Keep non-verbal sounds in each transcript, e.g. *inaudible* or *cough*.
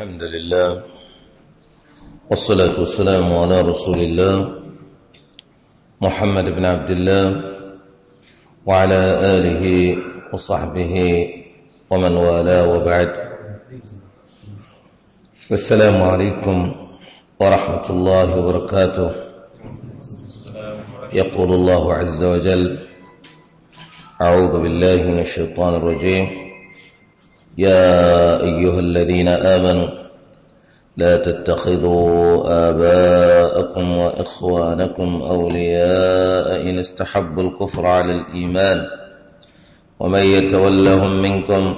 الحمد لله والصلاة والسلام على رسول الله محمد بن عبد الله وعلى آله وصحبه ومن والاه وبعد فالسلام عليكم ورحمة الله وبركاته يقول الله عز وجل أعوذ بالله من الشيطان الرجيم يا أيها الذين آمنوا لا تتخذوا آباءكم وإخوانكم أولياء إن استحبوا الكفر على الإيمان ومن يتولهم منكم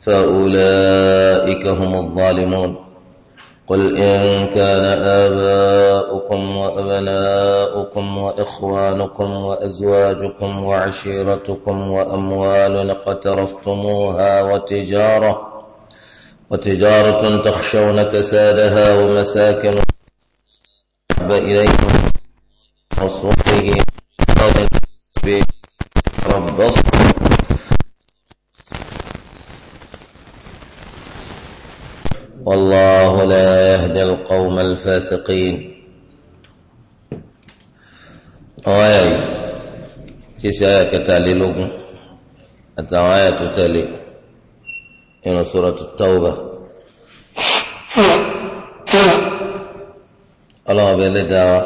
فأولئك هم الظالمون قل إن كان آباؤكم وأبناؤكم وإخوانكم وأزواجكم وعشيرتكم وأموال اقترفتموها وتجارة وتجارة تخشون كسادها ومساكن أحب إليكم رسوله تربصتم والله لا يهدي القوم الفاسقين آية تسعة كتاليلوكم التعاية تتالي إن سورة التوبة ọlọ́run ọbẹ̀ lẹ́dàá wa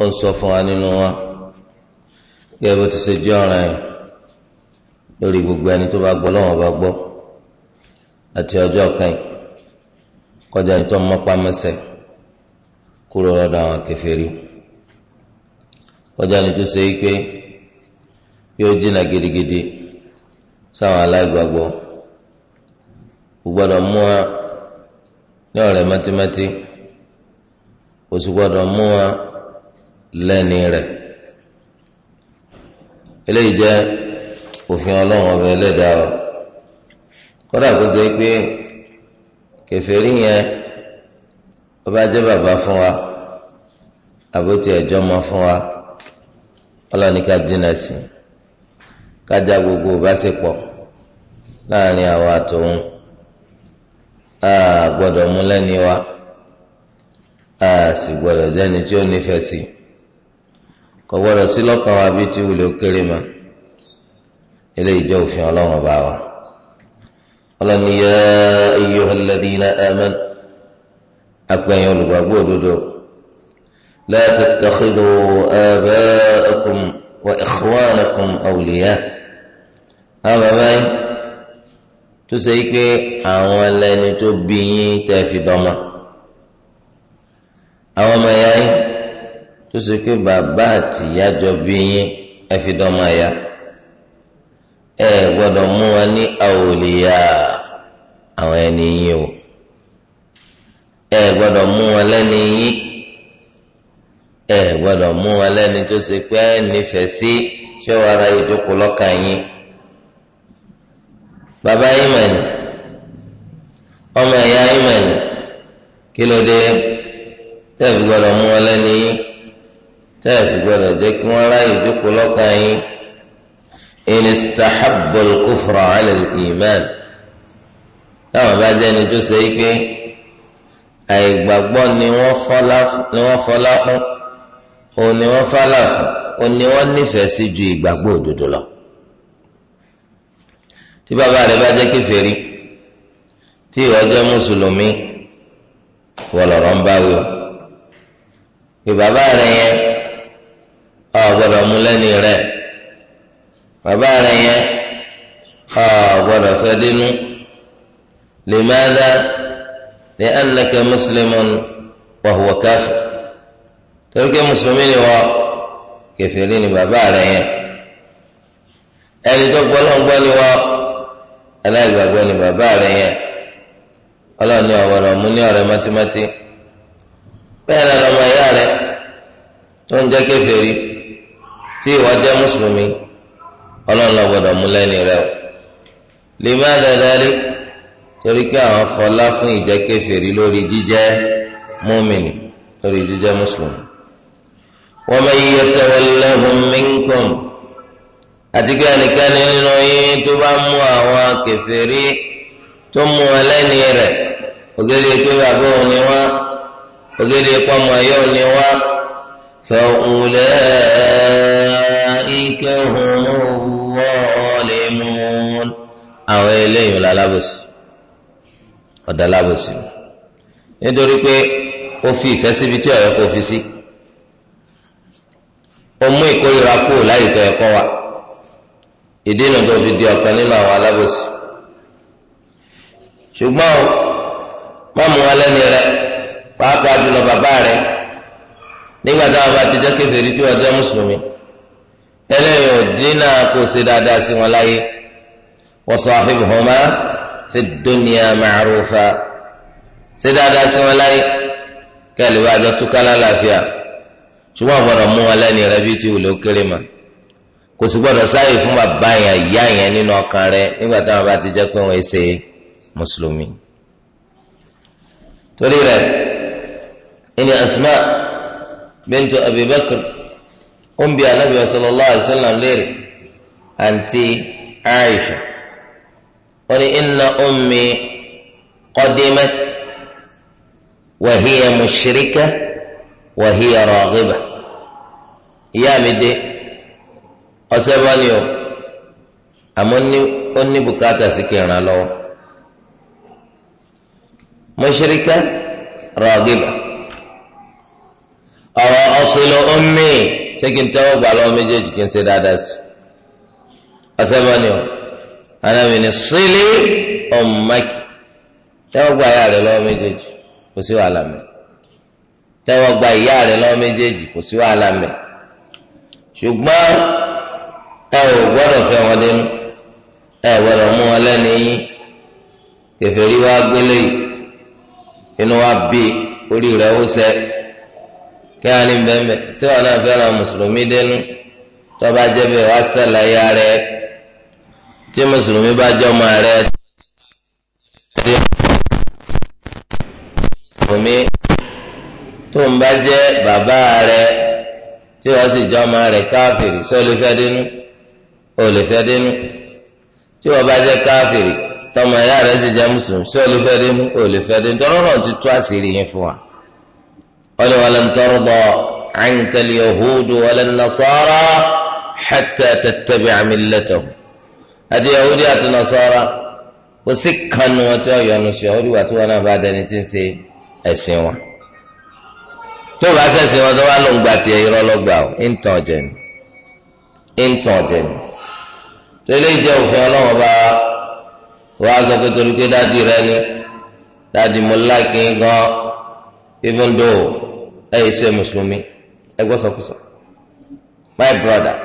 ó ń sọ fún wa nínú wa gẹ́gẹ́ bó ti ṣe jẹ́ ọ̀ràn yìí lórí gbogbo ẹni tó bá gbọ́ lọ́wọ́ bá gbọ́ àti ọjọ́ kan yìí kọjá ìtọ́ mọ́pámọ́sẹ̀ kúrò lọ́dọ̀ àwọn kèfèrí kọjá nítorí ṣe pé yóò jìnnà gidigidi sáwọn aláìgbàgbọ́ kò gbọ́dọ̀ mú wa ní ọ̀rẹ́ mátímátí kò sì gbọ́dọ̀ mú wa lẹ́ni rẹ̀ eléyìí jẹ́ òfin ọlọ́run ẹlẹ́dàá kọ́dà kó ṣe kẹfẹ́rí yẹn ó bá jẹ́ bàbá fún wa àbótí ẹ̀jọ́ mọ fún wa ọlọ́ni ká dínà sí i kájà gbogbo ìbáṣepọ̀ láàrin àwa àtòun a mú lẹ́ni wa a sì gbọ́dọ̀ jẹ́ni tí ó nífẹ̀ẹ́ sí kò gbọ́dọ̀ sí lọ́kàn wa bí tí wùlé kéré ma eléyìí jẹ́ òfin ọlọ́run bá wa. ọlọ́ni yá ayyuhal ladhina amanu akpẹ́yìn olùgbàgbọ́ òdodo la tattakhidhu aba'akum wa ikhwanakum awliya àwọn bàbá yìí tó ṣe pé àwọn ẹlẹ́ni tó bí yín tẹ́ fi dọ́mọ àwọn ọmọ ẹ̀yà yìí tó ṣe pé bàbá àtìyá jọ bí yín ẹ fi dọ́mọ ẹ̀yà. ẹ gbọdọ mú wọn ní àwòlíyà àwọn ẹni o ẹ gbọdọ mú wọn lẹ́ni yìí ẹ gbọdọ mú wọn tó ṣe pé ẹ nífẹ̀ẹ́ sí tí ó wàrà ìjókòó lọ́kàn yín bàbá imani ọmọ ẹ̀yà imani kí ló dé tẹ́ẹ̀ fi mú in istahabbu al-kufra ala al-iman táwọn bá jẹ́ ẹni tó ṣe é pé àìgbàgbọ́ ni wọ́n fọlá fún òun ni wọ́n fọlá fún òun ni wọ́n nífẹ̀ẹ́ sí ju ìgbàgbọ́ òdodo lọ tí bàbá rẹ bá jẹ́ kèfèrí tí ìwọ jẹ́ mùsùlùmí wọlọrọ ń báwí o bàbá rẹ yẹn ọ mú lẹ́ni rẹ bàbá rẹ̀ yẹn gbọ́dọ̀ fẹ́ dínú limadha li'annaka muslimun wa huwa kafir torí pé mùsùlùmí ni wọ́n kèfèrí ni bàbá rẹ̀ yẹn ẹni tó gbọ́ ni wọ́n aláìgbàgbọ́ ni bàbá rẹ̀ yẹn ọlọ́ọ̀ni ọ̀wọ́rọ̀ mú ní ọ̀rẹ́ mátímátí bẹ́ẹ̀ náà lọ́mọ ìyá rẹ̀ tó ń jẹ́ kèfèrí tí ìwọ jẹ́ mùsùlùmí ọlọ́run lọ́gbọ́dọ̀ mú lẹ́ni rẹ o lè má dáadáa torí pé àwọn fọlá fún ìjẹ́ kèfèrí lórí jíjẹ́ mùmínì lórí jíjẹ́ mùsùlùmí. wa man yatawallahum minkum àti pé ẹnikẹ́ni nínú yín tó bá mú àwọn kèfèrí tó mú wọn lẹ́ni ògèdè pé bàbá òun ni wá ògèdè pọ́mọ yóò ni wá fa ulaika humu. ظالمون àwọn eléyìí la lábòsí ọ̀dà lábòsí nítorí pé ó fi ìfẹ́ síbi tí ọ̀yọ́ kò fi sí ó mú ìkórira kúrò láyé tó ẹ̀kọ́ wa ìdí tó fi di ọ̀kan nínú àwọn alábòsí ṣùgbọ́n o má mú wa lẹ́ni rẹ pàápàá jùlọ bàbá rẹ nígbà táwọn bá ti jẹ́ kéferì tí wọ́n jẹ́ mùsùlùmí eléyìí ò dínà kó ṣe dáadáa sí wọn láyé wa sahibuhuma fi dunya ma'rufa ṣe dáadáa sí wọn láyé kẹ́lẹ́ bá jọ túká lálàáfíà ṣùgbọ́n gbọ́dọ̀ mú wọn lẹ́nu rẹ bí ti wùlé ó kéré mà kò sì gbọ́dọ̀ sáyè fún bàbá yẹn ìyá yẹn nínú ọkàn rẹ nígbà táwọn bá ti jẹ́ pé wọ́n ṣe mùsùlùmí. torí rẹ ẹni Asma bintu Abi ó ń bi anabi sallallahu alayhi wa sallam léèrè àǹtí aisha wọ́n ní inna ummi qadimat wa hiya mushrika wa hiya raghiba ìyá mi dé ọ̀sẹ̀ bọ́ ni o àmọ́ ó ní bùkátà sí kí n ràn lọ́wọ́ mushrika raghiba awa ṣé kí n tẹ́wọ́ gbà lọ́wọ́ méjèèjì kí n ṣe dáadáa sí ọ̀sẹ̀bọ̀nì o anábì ní sílé ọ̀mọ́kì tẹ́wọ́ gbà ìyá rẹ lọ́wọ́ méjèèjì kò sí wàhálà mẹ́ tẹ́wọ́ gbà ìyá rẹ lọ́wọ́ méjèèjì kò sí wàhálà mẹ́ ṣùgbọ́n ẹ ò gbọ́dọ̀ fẹ́ wọn dénú ẹ ò gbọ́dọ̀ mú wọn lẹ́nu yín kẹfẹ́ wá gbélé inú wa bí orí rẹ̀ ó sẹ́ẹ́ kí á ní bẹ́ẹ̀ sí wọn náà fẹ́ràn mùsùlùmí dẹnu tó bá jẹ́ bẹ́ẹ̀ wá sàlàyé rẹ tí mùsùlùmí bá jẹ́ ọmọ rẹ tí mùsùlùmí tó ń bá jẹ́ bàbá rẹ tí wọ́n sì jẹ́ ọmọ rẹ káfìrì sọ lè fẹ́ dínú ò lè fẹ́ dínú tí wọ́n bá jẹ́ káfìrì tọmọ ìyá rẹ sì jẹ́ mùsùlùmí sọ lè fẹ́ dínú ò lè fẹ́ dínú tọ́lọ́rọ̀ ti tú àṣírí yín fún wa ọlọ́ walan tarda anka al-yahudu walan nasara hatta tattabi'a millatahum àti yahudi àti nasara kò sí kanu wọn tí wọn yọnu sí ọ orí wa tí wọn náà bá dẹni tí ń ṣe ẹ̀sìn wọn tó bá sẹ̀sìn wọn tó bá lòun gbà tiẹ̀ irọ́ lọ́gbà ó ń tàn jẹ ní ń tàn jẹ ní tó eléyìí jẹ́ òfin ọlọ́wọ́n bá wà á sọ pé torí pé dáàdi rẹ ni dáàdi mo láìkí gan even though ẹ yìí ṣe mùsùlùmí ẹ gbọ́ my brother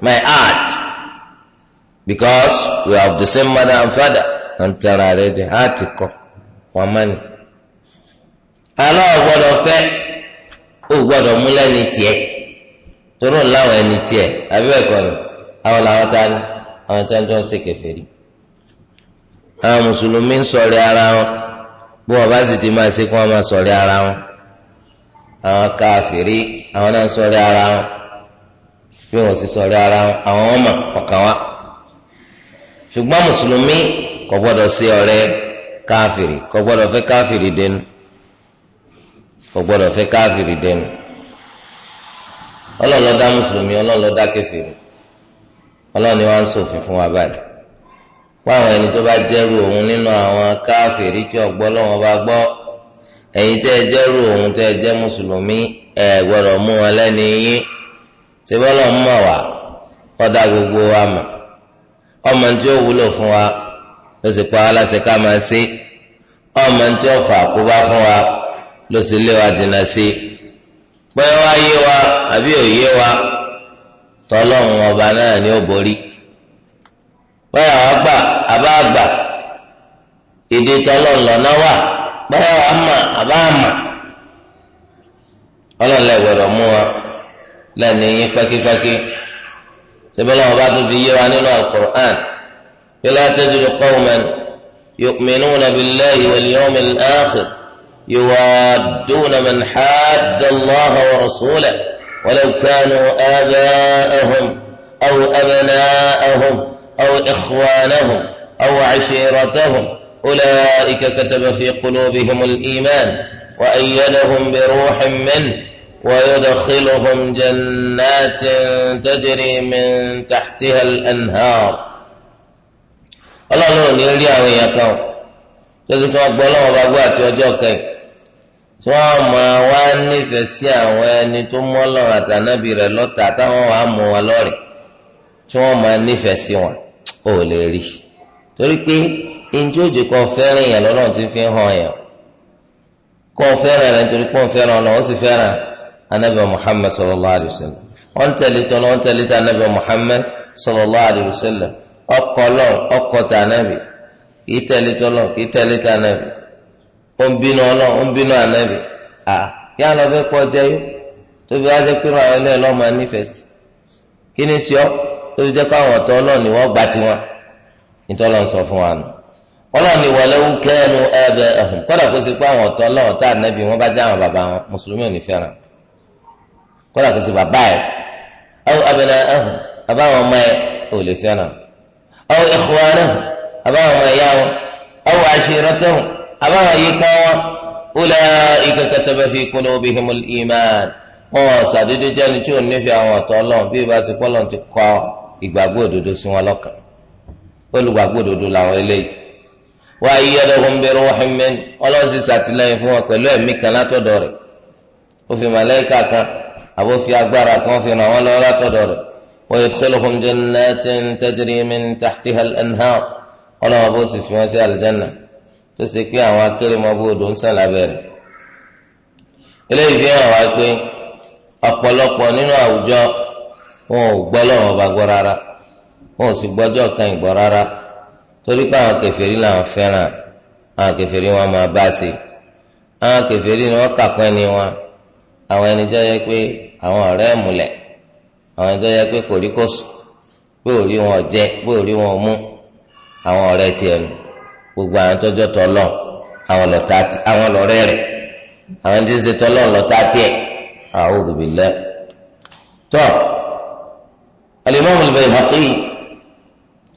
my heart because we have the same mother and father and tara rẹ jẹ heart kọ wọn mọ ni aláwọ gbọ́dọ̀ fẹ́ ó gbọ́dọ̀ múlẹ̀ ní tiẹ̀ toró láwọn ẹni tiẹ̀ àbí ẹ̀kọ́ ni àwọn làwọn ta ni àwọn tí wọn jọ ń ṣe kèfèrí àwọn mùsùlùmí ń sọ̀rọ̀ ara wọn. bó wọn bá sì ti máa ṣe kí wọn máa sọrí ara wọn àwọn káfìrí àwọn náà sọrí ara wọn bí wọn sì sọrí ara wọn àwọn ọmọ ọkàn wa ṣùgbọ́n mùsùlùmí kò gbọ́dọ̀ sí ọ̀rẹ́ káfìrí kò gbọ́dọ̀ fẹ́ káfìrí dẹnu kò gbọ́dọ̀ fẹ́ káfìrí dẹnu ọlọ́lọ́dá mùsùlùmí ọlọ́lọ́dá kẹfìrí ọlọ́ni wa ń ṣòfin fún wa báyìí wáwọn ẹni tó bá jẹ́rù òun nínú àwọn káfíìrì tí ọ̀gbọ́ lọ́wọ́n bá gbọ́ ẹ̀yin tẹ́ ẹ jẹ́rù òun tẹ́ ẹ jẹ́ mùsùlùmí ẹ gbọ́dọ̀ mú wọn lẹ́ni yín tí bọ́lá ń mọ̀ wá kọ́dá gbogbo wa mọ̀ ọmọ tí ó wúlò fún wa ló sì pa aláṣẹ ká máa ṣe ọmọ tí ó fà kóbá fún wa ló sì lé wa dènà sí pé wá yé wa àbí òye wa tọ́lọ́run ọba náà ni ó borí báyà wá gbà. àbá àgbà èdè tọlọ́n lọ́nà wà báyà wà mà àbá àmà ọlọlẹ gbọdọ mú wa lẹ́nu yín pákípákí sẹ́bẹ̀lẹ́ wọn bá tún fi yé wa ma aba ama olole gbodo mu wa leni yin pakipaki sebele won ba tun fi ye wa ninu alukur'an bí látẹ́jú ló kọ́ wọn wọn يؤمنون بالله واليوم الآخر يوادون من حاد الله ورسوله ولو كانوا آباءهم أو أبناءهم أو إخوانهم أو عشيرتهم أولئك كتب في قلوبهم الإيمان وأيدهم بروح منه ويدخلهم جنات تجري من تحتها الأنهار ọlọ́run ní rí àwọn èèyàn kan lọ́sí kan gbọ́ ọlọ́run bá gbọ́ àti ọjọ́ kẹ́yìn tí wọ́n máa wá nífẹ̀ẹ́ sí àwọn ẹni tó mú ọlọ́run àtànábì rẹ̀ lọ́tà táwọn wàá mú wọn lọ́rẹ̀ tí wọ́n máa nífẹ̀ẹ́ sí wọn ò lè rí i. torí pé o òjò kọ́ fẹ́ràn yẹn lọ́nà tí fi hàn yẹn kọ́ fẹ́ràn rẹ̀ nítorí pé ó fẹ́ràn ọ̀nà ó sì fẹ́ràn anabi muhammed sallallahu alayhi wa sallam wọ́n tẹ̀lé tó tẹ̀lé tó anabi muhammed sallallahu alayhi wa sallam ọkọ̀ ọkọ̀ anabi kìí tẹ̀lé tó kìí tẹ̀lé tó anabi ń bínú ń anabi à lọ fẹ́ kọ́ jẹ́ yó tóbi wá jẹ́ pé kí ìtọ́lọ́ ń sọ fún wa nù ọlọ́run ni walau kanu aba'ahum kọ́dà kó ṣe pé àwọn ọ̀tọ́ náà tá ànábì wọn bá jẹ́ àwọn bàbá wọn mùsùlùmí ò ní fẹ́ràn kọ́dà kó ṣe bàbá ẹ̀ aw abna'ahum àbáwọn ọmọ ẹ̀ ò lè fẹ́ràn aw ikhwanahum àbáwọn ọmọ ẹ̀yà wọn aw ashiratahum àbáwọn wọn ulaika kataba wọn ṣàdédé jẹ́ni tí ò olùgbàgbọ́ òdodo làwọn eléyìí wá iyẹ́dọ̀gùn bẹ̀rù ọ̀hìnmẹ́n ọlọ́run sì ṣàtìlẹ́yìn fún wọn pẹ̀lú ẹ̀mí kan látọ̀dọ̀ rẹ̀ ó fi màlẹ́kà kan àbó fi agbára kan fi ràn wọ́n lọ́wọ́ látọ̀dọ̀ rẹ̀ wọ́n yóò tó lọ́kùn jẹ́nà tí ń tẹ́jìrì mí tàkìtì ẹ̀nhà ọlọ́run bó sì fi wọ́n sí àlùjánà tó ṣe pé àwọn akérèmọ́bó odò ń sàn lábẹ́rẹ̀ eléyìí fi hàn wá pé ọ̀pọ̀lọpọ̀ nínú àwùjọ wọn ò gbọ́ lọ́wọ́ bá gbọ́ rárá wọn ò sì gbọ́jọ́ kan ìgbọ́ rárá torí pé àwọn kèfèrí làwọn fẹ́ràn àwọn kèfèrí wọn máa bá ṣe àwọn kèfèrí ni wọ́n kà pẹ́ wọn àwọn ẹni tó yẹ pé àwọn ọ̀rẹ́ múlẹ̀ àwọn ẹni tó yẹ pé kò rí kò sùn pé ò rí wọn jẹ pé ò rí wọn mú àwọn ọ̀rẹ́ tiẹ̀ nù gbogbo àwọn tọ́jọ́ tọ́ àwọn lọ́rẹ́ rẹ̀ àwọn tí ń ṣe tọ́ lọ́tà tiẹ̀ a'udhu billah tó al-imam al-Bayhaqi.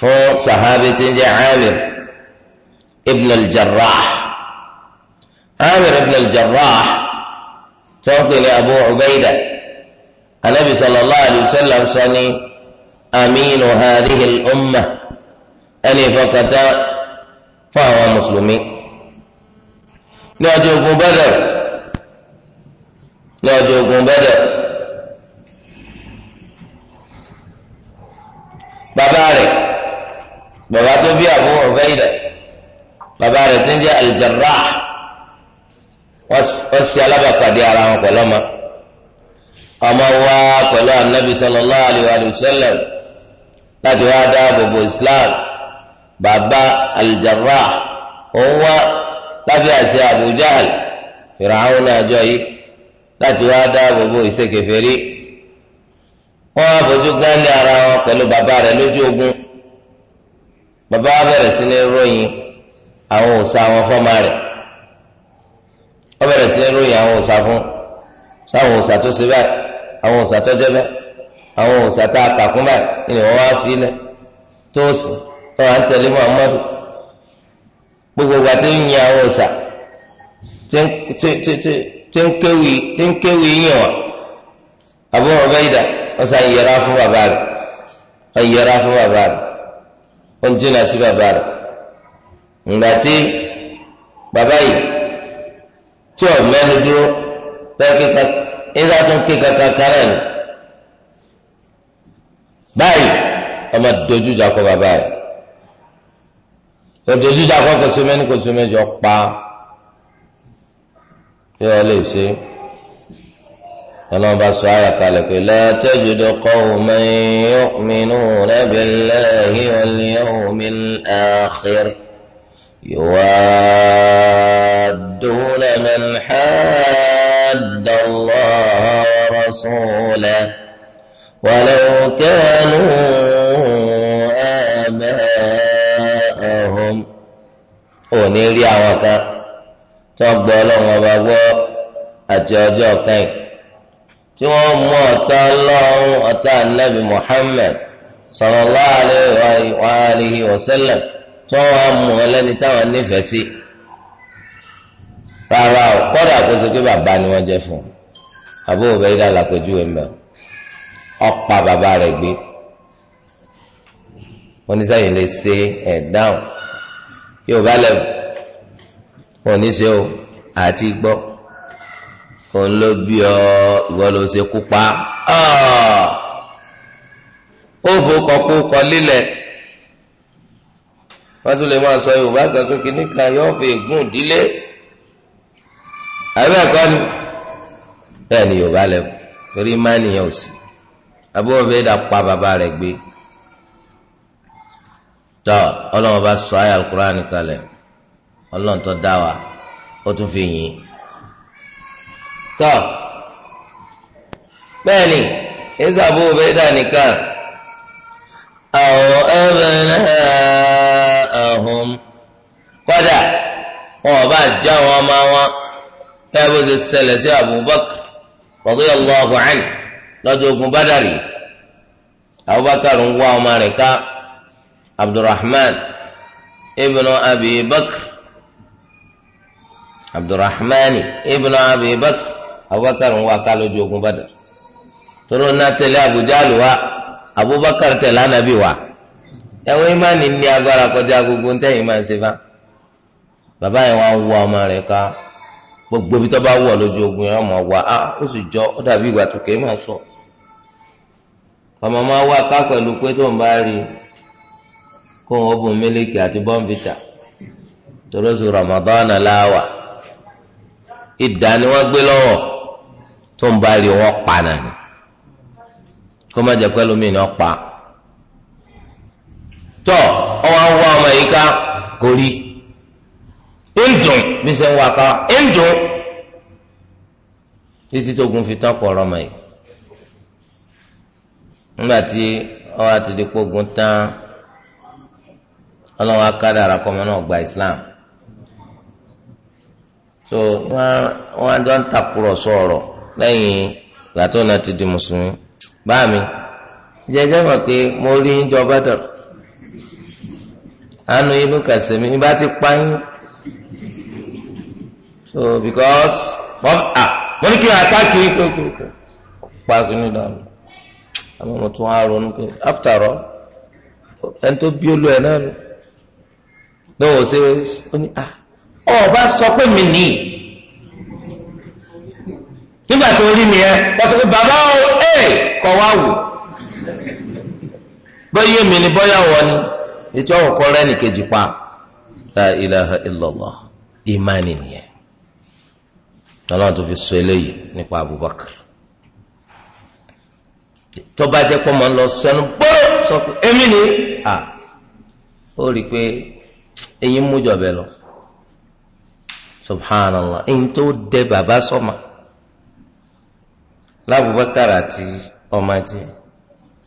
fún sahabi tí ń jẹ́ amir ibn al-jarrah amir ibn al-jarrah tó ń pèlè abu ubaida anabi sallallahu alayhi wa sallam sọ ni aminu hadihi al-umma ẹni ìfọkàtà fún àwọn mùsùlùmí ní ọjọ́ ogun Badr ní ọjọ́ ogun Badr bàbá rẹ̀ bàbá tó bí Abu Ubaida bàbá rẹ̀ ti ń jẹ́ al-Jarrah wọ́n sì alábàpàdé ara wọn pẹ̀lú ọmọ ọmọ wa pẹ̀lú anabi sallallahu alayhi wa sallam láti wá dáàbò bo islam bàbá al-Jarrah òun wá lábẹ́ àṣẹ Abu Jahl fìràhùn náà jọ yìí láti wá dáàbò bo ìṣèkèfèrí wọ́n á gánlẹ̀ ara wọn pẹ̀lú bàbá rẹ̀ lójú ogun. bàbá wa bẹ̀rẹ̀ sí ní ròyìn àwọn òòṣà àwọn fọ́mà rẹ̀ ó bẹ̀rẹ̀ sí ní ròyìn àwọn òòṣà fún sáwọn òòṣà tó ṣe báyìí àwọn òòṣà tó jẹ́ báyìí àwọn a báyìí ni wọ́n wá fi ilẹ̀ tó sì tó wà ń tẹ̀lé Muhammadu gbogbo ìgbà tí ń yin àwọn òòṣà tí ń kéwì tí ń kéwì yín wọn ó ń jìnnà sí bàbá rẹ̀ ǹgbà tí bàbá yìí tí ò mẹ́nu dúró lẹ́kẹ̀kẹ́ ẹ̀dá tó ń ké kankan kárẹ̀ ni báyìí ọmọ dojújà kọ bàbá rẹ̀ dojújà kọ kòsómẹ́ni kòsómẹ́jọ pa yọ ọ lè ṣe é ọlọ́run bá sọ àyà kalẹ̀ pé la tajidu qawman yu'minuna billahi wal yawmil akhir yuwadduna man hadda Allah wa rasulahu walau kanu aba'ahum ò ní rí àwọn kan tó gbọ́ ọlọ́run ọba gbọ́ àti ọjọ́ kan tí wọ́n mú ọ̀tá lọ́rùn ọ̀tá nabi muhammed sallallahu alaihi wa alihi wa sallam tí wọ́n wá mú wọn lẹ́ni táwọn nífẹ̀ẹ́ sí rárá o kọ́dà kó so pé bàbá ni wọ́n jẹ́ fún un àbúrò bẹ́ẹ̀ dà lápẹ́jùwe mẹ́ ọ̀pá bàbá rẹ̀ gbé wọ́n lè ṣe ẹ̀ dáhùn yóò bá lẹ̀ wọ́n ní o àti gbọ́ òun ló bí ọ ìwọ ló ṣe kú pa ó fòkọ kú kọ lílẹ̀ wọ́n tún lè máa sọ yorùbá kan pé kínní kan yóò fi ègún ìdílé àbẹ́ ẹ̀kọ́ ni bẹ́ẹ̀ ni yorùbá lẹ́kọ̀ọ́ torí mánìyàn ò sí abúlé bẹ́ẹ̀ dà pa bàbá rẹ̀ gbé tọ́ ọlọ́run bá sọ ayé alukóra nìkan lẹ̀ ọlọ́run tó dá wa ó tún fi yìn tọ́ bẹ́ẹ̀ ni ìsàbù bẹ́ẹ̀dà nìkan àwọn ẹ̀bẹ̀rẹ̀ ẹ̀hún kọ́dà wọn bá jẹ́ àwọn ọmọ wọn bẹ́ẹ̀ bó ṣe ṣẹlẹ̀ sí Abubakar radiyallahu anhu lọ́jọ́ ogun Badari Abubakar ń wá ọmọ rẹ̀ ká Abdurrahman ibnu Abi Bakr Abdurrahman ibnu abubakar ń wá ká lójú ogun bàdà tóró náà tẹ̀lé Abu Jahl wá abubakar tẹ̀lé anabi wá ẹ̀wọ̀n ìmánì ní agbára kọjá gbogbo ń tẹ̀yìn máa ń ṣe fa bàbá yẹn wá ń wọ ọmọ ká gbogbo ibi tó bá wọ̀ lójú ogun yẹn ọmọ wa á ó sì jọ ó dàbí ìgbà tó kéé máa sọ ọmọ máa wá ká pé tó ń bá rí kó Ramadan ìdá ni wọ́n gbé lọ́wọ́. tó ń bá rí wọn pa náà ni kó má jẹ pẹ̀lú mi ni wọn pa tọ ọwọ awọ ọmọ yìí ká kò rí ń dùn bí sẹ ń wá ká ń títí tó gun fi tán kọ ọ̀rọ̀ ọmọ yìí nígbà tí ọwọ àti dípò gun tán ọlọ́wọ́ akádà àràkọ́mọ náà gba Islam so wọ́n á jọ ń takùrọ̀ sọ̀rọ̀. So, lẹ́yìn ìgbà tó na ti di mùsùlùmí bá mi jẹjẹ mọ̀ pé mo rí yín jọ bá dọ̀rọ̀ àánú yín ló kà sẹ́mi ní bá ti pa yín so because wọ́n à wọ́n ní kí n àtàkì yín kókókó pa kínní dànù àmọ́ mo tún á ronú pé after all ẹni tó bí olú ẹ̀ náà lọ́wọ́ ṣe ó ní à ọ̀ bá sọ pé mi nìyí nígbà tó rí nìyẹn wọ́n sọ pé bàbá o ẹ̀ eh, kọ́ wá wò bọ́yé mi ni bọ́yá wọ ni ètò ọ̀kọ́ rẹ̀ nìkejì pa la ilaha illallah ìmánì nìyẹn ọlọ́run tó fi sọ eléyìí nípa Abubakar tọ́ba jẹ́ pọ́ mọ́ ń lọ sẹ́nu gbọ́dọ̀ sọ pé èmi ni à ó rí i pé eyín mú jọ̀bẹ lọ subhanallah eyín tó dẹ bàbá sọ́mà. So lábùbákàr àti ọmọ tiẹ̀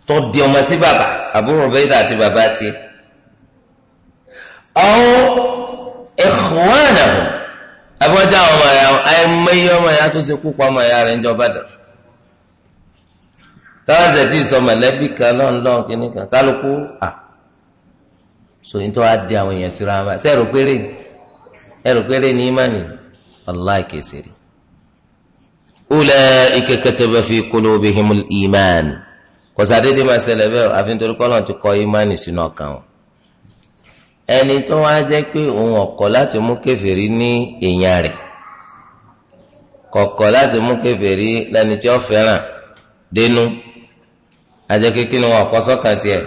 tó di ọmọ sí bàbá Abu Ubaida àti bàbá tiẹ̀ àwọn ikhwana abọ́jà ọmọ ya ẹ̀mẹ́yẹ ọmọ ya tó ṣe kú pa ọmọ ya rẹ̀ ń jọ Badr táwọn ṣe tí ì sọ mọ̀lẹ́bí kan lọ́nlọ́n kìnnìkan kálukú à sòyìn tó wá di àwọn èèyàn síra wọn sẹ́rù péré ẹ̀rù péré ní ìmánì ọ̀la ìkẹsẹ̀rì ulaika kataba fi qulubihimul iman kọ̀sádédé máa ṣẹlẹ̀ bẹ́ẹ̀ àfi nítorí kọ́lọ̀ ti kọ imani sínú ọkàn ẹni tó wá jẹ́ pé òun ọ̀kọ̀ láti mú kèfèrí ní èèyàn rẹ̀ kọ̀kọ̀ láti mú kèfèrí lẹ́ni tí ó fẹ́ràn dénú ajẹ́kẹ́ kí ni wọn sọ́kàn tiẹ̀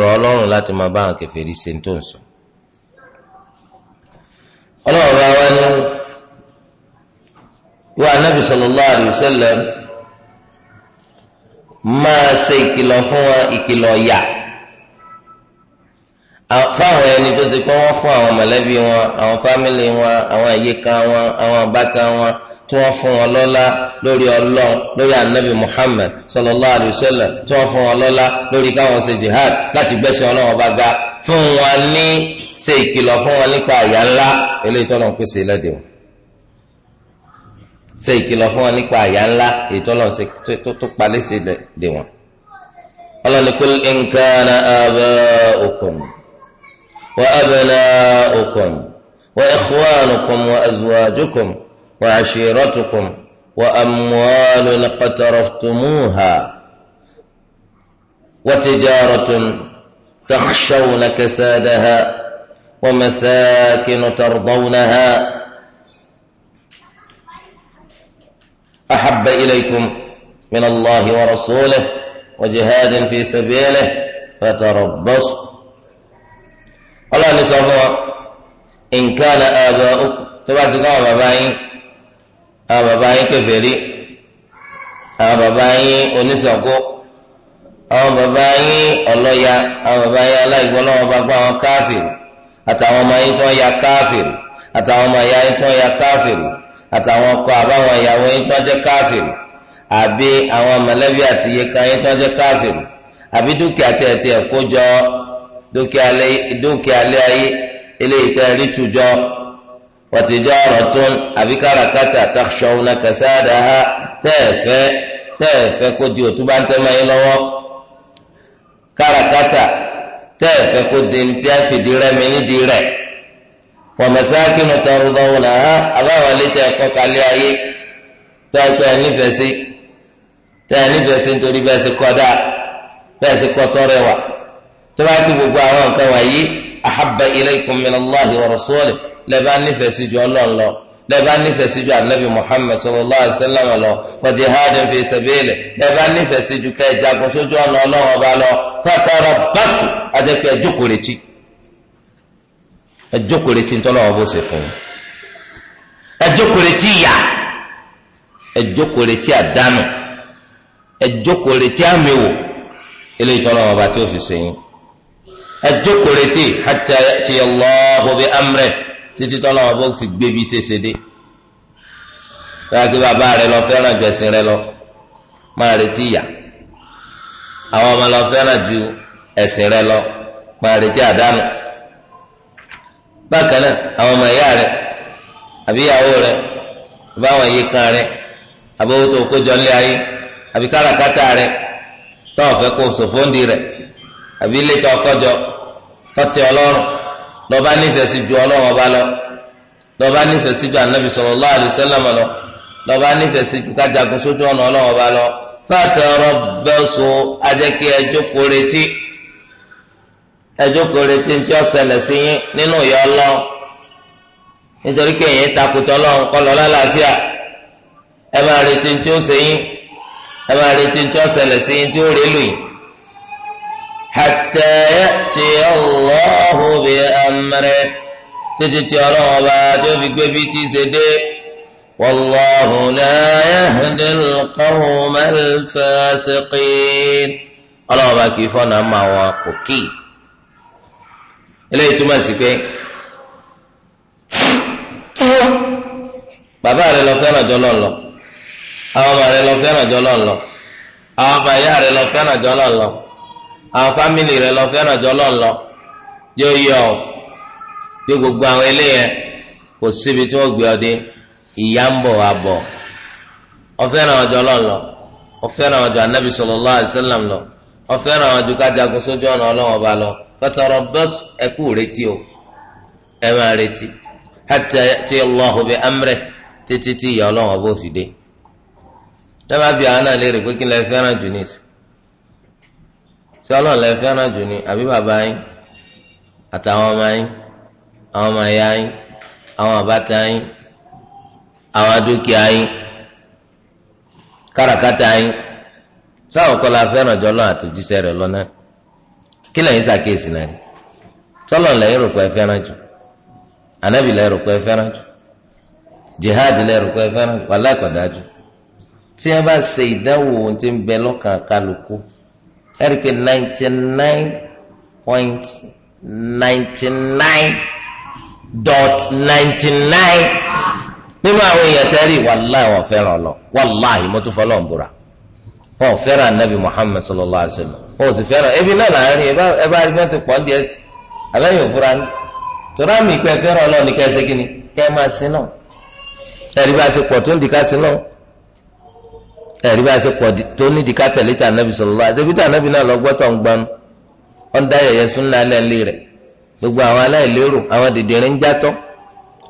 o ọ̀kọ́ sọ́kàn rẹ̀ ọlọ́run bá wá ní wá anábì sallallahu alaihi wasallam máa ṣe ìkìlọ̀ fún wa ìkìlọ̀ yà fáwọn ẹni tó ti pọ́n wọ́n fún àwọn mọ̀lẹ́bí wọn àwọn fámìlì wọn àwọn àyíká wọn àwọn àbáta wọn tí wọ́n fún wọn lọ́lá lórí ọlọ́run lórí anabi muhammad sallallahu alaihi wasallam tí wọ́n fún wọn lọ́lá lórí káwọn ṣe jihad láti gbẹ́sẹ̀ ọlọ́run bá ga fún wọn ní ṣe ìkìlọ̀ fún wọn nípa àyà ńlá eléyìí tọ́lọ̀ ń pèsè lẹ́dẹ̀ o ṣe ìkìlọ̀ fún wọn nípa àyà ńlá èyí tọ́lọ̀ ń ṣe tó palẹ̀ ṣe lẹ́dẹ̀ wọn. ọlọ́ni kul in kana aba'ukum wa abna'ukum wa ikhwanukum wa azwajukum wa ashiratukum wa amwalun iqtaraftumuha wa tijaratun. تخشون كسادها ومساكن ترضونها أحب إليكم من الله ورسوله وجهاد في سبيله فتربصوا الله نسأله إن كان آباؤكم تبع سكوا آبا آباباين كفري آباباين ونسأكم àwọn bàbá yín ọlọ́ya àwọn bàbá yín aláìgbọ́ náà wọ́n bá gbọ́ àwọn káfìrì àtàwọn ọmọ yín tí wọ́n ya káfìrì àtàwọn ọmọ ìyá yín tí wọ́n ya káfìrì àtàwọn ọkọ àbáwọn ìyàwó yín tí wọ́n jẹ́ káfìrì àbí àwọn mọ̀lẹ́bí àti yẹka yín tí wọ́n jẹ́ káfìrì àbí dúkìá tí ẹ̀ tí ẹ̀ kó jọ dúkìá lé ayé eléyìí tẹ́ rí tù jọ wọ́tijọ́ ọ̀rọ̀ tún àbí káràkátà takṣọ́ ọ̀nà kẹsàdáhà tẹ́ẹ̀fẹ́ tẹ́ẹ̀fẹ́ kó di òtúbáńtẹ́mọ́ yín lọ́wọ́ káràkátà tẹ́ ẹ fẹ́ kó di ní tí a fìdí rẹ̀ mi nídìí rẹ̀ wa masakinu tardawnaha abáwọlé tẹ́ ẹ kọ́ kalẹ̀ ayé tẹ́ ẹ pẹ́ ẹ nífẹ̀ẹ́ sí tẹ́ ẹ nífẹ̀ẹ́ sí nítorí bẹ́ẹ̀ sì kọ́ bẹ́ẹ̀ sì kọ́ tọ́rẹ̀ tó bá kí gbogbo àwọn nǹkan wọ̀nyí ahabba ilaykum min Allahi wa rasulihi lẹ́ẹ̀bá nífẹ̀ẹ́ sí ju ọlọ́ọ̀lọ́ọ̀ lẹ́ẹ̀bá nífẹ̀ẹ́ sí ju anabi muhammed sallallahu alayhi wa sallam lọ wàjú hadin fi sẹ́bẹ̀lẹ̀ lẹ́ẹ̀bá nífẹ̀ẹ́ sí ju ká ẹ jagun sójú ọ̀nà ọlọ́run ọba lọ fatara báṣu àtẹ̀pẹ́ ẹ̀jókòó retí ẹ̀jókòó retí ntọ́lọ́ wọn bó ṣe fún un ẹ̀jókòó retí àdánù ẹ̀jókòó àmìwò eléyìí tọ́lọ́ wọn bá tí ó fi ṣe yín ẹ̀jókòó retí hatta ya'ti Allahu bi títí tọ́lọ́wọ́ bó fi gbébi ṣèṣe dé tọ́lá kí bàbá rẹ lọ fẹ́ràn ju ẹ̀sìn rẹ lọ máa retí ìyà àwọn ọmọ lọ fẹ́ràn ju ẹ̀sìn rẹ lọ máa retí àdánù bákan náà àwọn ọmọ ìyá rẹ àbí ìyàwó rẹ báwọn yìí kan rẹ àbówó tó kójọ ńlẹ ayé àbí káràkátà rẹ tọ́ọ̀fẹ́ kó sòfóńdì rẹ àbí ilé tó ọkọ́jọ tọ́tẹ ọlọ́run lọba nífẹ̀ẹ́ sí ju Ọlọ́run ọba lọ lọba nífẹ̀ẹ́ sí ju anabi sallallahu alaihi wasallam lọ lọba nífẹ̀ẹ́ sí ju kájagun sójú ọ̀nà Ọlọ́run ọba lọ fatarabbasu ajẹkẹ ẹjókòó retí ẹjókòó retí ntí ọsẹlẹ sí yín nínú ìyà Ọlọ́run nítorí kéèyàn takùtọ Ọlọ́run kọlọ lálàáfíà ẹ máa retí ntí ó sẹyìn ẹ máa retí ntí ọsẹlẹ sí yín tí ó rélùyìn. حتى يأتي الله بأمره تتتي الله باتو في قبيتي سدي والله لا يهدي القوم الفاسقين الله باكي فانا ما وقوكي إليه تمسي بي bàbá rẹ lọ fẹ́ràn jọ lọ́nlọ́ àwọn ọmọ rẹ lọ fẹ́ràn jọ lọ́nlọ́ àwọn ọmọ ìyá rẹ lọ fẹ́ràn àwọn fámìlì rẹ lọ fẹ́ràn jọ lọ yóò ọ bí gbogbo àwọn eléyẹn kò síbi tí wọ́n gbé ọ dé ìyá ń bọ̀ wá bọ̀ ọ fẹ́ràn ọjọ́ lọ́n lọ ọ fẹ́ràn anabi sọlọ alaihi wasallam lọ ọ fẹ́ràn ọjọ́ kájagun sójú ọ̀nà ọlọ́wọ́n lọ fẹ́tọ̀rọ̀ bọ́s ẹ o ẹ máa retí hatta bi amrih títí tí ìyá ọlọ́wọ́n fi dé. dábàá bí àwọn náà ṣé ọlọ́run lẹ fẹ́ràn jù ni àbí bàbá yín àtàwọn ọmọ yín àwọn ọmọ ìyá yín àwọn àbáta yín àwọn dúkìá yín káràkátà yín sáwọn kọ́ la fẹ́ràn jọ lọ́wọ́ àtòjíṣẹ́ rẹ̀ lọ́nà kí lẹ́yìn sàkíyèsí náà rí tọ́lọ̀ lẹ́yìn rò pé fẹ́ràn jù lẹ́yìn rò pé fẹ́ràn jù jihad lẹ́yìn rò pé fẹ́ràn jù tí ẹ bá ṣe ìdánwò ohun ẹ̀rí pé ninety nine point ninety nine dot ninety nine nínú àwọn èèyàn tẹ́ rí wàláì wọn fẹ́ràn lọ wàláì mo tún fọlọ́ ń búra wọn fẹ́ràn anabi muhammed sallallahu alayhi wa sallam wọn ò sì fẹ́ràn ebi náà láàrin ẹ bá rí mẹ́sì pọ́ńdì ẹ̀sì abẹ́yẹ̀ òfurá ni tọ́lá mi pẹ́ fẹ́ràn ọlọ́ọ̀ni kẹ́sẹ́ kínní kẹ́ máa sin náà ẹ̀rí bá ṣe pọ̀ tó ń di ká sin náà ẹ̀rí bá ṣe pọ̀ tó nídìí ká tẹ̀lé tà nàbì sallallahu alaihi wasallam tànàbì náà lọ gbọ́tọ̀ ń gbanu wọ́n dá yẹ̀yẹ́ súnlẹ̀ alẹ́ ńlẹ̀ rẹ̀ gbogbo àwọn aláìlérò àwọn dìdìrín ń játọ́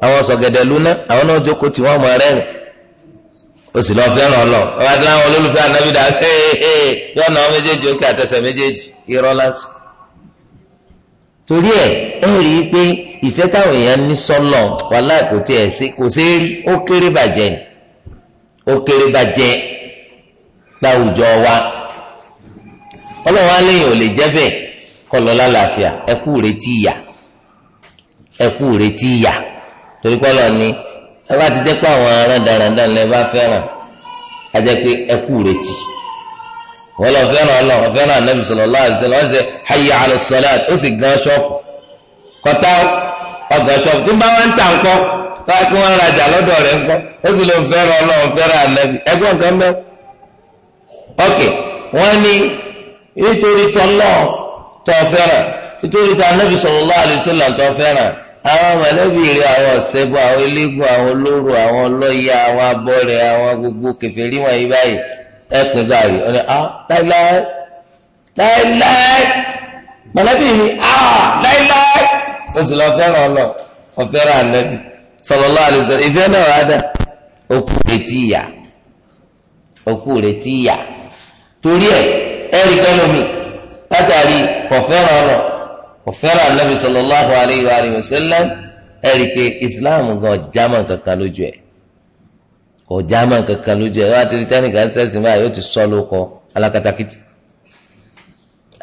àwọn sọ̀gẹ̀dẹ̀ lúná àwọn náà jókòó tí wọ́n mọ rẹ́rìn ó sì lọ fẹ́ràn ọ lọ ọba tí láwọn olólùfẹ́ ànábì dà hẹ́ẹ́hẹ́ yọ̀nà méjèèjì òkè àtẹsẹ̀ méjèèjì irọ́ lásì. torí ó kéré bàjẹ́ ni ó láwùjọ wa ọlọ́wọ́ aléyìn ò lè jẹ́ bẹ́ẹ̀ lálàáfíà ẹ retí ìyà ẹ retí ìyà torí pé ni ẹ bá ti jẹ́ pé àwọn aráńdàráńdà lẹ bá fẹ́ràn á jẹ́ pé retí anabi ala ó sì gan ṣọ́ọ̀fù kọ́tà ọgàn ṣọ́ọ̀fù tí bá wọn ń tà ńkọ́ báyìí kí wọ́n rajà lọ́dọ̀ rẹ̀ ńkọ́ anabi ẹgbọ́n kan ọkè wọn nítorí tọlọ tọ nítorí tọ anabi sallallahu alaihi wasallam tọ fẹ́ràn àwọn mọ̀lẹ́bí rẹ àwọn ọsẹbọ àwọn eléégún àwọn olóró àwọn ọlọyà àwọn abọrẹ àwọn gbogbo kèfèrí wọn yìí báyìí ẹ pín ọ ní ah, mi o ah, sì lọ anabi náà wà dà rẹ ti yà rẹ ti yà. torí ẹ ẹrí gbẹlómi látàrí kọfẹ́ràn ọ̀rọ̀ kọfẹ́ràn anabi sallallahu alayhi wa alayhi wa sallam ẹrí pé islam gan jama kankan lójú ẹ kò jama kankan lójú ẹ wá tìrìtà nìkan sẹ́sìn báyìí ó ti sọ ló kọ alákatakítì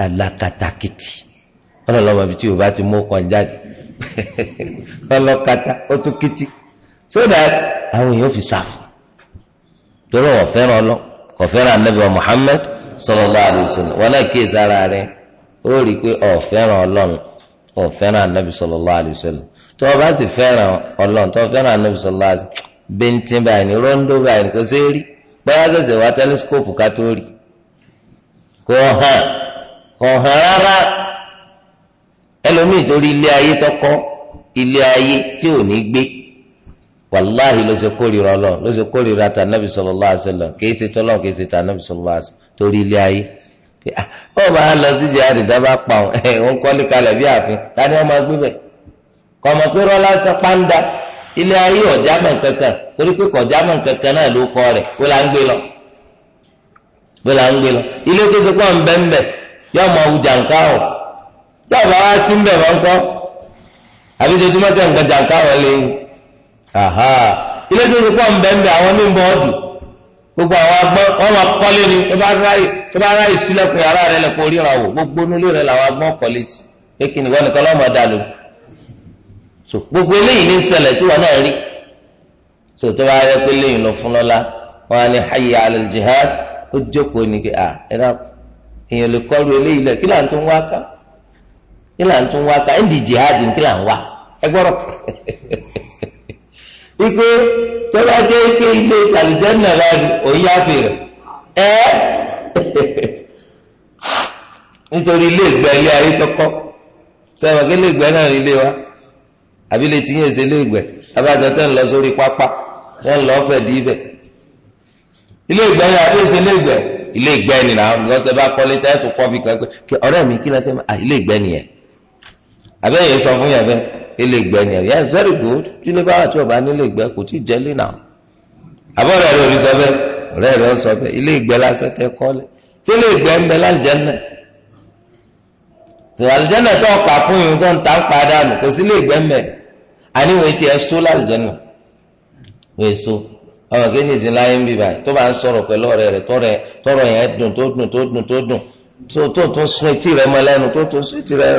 alákatakítì ọlọ́lọ́mọ bíi tí yorùbá ti mú kàn jáde *laughs* ọlọ́kata ó tún kítí so that àwọn èèyàn fi sáfù torí wọn fẹ́ràn ọlọ́ọ̀ kò fẹ́ràn anabi wa muhammed sallallahu alayhi wa sallam wọn náà kí èsì ara rẹ ó rí i pé ọ̀ fẹ́ràn ọlọ́run ọ̀ fẹ́ràn anabi sallallahu alayhi wa sallam tó o bá sì fẹ́ràn ọlọ́run tó o fẹ́ràn anabi sallallahu alayhi wa sallam báyìí ní rọ́ńdó báyìí ní kò sí rí báyà sẹ̀sẹ̀ wá tẹlẹsikópù ká tó rí kò hàn kò hàn rárá ẹlòmíì torí ilé ayé tọkọ ilé ayé tí ò ní gbé wàláhì ló ṣe kórìíra ọlọ ló ṣe kórìíra ta nabi sallallahu alaihi wasallam kìí ṣe tọlọ kìí ṣe ta nabi sallallahu alaihi wasallam torí ilé ayé ó máa lọ sí jihadi dábàá pa ọ ẹ ń kọ́lé kalẹ̀ bí ààfin ta ni wọ́n máa gbé bẹ̀ kọ́ mọ̀ pé rọ́lá sọ pàǹdà ilé ayé ọ̀já mọ̀ kankan torí pé kọjá mọ̀ kankan náà ló kọ́ rẹ̀ wọ́n là ń gbé lọ wọ́n là ń gbé lọ ilé tó ṣe pọ̀ ń bẹ́ ń bẹ̀ yọ ọmọ ọjà nǹkan ọ̀ yọ ọ̀bá wá sí ń bẹ̀ wọ́n kọ́ àbí ilé tó ti pọ̀ ń bẹ̀ ń bẹ̀ àwọn ní bọ́ọ̀dù gbogbo àwọn agbọ́n wọn máa kọ́lé ni tó bá ráyè sílẹ̀kùn yàrá rẹ lẹ́kọ̀ọ́ ríra wò gbogbo nílé rẹ làwọn agbọ́n kọ́lé sí pé kí ni wọ́n nìkan lọ́mọ dá lò so gbogbo eléyìí ní ṣẹlẹ̀ tí wọn náà rí so tó bá rẹ pé eléyìí lọ fún lọ́la wọn á ní hayya alal jihad ó jókòó ní kí ẹ dá èèyàn lè kọ́lu eléyìí lẹ̀ kí là ń tún wá ká kí là ń tún wá ká ẹ̀ ń di jihad *laughs* ikpe tọ́ba jẹ́ ikpe ilé tàlìjẹ́nà rẹ òun yáfe rẹ̀ *laughs* nítorí ilé ìgbẹ́ ilé ayé tọkọ sẹ́wọ̀n kí ilé ìgbẹ́ náà ní ilé wa àbí lè ti yẹn ṣe ilé ìgbẹ́ abájọ tẹ́ ń lọ sórí pápá tẹ́ ń lọ fẹ̀ dí ibe ilé ìgbẹ́ yẹn àbí ṣe ilé ìgbẹ́ ilé ìgbẹ́ ni là ń bá mi kí ilé nìyẹn sọ fún ilégbẹ ni yes very good tílé báwa tí ọba ní ilégbẹ kò tí ì jẹ lé náà àbọ̀rẹ̀ rẹ̀ ò ní sọ bẹ́ẹ̀ ọ̀rẹ́ rẹ̀ ò sọ bẹ́ẹ̀ ilégbẹ lásán tẹ kọ́lé tí ilégbẹ ń bẹ lálìjẹ́nà tó àlìjẹ́nà tó ọkọ̀ àkúnyìn tó ń ta ń padà nù kò sí ilégbẹ ń bẹ àníwèé tiẹ̀ só lálìjẹ́nà wèé só ọmọ kéènì sí láyé ń bíbá tó bá ń sọ̀rọ̀ pẹ̀lú ọ̀rẹ́ rẹ̀ tọ́rọ̀ yẹn dùn tó dùn tó dùn tó dùn tó tó sún etí rẹ̀ mọ́ lẹ́nu tó tó sún etí rẹ̀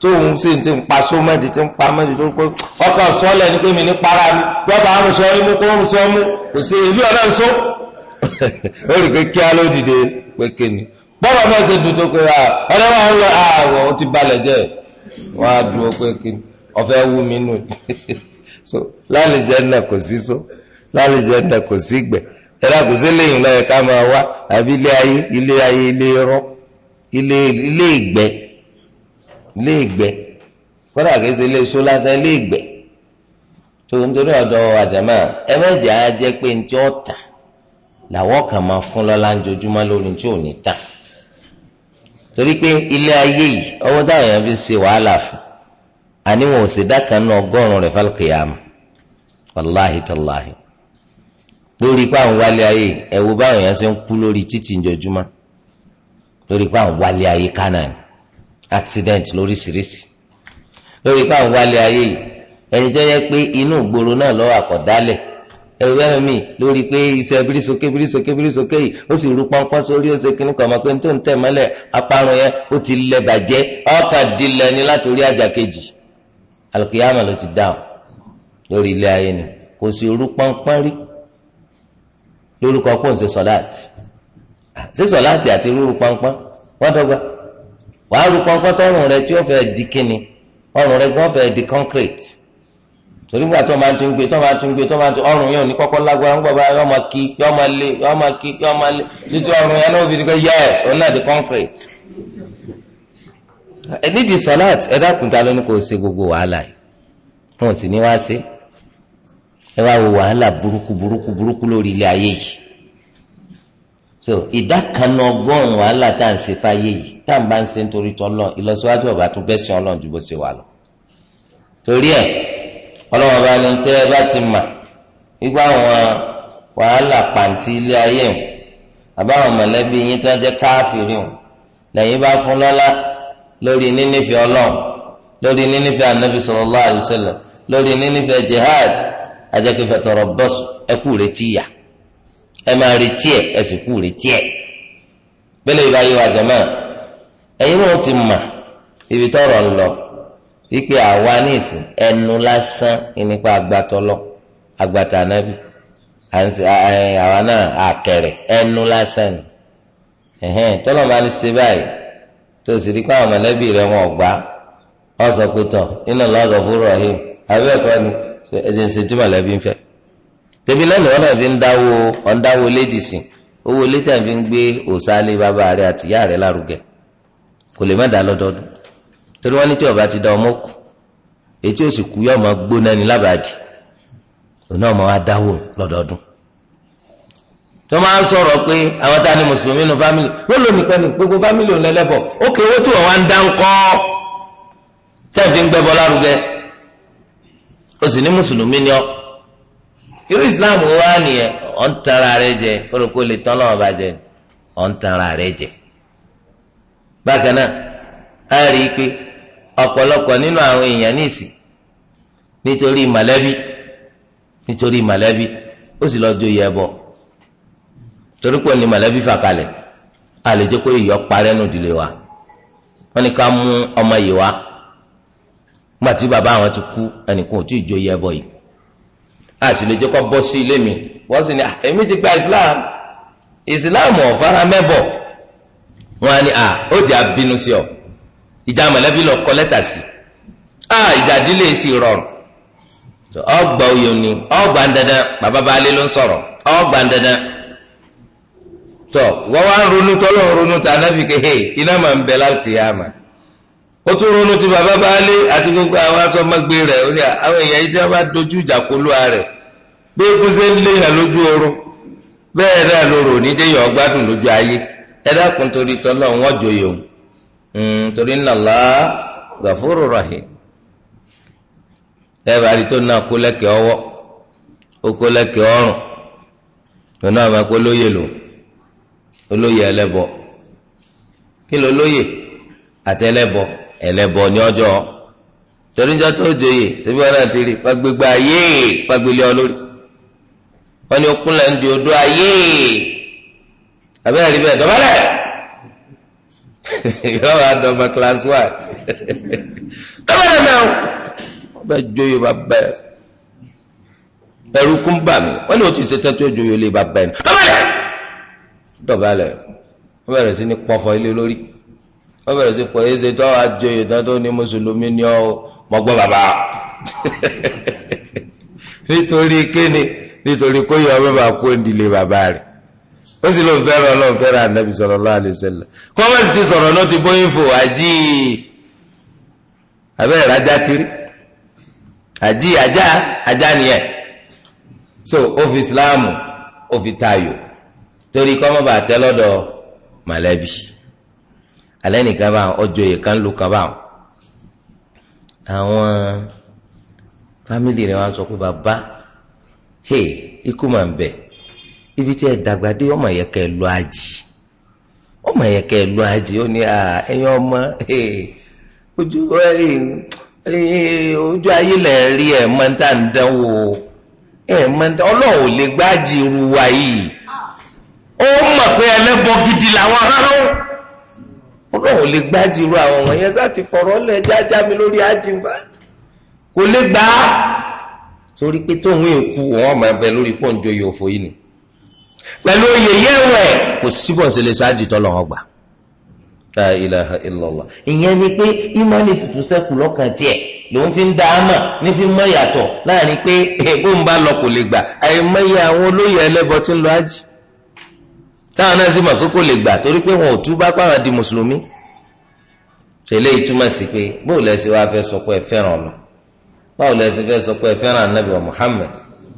tóun sì ti ń pa sómẹ́dì ti ń pa mẹ́dì tó pé ọkọ̀ sọ́lẹ̀ ní pé mi ní para mi gbọ́dọ̀ àwọn sọ ọ́ mú kó ń sọ mú kò sí èmi ọ̀rẹ́ ń sọ. *laughs* ó rí i pé kí á ló dìde pékè ni bọ́ọ̀rọ̀ náà ṣe dùn tó pé ọ̀rẹ́ wa ń lọ àwọ̀ ó ti balẹ̀ jẹ́ wọ́n á dúró pékè ni ọ̀fẹ́ wú mi nù *laughs* so lálejẹ́ náà kò sí so lálejẹ́ náà kò sí gbẹ̀ ẹ̀rọ kò sí lẹ́yìn náà ká máa wá àbí ilé ayé ilé ayé ilé rọ́ ilé ilé ìgbẹ́ léègbé kódà kìí ṣe léṣo lásán léègbé tó ń torí ọ̀dọ̀ àjàmá ẹ á jẹ́ pé ní tí ó tà làwọn kan máa fún lọ́la ń jojúmọ́ lórí tí ò ní tà torí pé ilé ayé yìí ọwọ́ táwọn èèyàn fi ṣe wàhálà fún àníwọ̀n ò sì dákan náà ọgọ́rùn-ún rẹ̀ fálkìyàmù wàláhì tàláhì lórí pé àwọn wálé ayé ẹ báwọn èèyàn ṣe ń accident lóríṣiríṣi lórí pé àwọn wálé ayé yìí ẹni tó yẹ pé inú ìgboro náà lọ́wọ́ àkọ́dálẹ̀ ẹ̀rù ẹ̀rù mi lórí pé iṣẹ́ bírísókè bírísókè bírísókè yìí ó sì rú pọ́npọ́n sórí ó ṣe kíní kan mọ̀ pé tó ń tẹ̀ mọ́lẹ̀ apárun yẹn ó ti lẹ bàjẹ́ ọ̀kàdínlẹ̀ ni látòrí àjà kejì alùkìyàmà ló ti dáhùn lórí ilé ayé ni kò sì rú pọ́npọ́n rí lórúkọ pọ́ǹsẹ̀ sọ̀láàtì sí sọ̀láàtì àti rúru pọ́npọ́n wọ́n dọ́gba wàá rú kọ́ńkọ́ tọ́rùn rẹ tí ó fẹ́ di kíni ọrùn rẹ gbọ́n fẹ́ di concrete torí gbà tó máa ti ń gbé tó máa ti ń gbé tó máa ti ọrùn yẹn ò ní kọ́kọ́ lágbára ń gbọ́ báyìí ọmọ kí ọmọ lé ọmọ kí ọmọ lé títí ọrùn yẹn náà fi di pé yes òun náà di concrete. nídìí sọláàt ẹ dákun ta ló ní kò ṣe gbogbo wàhálà yìí wọn ò sì ní wá ṣe ẹ wá wo wàhálà burúkú burúkú burúkú lórí ilé ayé yìí so ìdá kan náà ọgọ́rùn-ún wàhálà tá à ń ṣe fáyé yìí tá à ń bá ń ṣe nítorí tọ́lọ́ ìlọsíwájú ọ̀bà tún bẹ́sẹ̀ ọlọ́run ju bó ṣe wà lọ. torí ẹ ọlọ́run ọba ni tẹ́ ẹ bá ti mà wípé àwọn wàhálà pàǹtí ilé ayé hùn àbáwọn mọ̀lẹ́bí yín tí wọ́n jẹ́ káfíìrì hùn lẹ́yìn bá fún lọ́lá lórí nínífẹ̀ẹ́ ọlọ́run lórí nínífẹ̀ẹ́ anabi sallallahu alaihi lórí nínífẹ̀ẹ́ jihad ajẹ́kẹ́fẹ́ tọrọ bọ́ọ̀sù ẹkú retí yà E máa retí ẹ ẹ sì kú retí ẹ bẹ́lẹ̀ ìbá wa ma ẹ̀yin wọn ti mà ibi tọrọ ń lọ wípé àwa ní ìsìn ẹnu lásán nípa àgbàtọ́lọ́ àgbàtà nábì àwa náà ẹnu lásán ni tọ́lọ̀ máa ń ṣe báyìí tó sì rí pé àwọn mọ̀lẹ́bí rẹ̀ wọn gbà ọ sọ pé tán nínú lọ́dọ̀ fúnra yìí àbẹ́ẹ̀kọ́ ni ẹ̀jẹ̀ ń ṣe tí ń tẹbi lẹ́nu ọ̀nà fi ń dáwó ọ̀ndáwó lédi sí owó létà fi ń gbé òsálé bàbá rẹ àti ìyá rẹ lárugẹ kò lè má dá lọ́dọọdún torí wọ́n ní tí ọba ti da ọmọ kù etí ó sì kú yọ ọmọ gbóná ní lábàdì òun ọmọ wa dáwó lọ́dọọdún tó máa ń sọ̀rọ̀ pé àwọn tá a ní mùsùlùmí nu fámìlì wọ́n lò nìkan ní gbogbo fámìlì òun lẹ́lẹ́bọ̀ ó kè owó tí wọ́n wá ń dá ń kọ́ tẹ́ẹ̀ fi ń gbẹ́bọ lárugẹ ó sì ní mùsùlùmí ni ọ́ irú islam wa nìyẹn ọ̀ ń tara rẹ jẹ kórókó lè tán lọ́wọ́ bàjẹ́ ọ̀ ń tanra rẹ jẹ. bákan náà a rí i pé ọ̀pọ̀lọpọ̀ nínú àwọn èèyàn nítorí mọ̀lẹ́bí nítorí mọ̀lẹ́bí ó sì lọ́ọ́ joyè ẹbọ torí pé ní mọ̀lẹ́bí fà a lè jẹ́ ìyọ́ parẹ́ nù wa wọ́n ní ọmọ yìí wá bàbá àwọn ti kú ẹnìkan ò tí ì joyè yìí a sì lè jẹ́ kó bọ́ sí mi wọ́n sì ní ah, èmi ti islam islam ọ̀fara mẹ́bọ̀ wọ́n á ní a ah, ó jẹ́ abínú sí ọ ìjà mọ̀lẹ́bí lọ kọ lẹ́tà sí ah, ìjà ìdílé sì rọrùn ọgbà oyè ni ọgbà dandan bàbá baálé ló ń sọ̀rọ̀ ọgbà dandan tọ wọ́n wá ń ronú tọ́lọ́ ronú náà fi ké iná máa ń bẹ ó tún ronú ti bàbá àti gbogbo bí egúnṣe ń léyàn lójú oorun bẹ́ẹ̀ náà ló rò ní déyà ọgbádùn lójú ayé ẹ torí tọ́lọ́ wọn jòyè o hmm, torí ńlọ́lá gàfúrò rahim ẹ rí tó náà kó lẹ́kẹ̀ẹ́ ọwọ́ ó kó lẹ́kẹ̀ẹ́ ọrùn tó náà bá kó lóye lò olóye ẹlẹ́bọ kí ló lóye àtẹlẹ́bọ ẹlẹ́bọ ní ọjọ́ torí tó jòyè wọn náà ti rí pàgbégbá pàgbélé wọ́n ní okúnlẹ̀ ń di odó ayé abẹ́rẹ́ rí bẹ́ẹ̀ dọ̀bálẹ̀ *laughs* yóò wá dọ̀bà class one *laughs* dọ̀bálẹ̀ náà wọ́n bẹ́ẹ̀ jó yorùbá bẹ́ẹ̀ ẹ̀rù kún bà mí wọ́n ní o ti ṣe tán tí ó jó yorùbá bá bẹ́ẹ̀ ní dọ̀bálẹ̀ dọ̀bálẹ̀ wọ́n bẹ̀rẹ̀ sí ní pọ̀fọ̀ ilé lórí wọ́n bẹ̀rẹ̀ sí pọ̀ ẹ̀ṣẹ̀ tó àjọ yorùbá tó ní mùsùlùmí ni ọ́ mọ̀gbọ́ bàbá *laughs* nítorí kéne nítorí kó yẹ ọbẹ̀ bá kó ndílé bàbá rẹ̀ ó sì lóun fẹ́ràn ọlọ́run fẹ́ràn ànábì sallallahu alaihi wasallam kọ́mẹ́sì ti sọ̀rọ̀ náà ti bóyin fò àjí abẹ́rẹ́ rájá tiri àjí ajá ajá nìyẹn so ó fi ìsìláàmù ó fi tayò torí kọ́mọ́ bá tẹ́ lọ́dọ̀ mọ̀lẹ́bí alẹ́ nìkan bá ọjọ́ yìí kan ló kan bá àwọn fámìlì rẹ̀ wọ́n sọ pé bàbá. hey ikú máa ń bẹ ibi tí ẹ dàgbà dé ọmọ yẹ kẹ lọ àjì ọmọ yẹ kẹ lọ àjì ó ní à ẹyin ọmọ ojú ojú ayé lẹ rí ẹ mọ tá à ń dánwò ẹ mọ tá Ọlọ́run ò lè gbájì ru wa yìí ó mọ̀ pé ẹlẹ́bọ gidi làwọn rárá ọlọ́run lè gbájú ru àwọn wọ̀nyẹn sáti fọ̀rọ̀ lẹ̀ jájá mi lórí ajínigbá kò lè gbà á torí pé tóun èkú wọn ọmọ ẹbẹ lórí pọ́ǹjọ yóò fò yìí ni pẹ̀lú oyè yẹ̀wẹ̀ kò síbọ̀ ṣe lè ṣáàjì tọ́lọ̀ wọn gbà la ilaha illallah ìyẹn ni pé imani sì tún sẹ́kù lọ́kàn tiẹ̀ lòun fi ń da ama ní fi mọ ìyàtọ̀ láàrin pé èbó ń bá lọ kò lè gbà àìmọye àwọn olóyè ẹlẹbọ tí ń lọ ájì táwọn náà sì mọ̀ pé lè gbà torí pé wọn ò tú bá pàwọn di mùsùlùmí tẹ̀lé ìtumọ̀ sí pé bóòlù ẹ̀sìn wa fẹ́ sọ pé ẹ fẹ́ràn ọ̀nà báwo lẹ́sìn fẹ́ sọ pé fẹ́ràn anabi wa muhammed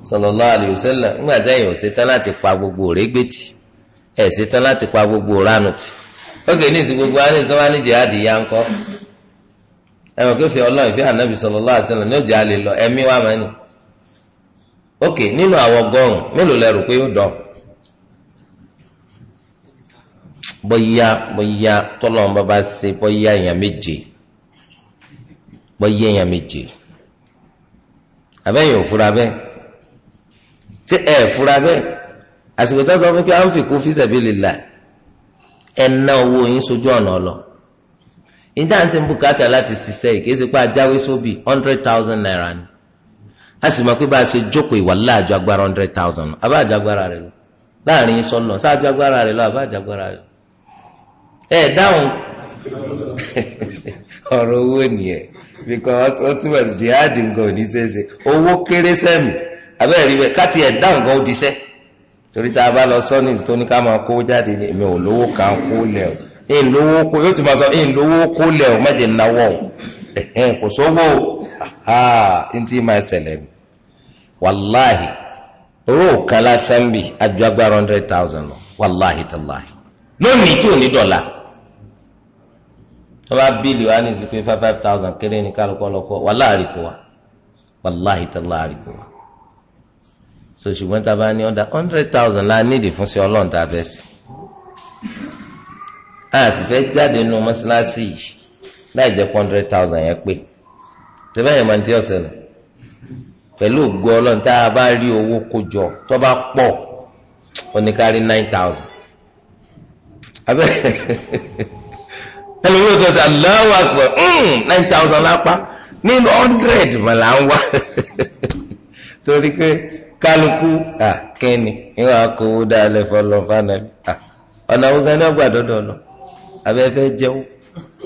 sallallahu alayhi wa sallam nígbà tí ẹ̀yin ò ṣetán láti pa gbogbo òrégbè tì gbogbo tì ókè gbogbo ní jihadi ya ńkọ́ kò fi ọlọ́run anabi alayhi ní alẹ́ lọ wa ni ókè nínú àwọn mélòó pé ó dán bọ́yá bọ́yá àbẹ́yìn ò fura bẹ́ẹ̀ tí ẹ fura bẹ́ẹ̀ àsìkò tó sọ fún kí àwọn fìkú fi sabilillah ẹ ná owó yín sójú ọ̀nà ọ̀lọ́ níta ń ṣe ń bùkátà láti ṣiṣẹ́ yìí kì í ṣe pé ajáwé sóbì hundred thousand naira ni a sì mọ̀ pé bá a ṣe jókòó ìwà láàjọ agbára hundred thousand abá àjàgbára rẹ lọ láàrin sọlọ sáàjọ agbára rẹ lọ abá àjàgbára rẹ lọ ẹ dáhùn *laughs* ọ̀rọ̀ owó nìyẹn because ó sí nǹkan ṣeéṣe owó kéré abẹ́rẹ́ rí bẹ́ẹ̀ káti ẹ̀ dá nǹkan ó torí tá a bá lọ tó ní ká o kó o mẹ́jẹ̀ náwó kò sówó tí máa ṣẹlẹ̀ wàláhì owó kan lásán bì agbára hundred thousand tó bá bíìlì wa ní ìsìnkú five five thousand kéré ní kálukú ọlọ́kọ́ wà láàrin kó wa wàláhì tó láàrin kó wa so ṣùgbọ́n tá a bá ní ọ̀dà hundred thousand la nídìí fún sí ọlọ́run tá a fẹ́ sí a sì fẹ́ jáde nínú mọ́ṣáláṣí yìí láì jẹ́ hundred thousand yẹn pé tẹ́fẹ́ yẹn máa ń tí ọ̀sẹ̀ lọ pẹ̀lú ògo ọlọ́run tá a bá rí owó kójọ tó bá pọ̀ oníkárí nine thousand abẹ́ *laughs* ẹlòmíì ò sọ̀sẹ̀ Allahu Akbar hmm, nine thousand lápá nínú hundred mà ń wá *laughs* torí pé kálukú kíni ìwà kówó dáalẹ̀ fọlọ́ fanabi ọ̀nà àwọn gan náà gbà abẹ́fẹ́ jẹun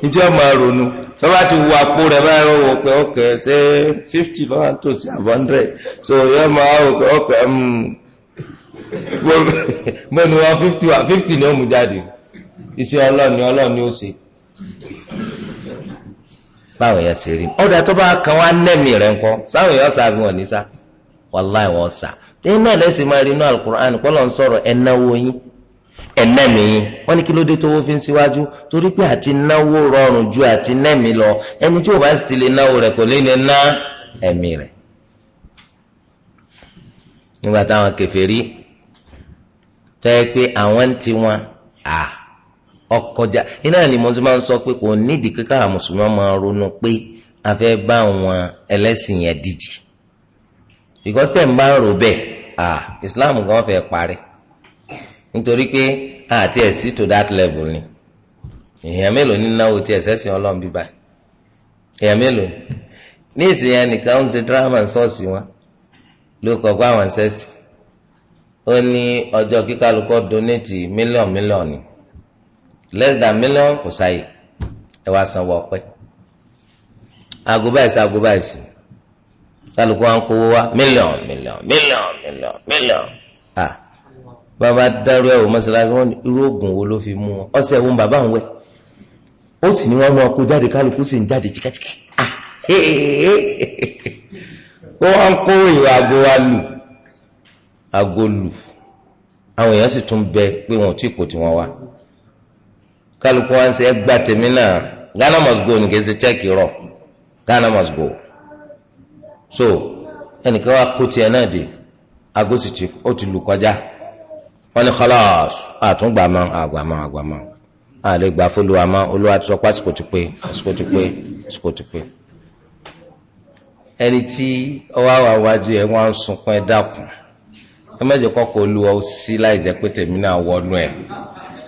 níjẹ́ ọmọ ronú tó bá ti wo àpò rẹ̀ báyìí wọ́n wò pé ọkẹ́ fifty lọ́wọ́ tó sí àbọ̀ hundred so yọ máa wò pé ọkẹ́ mẹ́nu wọn fifty ni ó jáde ọlọ́ọ̀ni ọlọ́ọ̀ni ó ṣe. báwọn èèyàn ṣe rí ọdọ tó bá kan wá nẹ́ẹ̀mí rẹ̀ ńkọ́ sáwọn èèyàn sá bí wọn ní sá wàláì wọn sá lẹ́yìn náà lẹ́sìn máa rí inú alukur'an kọ́lọ̀ ń sọ̀rọ̀ ẹ̀ yín ẹ̀ yín wọ́n ní kí ló dé tó fi ń síwájú torí pé àti rọrùn ju àti nẹ́ẹ̀mí lọ ẹni tí ò bá sì ti lè kò lè lè ná ẹ̀mí nígbà táwọn tẹ́ ọkọjà iná ni mo máa ń sọ pé kò nídìí kíkà mùsùlùmí máa ronú pé a fẹ́ bá àwọn ẹlẹ́sìn yẹn díje because tẹ̀ ń bá rò bẹ́ẹ̀ Islam pari. fẹ́ parí nítorí pé àti ẹ̀sí to that level ni èèyàn mélòó ní náwó tí ẹ̀sẹ̀ sìn ọlọ́run bíbá èèyàn mélòó ní nìkan ń ṣe wọn ló àwọn ṣẹ́sì ó ní ọjọ́ kíkálukọ́ donate less than million kò sáyè ẹ wá sanwó ọpẹ aago báyìí kálukú wa ń kówó wa million million million million million ah bàbá dárú ẹ wò mọ́sálásí wọn irú oògùn wo ló fi mú wọn ọsẹ wo bàbá ń wẹ ó sì ní wọn mú ọkọ jáde kálukú sì ń jáde tíkẹ́tíkẹ́ ah ó wá ń kó ìwà aago wa lù aago lù àwọn èèyàn sì tún bẹ pé wọn ò tí kò tí wọn wá kálukú wa ń ṣe ẹgbà tèmi náà Ghana must go nìkan ṣe check rọ Ghana must go so ẹnìkan wa kó tiẹ̀ náà dé aago sì ti ó ti lù kọjá wọn ní kọlọs àtúngbà mọ àgbà mọ àgbà mọ àlè gbà fọlùwà mọ olúwa ti sọ pé àsìkò ti pé àsìkò ti pé àsìkò ti pé ẹni tí ọwọ́ àwọn àwájú ẹ̀ wọ́n sunkún ẹ̀ dákun ẹ mẹ́jọ kọ́kọ́ olúwa ó sí láì jẹ́ pé tèmi náà wọnú ẹ̀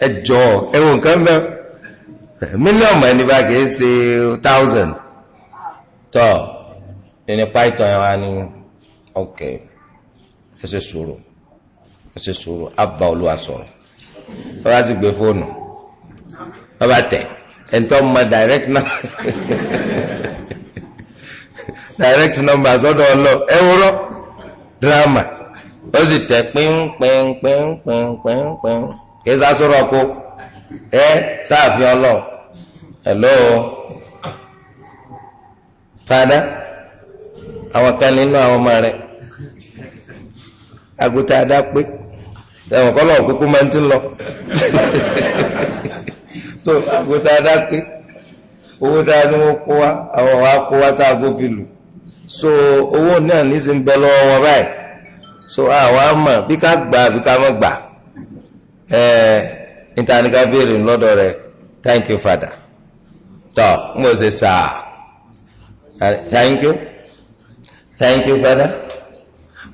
ẹjọ́ ẹ̀wọ̀n nǹkan bẹ́ẹ̀ mílíọ̀nù ẹni bá kìí ṣe thousand tọ́ ẹni python ẹ̀ wá ní ok ẹ ṣe sùúrù ẹ ṣe sùúrù àbá olúwa sọ̀rọ̀ ọba ti gbé fóònù ọba tẹ̀ ẹ̀ńtọ́ mọ direct náà *laughs* direct number sọ́dọ̀ ọlọ ẹ wúrọ drama ó sì tẹ pínpínpínpínpínpín kìí sá sọ̀rọ̀ ọkọ ẹ sáàfin ọlọ hello fada àwọn kan nínú àwọn ọmọ rẹ àgùtà adápé ẹwọn kọlọ kúkú máa ń tún lọ *laughs* so àgùtà adápé owó dáa ni wọn kó wa àwọn wa kó wa tá a gbó fi lù so owó náà nísìnyí bẹ lọ́wọ́ wọn báyìí so àwọn àmọ́ bí ká gbà bí ká má gbà. ẹẹ ìtànìkà m lọ́dọ̀ rẹ̀ thank you father tọ n ṣe eh, thank you thank you father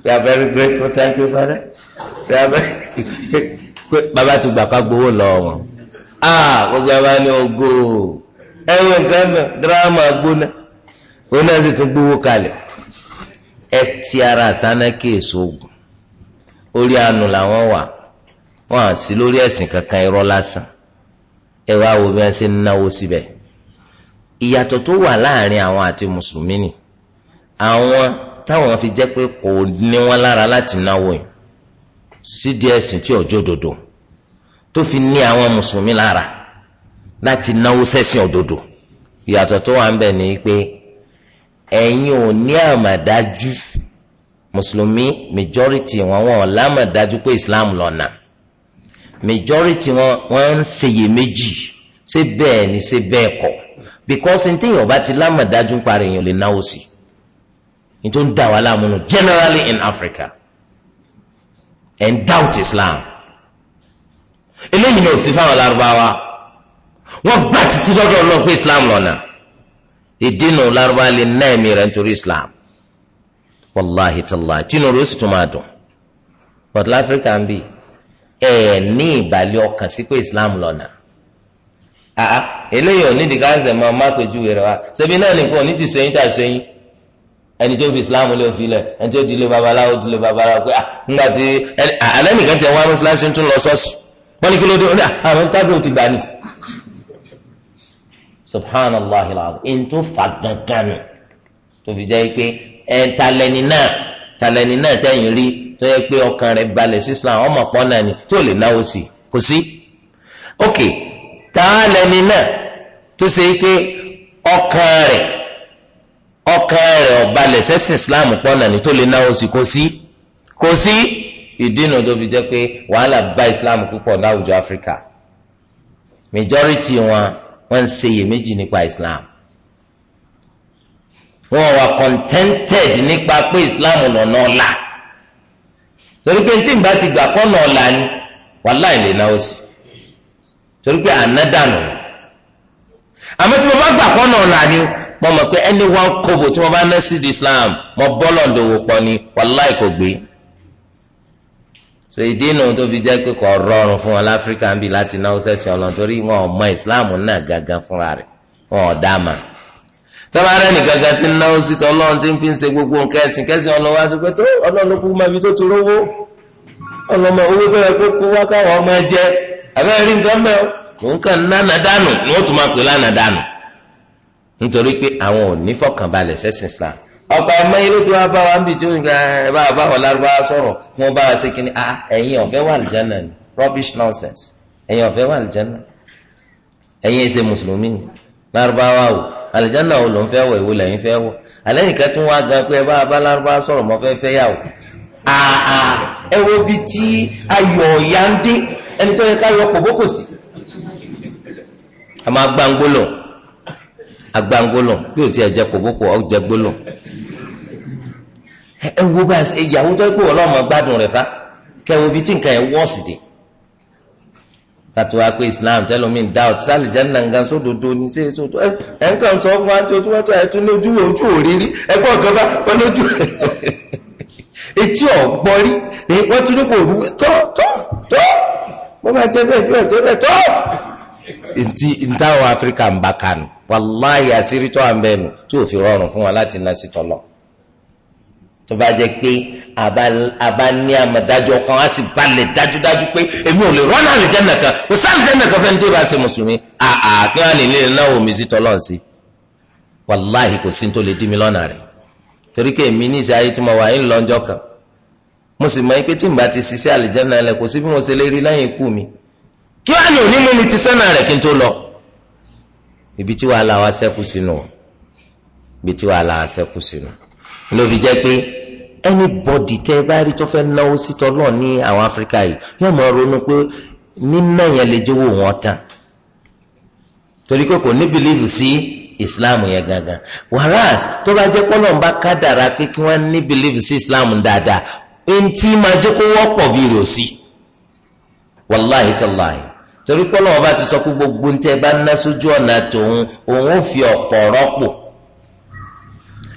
we are very grateful thank you father we are very *laughs* bàbá ti gbà ká gbowó lọ wọn aa ah, gbogbo ẹ bá ní ogo ẹ̀yin nǹkan mẹ dírámà gbóná òun náà sì tún gbowó kalẹ̀ ẹ ti ara orí wọn à sí lórí ẹ̀sìn kankan irọ́ lásán ẹ wá wo bí wọ́n ṣe ń náwó síbẹ̀ ìyàtọ̀ tó wà láàrin àwọn àti mùsùlùmí ni àwọn táwọn fi jẹ́ pé kò ní wọn lára láti náwó yìí sídìí ẹ̀sìn tí ọjọ́ òdodo tó fi ní àwọn mùsùlùmí lára láti náwó sẹ́sìn òdodo ìyàtọ̀ tó wà ń bẹ̀ ni pé ẹ̀yin ò ní àmàdájú mùsùlùmí majority wọn wọn ò lámàdájú pé Islam lọ́nà majority wọn wọn ń ṣeyè méjì ṣé bẹ́ẹ̀ ni ṣé bẹ́ẹ̀ kọ́ because ntẹ́yìn ọba ti lámàdájú ń parí èèyàn lè náwó sí ní tó ń dà wá láàmú generally in Africa and doubt Islam eléyìí ni òsì fáwọn Lárúbáwá wọn gbà títí lọ́dọ̀ Ọlọ́run pé Islam lọ́nà ìdínà Lárúbáwá lè ná ẹ̀mí rẹ̀ nítorí Islam wàláhìtàlá tìǹbù rẹ̀ ó sì tún máa dùn but láfíríkà ń bì í ẹ ní ìbàlẹ̀ ọkàn sí pé islam lọ́nà àá eléyìí ò nídìí káńsẹ̀ máa má pèjúwe rẹ wa ṣebí náà nìkan ní ti sẹ́yìn tà sẹ́yìn ẹni tó fi islam lé òfin lẹ ẹni tó dilé babaláwo dilé babaláwo pé ah nígbà tí alẹ́ nìkan tiẹ̀ wá mọ́sálásí tún lọ sọ́ọ̀sì wọ́n ní kí ló dé ọ̀dà ah, àwọn tábìlì ti gbà ní. subhanallah ilaahu in tó fa gangan tó fi jẹ́ pé ẹ̀ talẹ́ni náà talẹ́ni náà tẹ̀yìn rí tó yẹ pé ọkàn rẹ̀ balẹ̀ sí islam ọmọ pọ́n náà ni tí ò lè náwó sí kò sí. ok tàá lẹni náà tó ṣe pé ọkàn rẹ̀ ọkàn rẹ̀ balẹ̀ sẹ́sìn islam pọ́n náà ni tó lè náwó sí kò sí kò sí ìdínà tó fi jẹ́ pé wàhálà bá islam púpọ̀ láwùjọ áfíríkà majority wọn wọ́n ń ṣe iyèméjì nípa islam wọ́n wà contented nípa pé islam lọ́nà ọ̀la. No torí pé tí n bá ti gbà kọ́nà ọ̀la ni wàláì lè náwó sí torí pé ànádànù àmọ́ tí mo bá gbà kọ́nà ọ̀la ni mo mọ̀ pé ẹni wọn kọ́bọ̀ tí mo bá ná sí Islam mo bọ́lọ̀ ń dòwò pọ̀ ni wàláì kò gbé so ìdí inú tó fi jẹ́ pé kò rọrùn fún wọn láfíríkà ń bì láti náwó sẹ́sìn ọlọ́run torí wọn ò mọ Islam náà gangan fúnra rẹ̀ wọn ò dá a mà tọ́lárẹ́ nìkan kan ti ń náwó sí tọ́lọ́run tí ń fi ń ṣe gbogbo nǹkan ẹ̀sìn kẹ́sìn ọlọ́wọ́ àdúgbò tó ọlọ́run ló kú mọ́ ibi tó ti rówó ọlọ́mọ owó tó yẹ kó kó wá káwọn ọmọ ẹ jẹ abẹ́rẹ́ rí nǹkan mẹ́ o mò ń kàn nánà dànù ni ó tún máa pè lánà dànù nítorí pé àwọn ò ní fọkànbalẹ̀ sẹ́sìn Islam ọ̀pọ̀ ẹ̀mọ́ ilé tí wọ́n bá wa ń bì tí ẹ bá bá wọn lárúbáwá sọ̀rọ̀ ah ẹ̀yin ọ̀fẹ́ wà rubbish nonsense ẹ̀yin ọ̀fẹ́ wà lìjánà ẹ̀yin ẹ̀ṣẹ̀ mùsùlùmí lárúbáwá àlìjáná wo ló ń fẹ́ wọ̀ èwo lẹ́yìn fẹ́ wọ̀ alẹ́ nìkan tí wọ́n á gan pé ẹ bá abálárúbá sọ̀rọ̀ mọ́ fẹ́ fẹ́ yà wò àà ẹ wo bi tí ayọ̀ ọ̀yà ń dé ẹni tó yẹ ká yọ kòbókò sí. àmọ́ agbangolo agbangolo bí o ti ẹ̀ jẹ kòbókò ọ̀ jẹ gbolo ẹ wo bá ìyàwó tó yẹ kó wọ́n lọ́mọ gbádùn rẹ̀ fa kẹ́ wo bi tí nǹkan ẹ̀ wọ́ọ̀sì dé kàtó wa pé islam tẹlomi doubt sali jẹ́nà nǹkan sódodo ní sí èso ẹ ẹ̀ ń kàn sọ fún wa tí ojú wọ́tọ̀ ẹ̀ tún lójú ojú òrírí ẹgbọ́n kan bá wọn lójú *laughs* etí ọ̀gbọ́n rí ni wọ́n tún ní kò rú tọ́ tọ́ tọ́ wọ́n máa jẹ́ bẹ́ẹ̀ bẹ́ẹ̀ jẹ́ bẹ́ẹ̀ tọ́. ntí ntáwọn áfíríkà ń bá kánú wàláyé àṣírí tó à ń bẹ́ẹ̀ nù tí ò fi rọrùn fún wa láti ná sí tọ́lọ̀ tó bá jẹ́ pé àbá ní àmọ̀dájọ́ kan á sì balẹ̀ dájúdájú pé èmi ò lè rọ́nà àlìjẹ́nà kan kò sáàlìjẹ́nà kan fẹ́ni tí ó bá ṣe mùsùlùmí àà kí wọ́n nílé náà omi sí tọ́lọ́ sí wàláhì kò sí tó lè dí mi lọ́nà rẹ̀ torí pé èmi ní ìṣe ayé tí mo wà ń lọ́njọ́ kan mo sì mọ pé tí n bá ti ṣiṣẹ́ àlìjẹ́nà rẹ̀ kò sí bí mo ṣe lè rí lẹ́yìn ikú mi kí wọ́n ní onímú ti sọ́nà rẹ̀ kí n tó lọ ibi tí wàhálà wa anybody tẹ ẹ bá rí tó fẹ́ náwó sítọ́ náà ní àwọn áfíríkà yìí yóò máa ronú pé nínà yẹn lè jẹ́ wọn tán torí pé kò ní bìlíìfù sí islam yẹn gangan whereas tó bá jẹ́ pọ́lọ́ bá kádàrá pé kí wọ́n ní bìlíìfù sí islam dáadáa eŋti máa jẹ́ kó wọ́pọ̀ bí rò sí torí bá ti sọ pé gbogbo ń bá ná sójú ọ̀nà tòun òun ò fi ọ̀pọ̀ rọ́pò.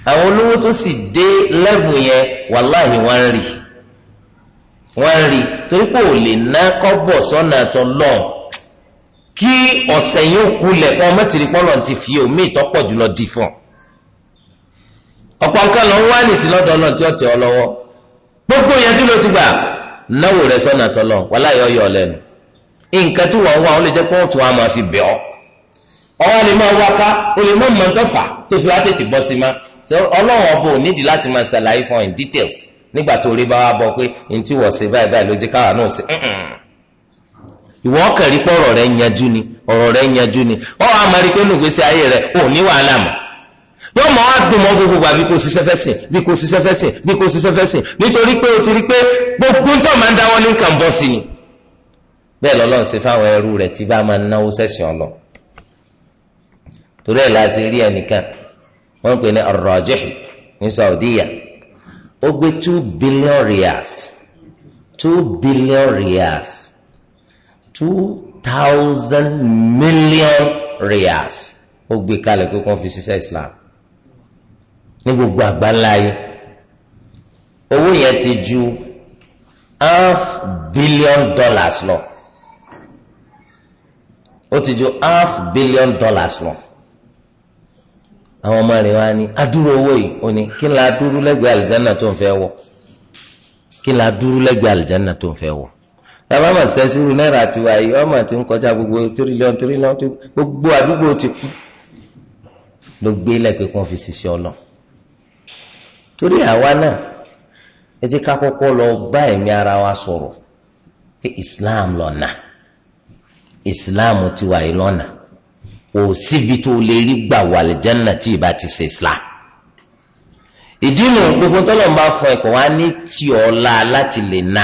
àwọn olówó tó sì dé lẹ́vù yẹn wàláhì wọ́n ń rí wọ́n ń rí torí pé ò lè ná kọ́bọ̀ sọ́nà tọ́lọ̀ kí ọ̀sẹ̀ yóò kulẹ̀ kọ́ mẹ́tìrì pọ́lọ̀ ti fi omi ìtọ́pọ̀ jùlọ dì fún ọ ọ̀pọ̀ nǹkan lọ ń wá nìsí lọ́dọ̀ náà tí ó tẹ̀ ọ lọ́wọ́ gbogbo yẹn kí ló ti gbà náwó rẹ sọ́nà tọ́lọ̀ wàláhì ọyọ lẹ́nu nǹkan tí wọ́n wá ó lè jẹ́ pé wọ́n tún wá máa fi bẹ̀ ọ́ ọwọ́ lè máa wá ká ó lè mọ̀ mọ́tọ́fà tó fi wá tètè bọ́ sí máa ọlọ́run ọba ò nídìí láti máa ṣàlàyé fún ọ in details nígbà tó rí bá wa bọ pé n tí wọ́n ṣe báyìí báyìí ló jẹ́ káwa náà ṣe ìwọ ọkàn rí pé ọ̀rọ̀ rẹ yanjú ni ọ̀rọ̀ rẹ yanjú ni ọ wàá máa rí pé nùgbésí ayé rẹ ò ní wàhálà mọ́ yóò mọ wá dùn mọ́ gbogbo gbà bí kò ṣiṣẹ́ fẹ́ sìn bí kò ṣiṣẹ́ fẹ́ sìn bí kò ṣiṣẹ́ fẹ́ sìn nítorí pé o ti rí pé gbogbo ń tọ́ máa ń dáwọ́ ní nǹkan bọ́ sí ni bẹ́ẹ̀ lọ́lọ́run ṣe fáwọn ẹrú rẹ̀ tí bá máa ń náwó sẹ́sìn ọlọ torí ẹ̀ la rí ẹnìkan wọ́n pè ní arrajih ní saudiya ó gbé two billion riyals two billion riyals two thousand million riyals ó gbé kalẹ̀ pé kàn fi ṣiṣẹ́ islam ní gbogbo àgbáńlá yìí owó yẹn ti ju half billion dollars lọ ó ti ju half billion dollars lọ àwọn ọmọ rẹ̀ wá ní adúrú owó yìí ó ní kí la dúró lẹ́gbẹ̀ẹ́ àlìjáná tó ń fẹ́ wọ̀ kí la dúró lẹ́gbẹ̀ẹ́ àlìjáná tó ń fẹ́ wọ̀ tàbá mà sẹ́sìrú náírà tiwa yìí ọmọ ti ń kọjá gbogbo tírílíọ̀n tírílíọ̀n tó gbogbo àdúgbò ti kú ló gbé lẹ́gbẹ̀ẹ́ kan fi ṣiṣẹ́ ọ lọ torí àwa náà ẹ ti ká kọ́kọ́ lọ bá ẹ̀mí ara wa sọ̀rọ̀ pé Islam lọ́nà Islam tiwa yìí lọ́nà kò síbi tó lè rí gbà wà lẹ́jẹ̀nà tí ìbá ti ṣe islam ìdínú gbogbo tọ́lọ̀ ń bá fún ẹ̀kọ́ wa ní tí ọ̀la láti lè na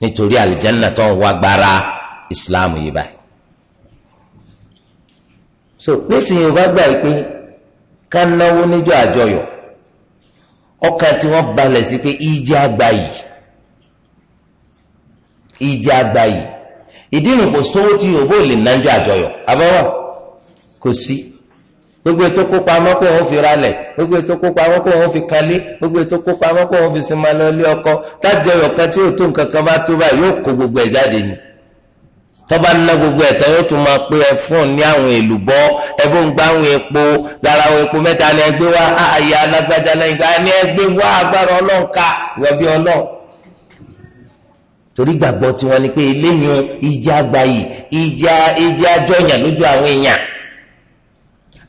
nítorí àlìjẹ́nà tó ń wá gbára islam yìí báyìí so nísìnyí yorùbá gbà pé ká náwó níjọ àjọyọ̀ ọkàn tí wọ́n balẹ̀ sí pé ìjẹ́ àgbà yìí ìjẹ́ àgbà yìí ìdí ìrìnkò sówó tí yorùbá lè nájọ àjọyọ̀ àbọ̀wọ̀. kò sí gbogbo ètò kópa wọn kó wọn fi ralẹ̀ gbogbo ètò kópa wọn kó wọn fi kalẹ̀ gbogbo ètò kópa fi sinmi ọkọ tájọ ọkàn tí yóò tó nǹkan kan bá tó báyìí yóò kó gbogbo ẹ̀ jáde ni tọ́ba ná gbogbo ẹ̀tọ́ yóò tún máa pé ẹ̀fọ́n ní àwọn èlùbọ́ ẹ̀bùn ń gbá àwọn epo epo mẹ́ta ni ẹgbẹ́ wa àyà alágbájá ni ẹgbẹ́ wa agbára ọlọ́run ká ọlọ́run. torí gbàgbọ́ tiwọn ni pé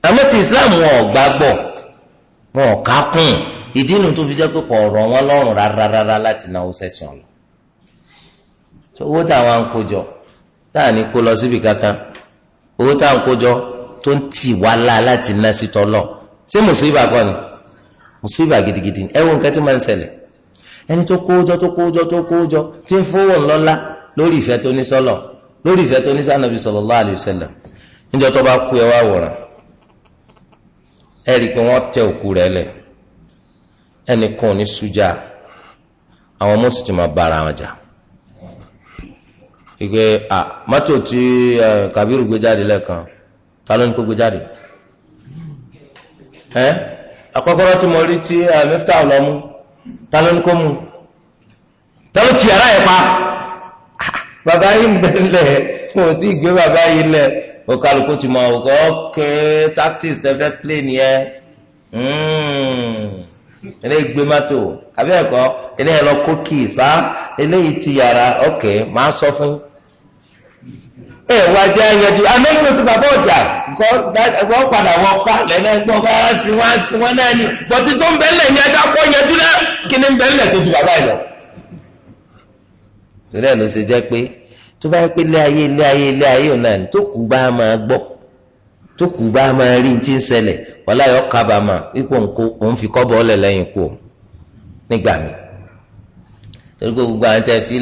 àmọ́ ti islam wọn ò gbàgbọ́ wọn ò ká kún ìdí inú tó fi jẹ́ pé kò rọ̀ wọ́n lọ́rùn rárá láti náwó sẹ́sìn ọ̀la owó táwọn ń táà ní kó lọ síbi kankan owó táwọn ń musu tó ń tì wá gidigidi ẹ wo nǹkan tí máa ń ṣẹlẹ̀ ẹni tó kójọ tó kójọ tó kójọ tí ń fowó ńlọ́lá lórí ìfẹ́ tó ní sọ́lọ̀ lórí ìfẹ́ tó ní sànàbí ẹ rí i pé wọ́n tẹ òkú rẹ̀ lẹ̀ ẹnìkan ò ní sújà àwọn ọmọ sì ti máa bára wọn jà ìgbé à mọ́tò tí Kabiru gbé jáde lẹ́ẹ̀kan ta ló ní kó gbé jáde ẹ́ akọ́kọ́rọ́ tí mo rí tí mẹ́fítà lọ mú ta ló ní kó mú ta ló ti yàrá ẹ̀ pa ah, bàbá yìí ń bẹ̀rẹ̀ wọn ò tí gbé bàbá yìí lẹ̀ ó ti mọ òkò ókè tactics tẹ fẹ́ play nìyẹn eléyìí gbé mọ́tò àbí ẹ̀kọ́ eléyìí lọ kó kìí sá eléyìí ti yàrá ókè máa sọ fún ẹ wá ti bàbá ọjà because wọ́n pa lẹ́nà ẹgbọ́n bá wá sí wá sí wọ́n náà ni bọ́tí tó ń ní kí ni ń tó tó bá yẹ pé ilé ayé ilé ayé ilé ayé ọ̀nà tó kù bá máa gbọ́ tó kù bá máa rí ti ń ṣẹlẹ̀ wàhálà yọ kábàámà ipò òun fi kọ́bọ̀ lẹ́yìn kú nígbà mi torí pé gbogbo àwọn fi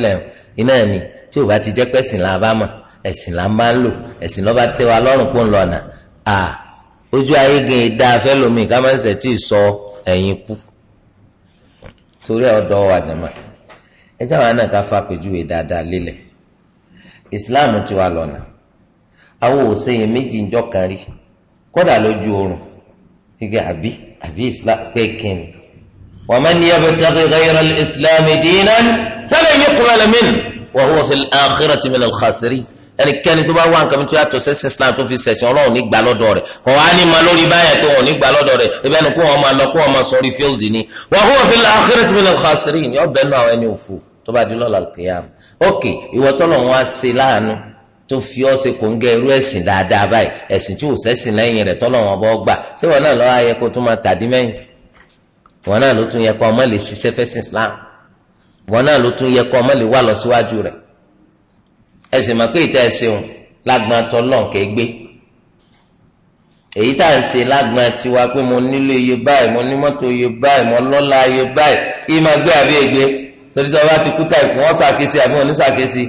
iná ni tí ò bá ti jẹ́ wa lọ́rùn ń lọ ọ̀nà à ojú ayé gan lomi ká máa ń sẹ̀ tí ì sọ ẹ̀yìn kú torí ọ̀dọ́ wa ẹ ká fa islam ti wà lọ́nà àwọn òsèyàn méjì ń jọkàn rí kódà lójú oorun gẹ́gẹ́ àbí àbí islam pé kíni wa man yabtaghi ghayra al-islam dinan falan yuqbala minhu wa huwa fil akhirati min al-khasirin ẹnikẹ́ni tó bá wá nǹkan tó yàtọ̀ sẹ́sìn islam tó fi sẹ̀sìn ọlọ́run nígbà lọ́dọ̀ rẹ̀ kò wá ní ma lórí báyà tó wọ́n nígbà lọ́dọ̀ rẹ̀ ibẹ̀ ni kó wọ́n máa lọ kó wọ́n máa sọrí fíldì ni wa huwa fil akhirati min al-khasirin yọ̀ọ́ bẹ́ẹ̀ náà ẹni òfò tó bá di lọ́la kìyàmù ok ìwọ tọ́lọ̀ wọn á ṣe láàánú tó fi ọ́ ṣe kò ń gẹ irú ẹ̀sìn dáadáa báyìí ẹ̀sìn tí ò sẹ́sìn lẹ́yìn rẹ̀ tọ́lọ̀ wọn bọ́ gbà ṣé wọn náà lọ́wọ́ ayẹ kó tó máa tàdí mẹ́yìn wọn náà ló tún yẹ kó ọmọ lè ṣiṣẹ́ fẹ́sìn Islam wọn náà ló tún yẹ kó ọmọ lè wà lọ síwájú rẹ̀ ẹ̀sìn mọ̀ pé ìta ẹ̀sìn òun lágbọ́n tọ́lọ̀ kẹ́gbẹ́ èyí tá à ń ṣe lágbọn tiwa pé mo nílò iye báyìí mo ní mọ́tò iye báyìí mo lọ́la iye báyìí torí tí wọn bá ti kú tá ìkú wọn sọ àkèsí àbí wọn ní sọ àkèsí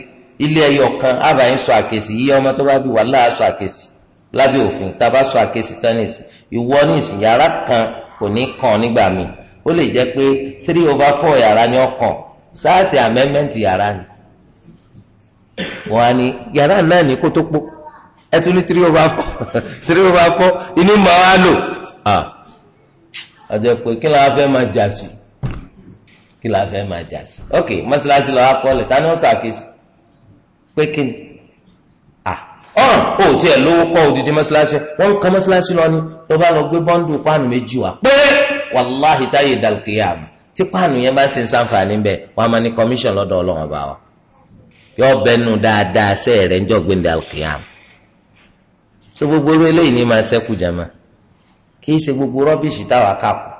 ilé ẹyọ kan àbáyé sọ àkèsí yíyá ọmọ tó bá bí wàhálà sọ àkèsí lábẹ́ òfin tá a bá sọ àkèsí tán nìsí ìwọ nìsí yàrá kan kò ní kàn nígbà míì ó lè jẹ́ pé three over four yàrá ni ó kàn sáàsì amẹ́mẹ́ǹtì yàrá ni wọn á ní yàrá náà ní kó tó pọ̀ ẹ tún ní three over four *laughs* three over four ìní màá lò ọjọ́ pé kí ló wá fẹ́ máa jà sí i kí la fẹ́ máa jà sí. ok mọ́sálásí lọ́wọ́ akọ́lẹ̀ ta ni wọ́n sàkíyèsí pé kí ni ọ̀ràn ó ti ẹ̀ lówó kọ́ odidi mọ́sálásí wọ́n ń kọ́ mọ́sálásí lọ ni wọ́n bá lọ gbé bọ́ńdù páànù méjì wá pé wàláhì táyé dàlùkìyàm tí páànù yẹn bá ṣe ń sàǹfààní bẹ́ẹ̀ wọ́n á máa ní kọmíṣàn lọ́dọ̀ ọlọ́run bá wa yọ bẹnu dáadáa sẹ́ẹ̀ rẹ̀ ń jọ gbé dàlùkìyàm so gbogbo eléyìí ni máa ṣẹ́kù jẹ́ máa kì í ṣe gbogbo rọ́bìṣì táwa kápò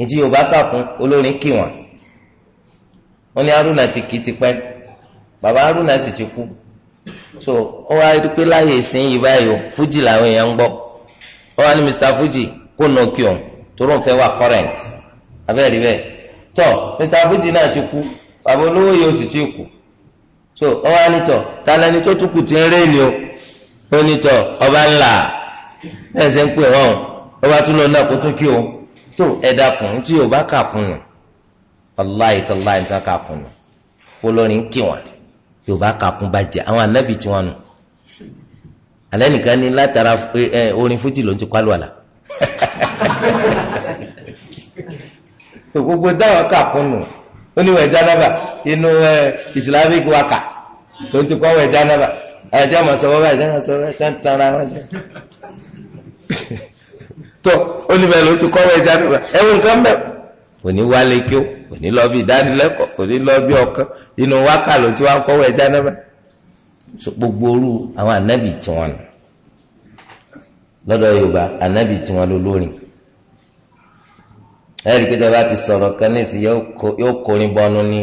ètí yorùbá kàkún olórin kì wọn wọn ní haruna ti kì í ti pẹ bàbá haruna sì ti kú so ó wá rí pé láyè ìsìn yìí báyìí o fuji làwọn èèyàn ń gbọ́ ó wá ní mr fuji kó nà kí òun torí òun wà current abẹ́rẹ́ bẹ́ẹ̀ tọ́ mr fuji náà ti kú bàbá olówó yìí sì ti kú so ó wá ní tọ talẹni tó tún kù ti ń rẹ́ẹ̀lì o ó ní tọ ọba ńlá ẹ̀ ṣe ń pè wọ́n ọba tún lọ náà kó tún kí òun. So, tí yorùbá kà kùn nù ọláì tó láì tó kà kùn nù polórin kí wọn àwọn anábì tí wọn nù alẹ́ nìkan ní látara orin fújì ló ń ti *laughs* so gbogbo dáwọn kà nù ó ní wẹ̀ inú islamic waka ló ń ti kọ́ wẹ̀ jánábà ẹ̀jẹ̀ mọ̀ sọ́wọ́ bá ẹ̀jẹ̀ mọ̀ sọ́wọ́ tó oníbẹ̀ ló ti kọ́wé ẹja nígbà ẹ̀wọ̀n nǹkan bẹ̀ òní wálé kí ó òní lọ bí ìdánilẹ́kọ̀ọ́ òní lọ bí ọkàn inú wákà ló ti wá ń kọ́wé ẹja nígbà gbogbo orú àwọn ànábì tí wọn nù lọ́dọ̀ Yorùbá ànábì tí wọn lólórin ẹ̀rí pé tẹ́lá ti sọ̀rọ̀ kan yóò kórin ní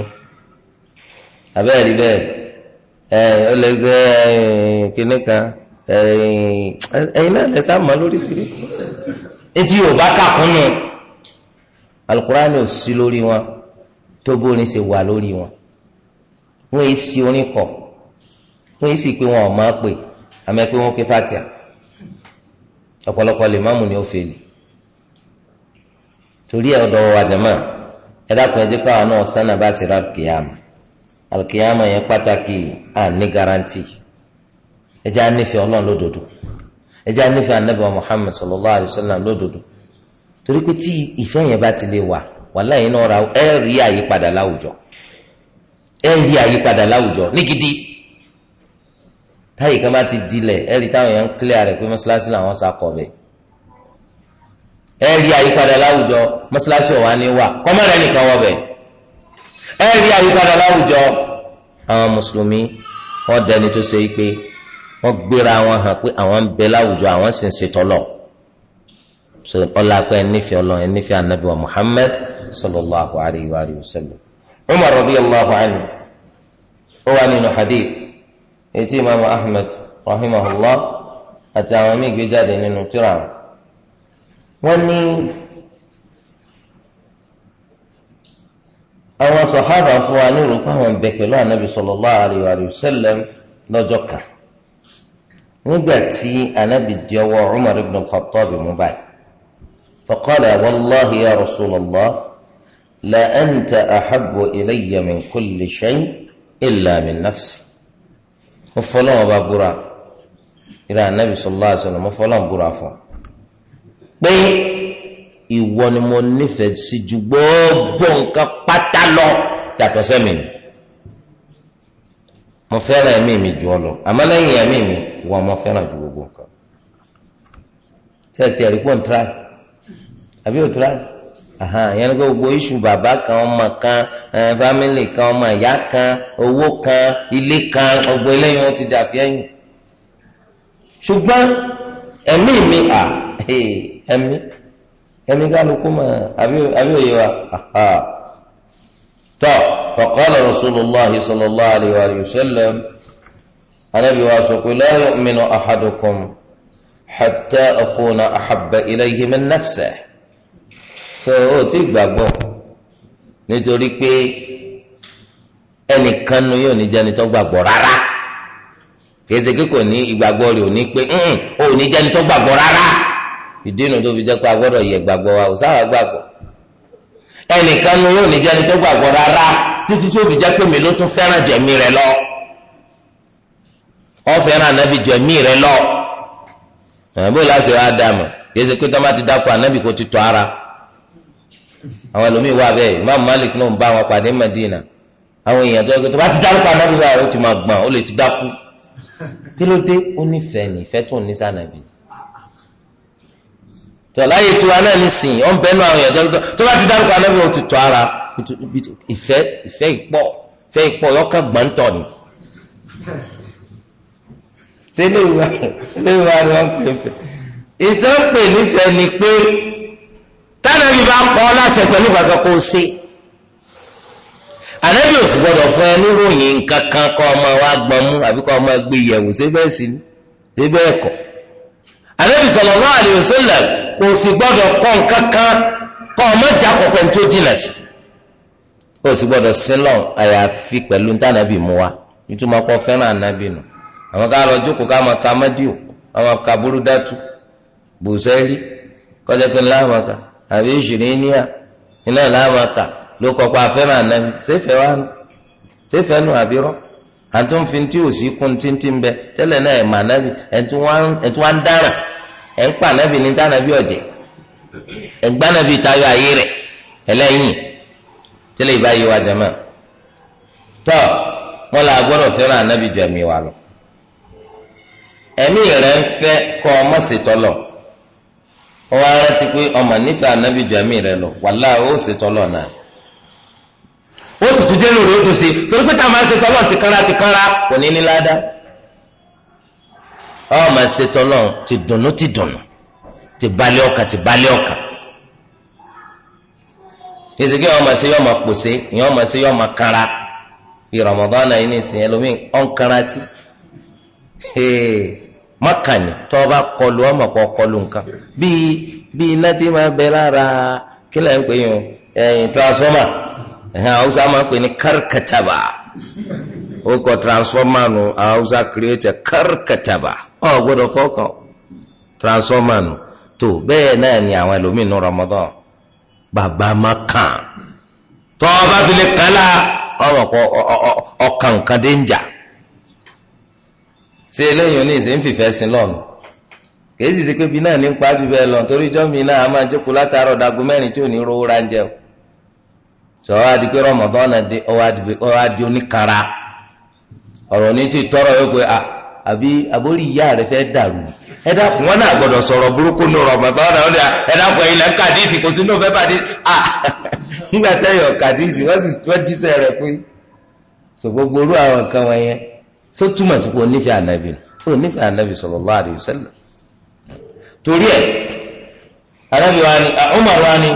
abẹ́rẹ́ bẹ́ẹ̀ ẹ̀ ẹ̀yin náà lẹ́sà mọ́ lóríṣiríṣi etí yorùbá kàkúnnù alukurani ò sí lórí wọn tó bórin ṣe wà lórí wọn wọn èyí sí orin kọ wọn èyí sì pé wọn ò máa pè àmọ́ pé wọn ké fatia ọ̀pọ̀lọpọ̀ lè má mú ni ó fèlè torí ẹ ọ̀dọ̀ wa jẹmọ ẹ dákun ẹ jẹ́ pé àwọn náà sànà bá ṣe ra kìámà alùkìámà yẹn pàtàkì à ní garanti ẹjẹ́ anífẹ́ ọlọ́run lódodo ẹjẹ́ anífẹ́ anabi wa muhammed sallallahu alayhi wa sallam lódodo torí pé tí ìfẹ́ yẹn bá ti lè wà wàhálà yìí náà ra ẹ rí àyípadà láwùjọ ẹ rí àyípadà láwùjọ ní gidi táyì kan bá ti dilẹ̀ ẹ rí táwọn yẹn ń kílẹ̀ rẹ̀ pé mọ́ṣáláṣí làwọn sàkọ̀ bẹ́ẹ̀ ẹ rí àyípadà láwùjọ mọ́ṣáláṣí ọ̀wá ni wà kọ́mọ́rẹ́ nìkan wọ bẹ́ẹ̀ ẹ rí àyípadà láwùjọ àwọn mùsùlùmí wọ́n dẹni tó ṣe é pé wọ́n gbéra wọn hàn pé àwọn ń bẹ láwùjọ àwọn sì ń ṣètọ́lọ̀ so ọlọ́pàá ẹnífẹ́ ọlọ́run ẹnífẹ́ anabi wa Muhammad sallallahu alayhi wa sallam Umar radiyallahu anhu ó wà nínú hadith etí imaamu Ahmad rahimahullah àti àwọn míì gbé nínú tíra wọn ní àwọn sàhábà fún wa ní ìròpá àwọn ń bẹ pẹ̀lú anabi sallallahu alayhi wa sallam lọ́jọ́ kan nígbà tí anabi di ọwọ́ umar ibn khattab mú báyìí faqala wàllahi ya rasulallah la anta ahabbu ilayya min kulli shay illa min nafsi mo fọlọ́n ọba búra ìrà anabi sallallahu alaihi wasallam mo fọlọ́n búra fún pé ìwọ ni mo nífẹ̀ẹ́ sí ju gbogbo nǹkan pátá lọ yàtọ̀ sẹ́mi mo fẹ́ràn ẹ̀mí mi jù ọ lọ àmọ́ lẹ́yìn ẹ̀mí mi ìwọ ọmọ fẹ́ràn ju gbogbo nǹkan tẹ́tí ẹ̀rí pọ̀ ń tra àbí ò tra yẹn ní gbogbo iṣu bàbá kan ọmọ kan fámìlì kan ọmọ ìyá kan owó kan ilé kan ọgbọ eléyìí wọn ti dà fi ẹ̀yìn ṣùgbọ́n ẹ̀mí mi à ẹ̀mí ẹ̀mí kálukú mọ̀ àbí òye wa tọ́ faqala rasulullahi sallallahu alayhi wa sallam. anabi wa sọ pé la yu'minu ahadukum hatta akuna ahabba ilayhi min so ó ti gbàgbọ́ nítorí pé ẹnìkan nu yóò ní jẹni gbàgbọ́ rárá kèsì kí ní ìgbàgbọ́ rẹ̀ ò ní pé ó ní jẹni gbàgbọ́ rárá tó fi jẹ́ pé a gbọ́dọ̀ yẹ gbàgbọ́ wa ò sáwà gbàgbọ́ ẹnìkan nu fi jẹ́ pé mi ló tún fẹ́ràn jẹ̀mí ọ̀fẹ́ ràn ànábì ju ẹ̀mí rẹ lọ. àbúrò láti wá dàmú yìí ṣe pé tó bá ti dákọ̀ ànábì kò ti tọ́ ara. àwọn ẹlòmíì wà bẹ́ẹ̀ Imam Malik náà ń bá wọn pàdé Madina àwọn èèyàn tó yẹ kó tó bá ti dákọ̀ ànábì wà ó ti máa gbọ̀n ó lè ti dákú. kí ló dé ó nífẹ̀ẹ́ ní ìfẹ́ tó ní sànàbì. tọ́láyé tiwa náà nísìn ọ̀ ń bẹ́nu àwọn èèyàn tó bá ti dákọ̀ ànábì ó ti tọ́ ara ìfẹ́ ìfẹ́ ìpọ̀ ìfẹ́ ṣé léwà léwà ni wọ́n pè fẹ́ ìtọ́ pè nífẹ̀ẹ́ ni pé tánàbí bá pọ̀ láṣẹ pẹ̀lú kankan kó o ṣe fún ẹ níròyìn kankan kọ́ ọmọ wa gbọ́n mú ọmọ gbé yẹ̀wò ṣé bẹ́ẹ̀ ni ṣé bẹ́ẹ̀ kọ́ kò sì kọ́ nkankan kọ́ ọmọ jà kọ̀kọ́ ní tó sí kò sì sílọ̀ àyàfi àwọn ká lọ jókòó ká máa ka mádìó ká máa ka búrúdátù bùsẹ́lì kọjá pé láàmàkà àbí ìṣìníníà iná láàmàkà ló kọ́kọ́ afẹ́ràn ànábi ṣéfẹ́ wa nù ṣéfẹ́ nù àbí rọ́ àti wọn fi ti òsì kún títí bẹ tẹ́lẹ̀ náà ẹ̀ mà nábì ẹ̀tún wá ń dára ẹ̀ ń pa nábì ní dánábì ọ̀jẹ̀ ẹ̀gbá nábì tayọ ayé rẹ̀ ẹlẹ́yìn tẹ́lẹ̀ ìbáyé wa jẹ́ mọ́ tọ́ wọn là gbọ́dọ̀ fẹ́ràn ànábì ju ẹ̀mí lọ ẹ̀mí rẹ̀ ń fẹ́ kọ́ ọmọ ṣètọ́lọ̀ ó wá ti pé ọmọ nífẹ̀ẹ́ ànábì ju lo rẹ̀ lọ wàhálà ó ṣètọ́lọ̀ náà ó sì tún jẹ́ lórí ó dùn sí torí pé táwọn máa ń tìkára tìkára kò ní ní ládàá ọmọ ti dùnnú ti dùnnú ti balẹ̀ ọkà ti balẹ̀ ọkà ma se ma kpose ma se ma kara yìí ní ìsìn Makani, tó o bá kọlu ọmọ kọ kọlu nǹkan bíi bíi iná tí máa bẹ lára kí lẹ́yìn pé yun ẹ̀yìn transformer ẹ̀hìn haúsá máa ń pè ní kárkàtàbà ó kọ transformer nu haúsá creator kárkàtàbà ọ̀ gbọ́dọ̀ fọ́kàn transformer nu tó bẹ́ẹ̀ náà ni àwọn ẹlòmíín Ramadan bàbá má kàn tó o bá fi lè kálá ọmọ kọ ọkàn nǹkan dé ń jà. ṣé eléyìí ní ìsìn fìfẹ́ sí lọ́nù kìí sì pé bí náà ní ń pa jù lọ torí ìjọ mi náà a máa jókòó látàárọ̀ dago mẹ́rin tí ò ra o sọ wá di pé ọwá di oníkara ọ̀rọ̀ ní ti tọrọ yóò pé àbí àbórí ìyá rẹ fẹ́ dàrú ẹ dákun wọn náà sọrọ burúkú ní ẹ dákun kò sínú fẹ́ *laughs* nígbà tẹ́yọ̀ wọ́n ṣé ó túmọ̀ sí pé onífẹ́ ànábì ó nífẹ́ ànábì sallallahu alaihi torí ẹ̀ ànábì wa ni Umar wa ni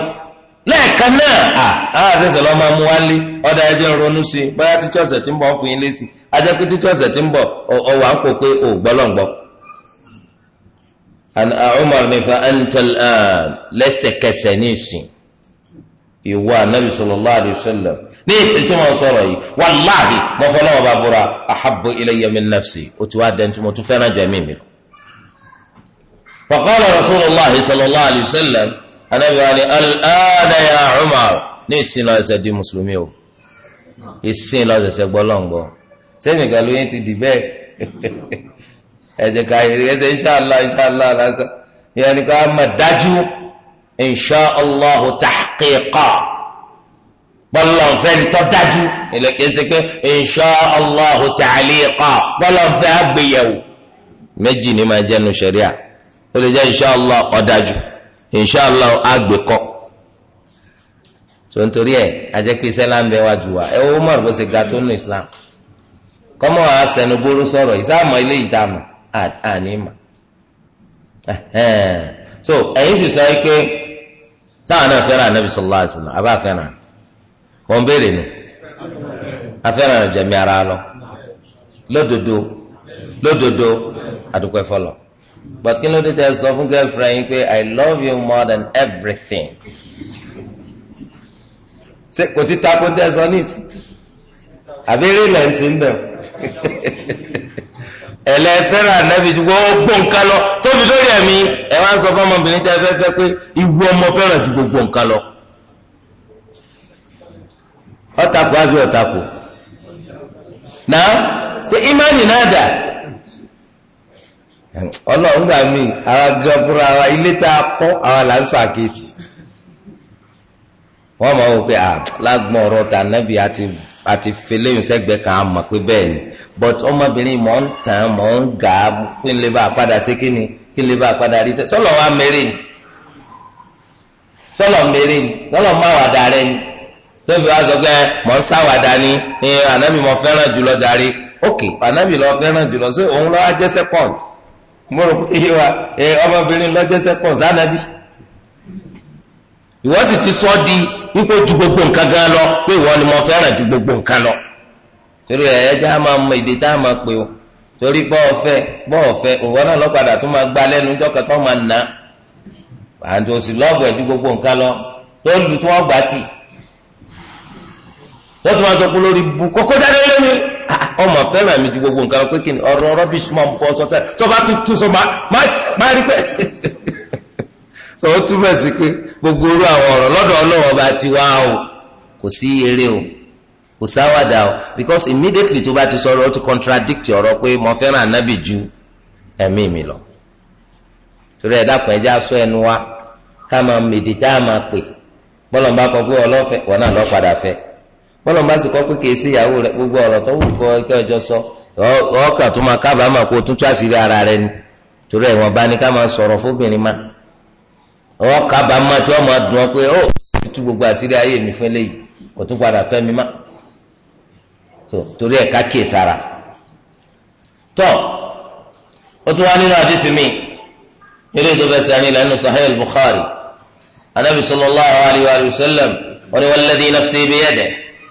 lẹ́ẹ̀kan náà à àwọn lọ́ máa mú wálé ọ̀dà ẹjẹ́ ń ronú sí i títí ọ̀sẹ̀ tí ń bọ̀ fún yín ajẹ́ pé títí ọ̀sẹ̀ tí ń bọ̀ ọ̀wà ń pé ò ní ìsètí mo sọ̀rọ̀ yìí wàláhì mo fọ lọ́wọ́ bá búra ahabbu ilayya min nafsi o ti wá dẹ́ntu mo tún fẹ́ràn jẹ̀mí mi lọ. faqala rasulullahi sallallahu alayhi wa sallam anabi wa ni al-ana ya umar ní ìsìn lọ ẹsẹ̀ di mùsùlùmí o ìsìn lọ ẹsẹ̀ gbọ́lọ́ngbọ́ sẹ́mi kan lóyún ti dì bẹ́ẹ̀ ẹ̀jẹ̀ káyìrì ẹsẹ̀ inṣàlá inṣàlá lásán ìyẹn ni ká má dájú inṣàlá tahqiqa bọ́lá ọ̀fẹ́ ni tọ́ dájú ìlẹ̀kẹ́ ṣe pé insha Allahu ta'aliqa bọ́lá ọ̀fẹ́ àgbéyẹ̀wò méjì ni máa jẹ́nu sẹ̀ríà ó lè jẹ́ insha Allah ọ̀dájú insha Allah àgbékọ́ tontori ẹ ajẹ́pẹ́ sẹ́lá ń bẹ wá jù wá ẹ ó mọ̀ bó ṣe ga tó nù Islam kọ́mọ́ wa sẹnu gbóró sọ̀rọ̀ ìsáàmọ́ ilé ìdáàmú àníma so ẹ̀yin sì sọ pé táwọn náà fẹ́ràn Ànábì sallallahu alaihi wasallam àbá wọn béèrè nù afẹ́ràn ìjẹ̀mí ara lọ lódodo lódodo àdúgbò ẹ̀fọ́lọ̀ but kí ló dé tẹ sọ fún girlfriend yín pé i love you more than everything ṣé kò ti takò tẹ sọ níìsí àbẹ̀rẹ̀ ilẹ̀ ń sìn bẹ̀ *laughs* ẹlẹ́fẹ́ràn ànábì ju gbogbo nǹkan lọ tóbi lórí ẹ̀mí ẹ̀ wá ń sọ fún ọmọbìnrin tẹ fẹ́ fẹ́ pé ìwú ọmọ fẹ́ràn ju gbogbo nǹkan lọ ọ̀tàkù àbí ọ̀tàkù náà ṣe ìmánì náà dà ọlọ́run gbà mí ara gan fúnra ara ilé tá a kọ́ ara là ń sọ àkíyèsí wọ́n mọ̀ wọ́n pé lágbọ́n ọ̀rọ̀ tà nábì àti fẹlẹ́yìn sẹ́gbẹ̀ẹ́ kan mọ̀ pé bẹ́ẹ̀ ni but ọmọbìnrin mọ̀ ń tàn mọ̀ ń gà á kí n lè bá a padà sí kí ni kí n lè bá a padà rí fẹ́ sọ́lọ́ wa mẹ́rin ni sọ́lọ́ mẹ́rin ni sọ́lọ́ máa wà dà ni. tóbi wá sọ pé mọ̀ ń sáwàdà ni ànábì mọ̀ fẹ́ràn jùlọ darí ókè ànábì lọ fẹ́ràn jùlọ sí òun lọ́wọ́ jẹ́sẹ̀ pọ̀n mo rò pé wa ọmọbìnrin lọ jẹ́sẹ̀ pọ̀n sànàbì ìwọ sì ti sọ di wípé ju gbogbo nǹkan gan lọ pé ìwọ ni mo fẹ́ràn ju gbogbo o wọ́n tún máa sọ pé lórí bu kókó dáadé lẹ́nu ah, ah, ọmọ fẹ́ràn mi ju gbogbo nǹkan pé kí ni ọ̀rọ̀ rubbish mọ̀ nǹkan sọ tẹ́ tó bá tún tún sọ máa rí pẹ́ *laughs* sọ ó túbọ̀ sí pé gbogbo irú àwọn ọ̀rọ̀ lọ́dọ̀ ọlọ́wọ́ bá ti wá o kò sí eré o kò sáwàdà o because immediately tó bá ti sọ ọ̀rọ̀ ó ti contradict ọ̀rọ̀ pé mo fẹ́ràn anábì ju ẹ̀mí mi lọ torí ẹ̀ dàpọ̀ ẹ̀jẹ̀ aṣọ ẹnu wa ká máa mèdè tá a máa pè bọ́lọ̀ bọ́lá ń bá sì kọ́ pé kì í sí ìyàwó rẹ gbogbo ọ̀rọ̀ tó wù kọ́ ikẹ́ ọjọ́ sọ ọkàn tó máa kábàámọ̀ kó tún tú àṣírí ara rẹ ni torí ẹ̀wọ̀n bá ní ká máa sọ̀rọ̀ fóbìnrin má ọwọ́ kábàámọ̀ tí wọ́n máa dùn ọ́ pé ó sì tú gbogbo àṣírí ayé mi fún eléyìí kò tún padà fẹ́ mi má torí ẹ̀ ká kíyè sára tọ́ ó tún wá nínú àdìtì mi nílé tó fẹsẹ̀ ní lẹ́nu Sahih bukhari anabi sallallahu alayhi wa sallam wọ́n ni wọ́n lẹ́dí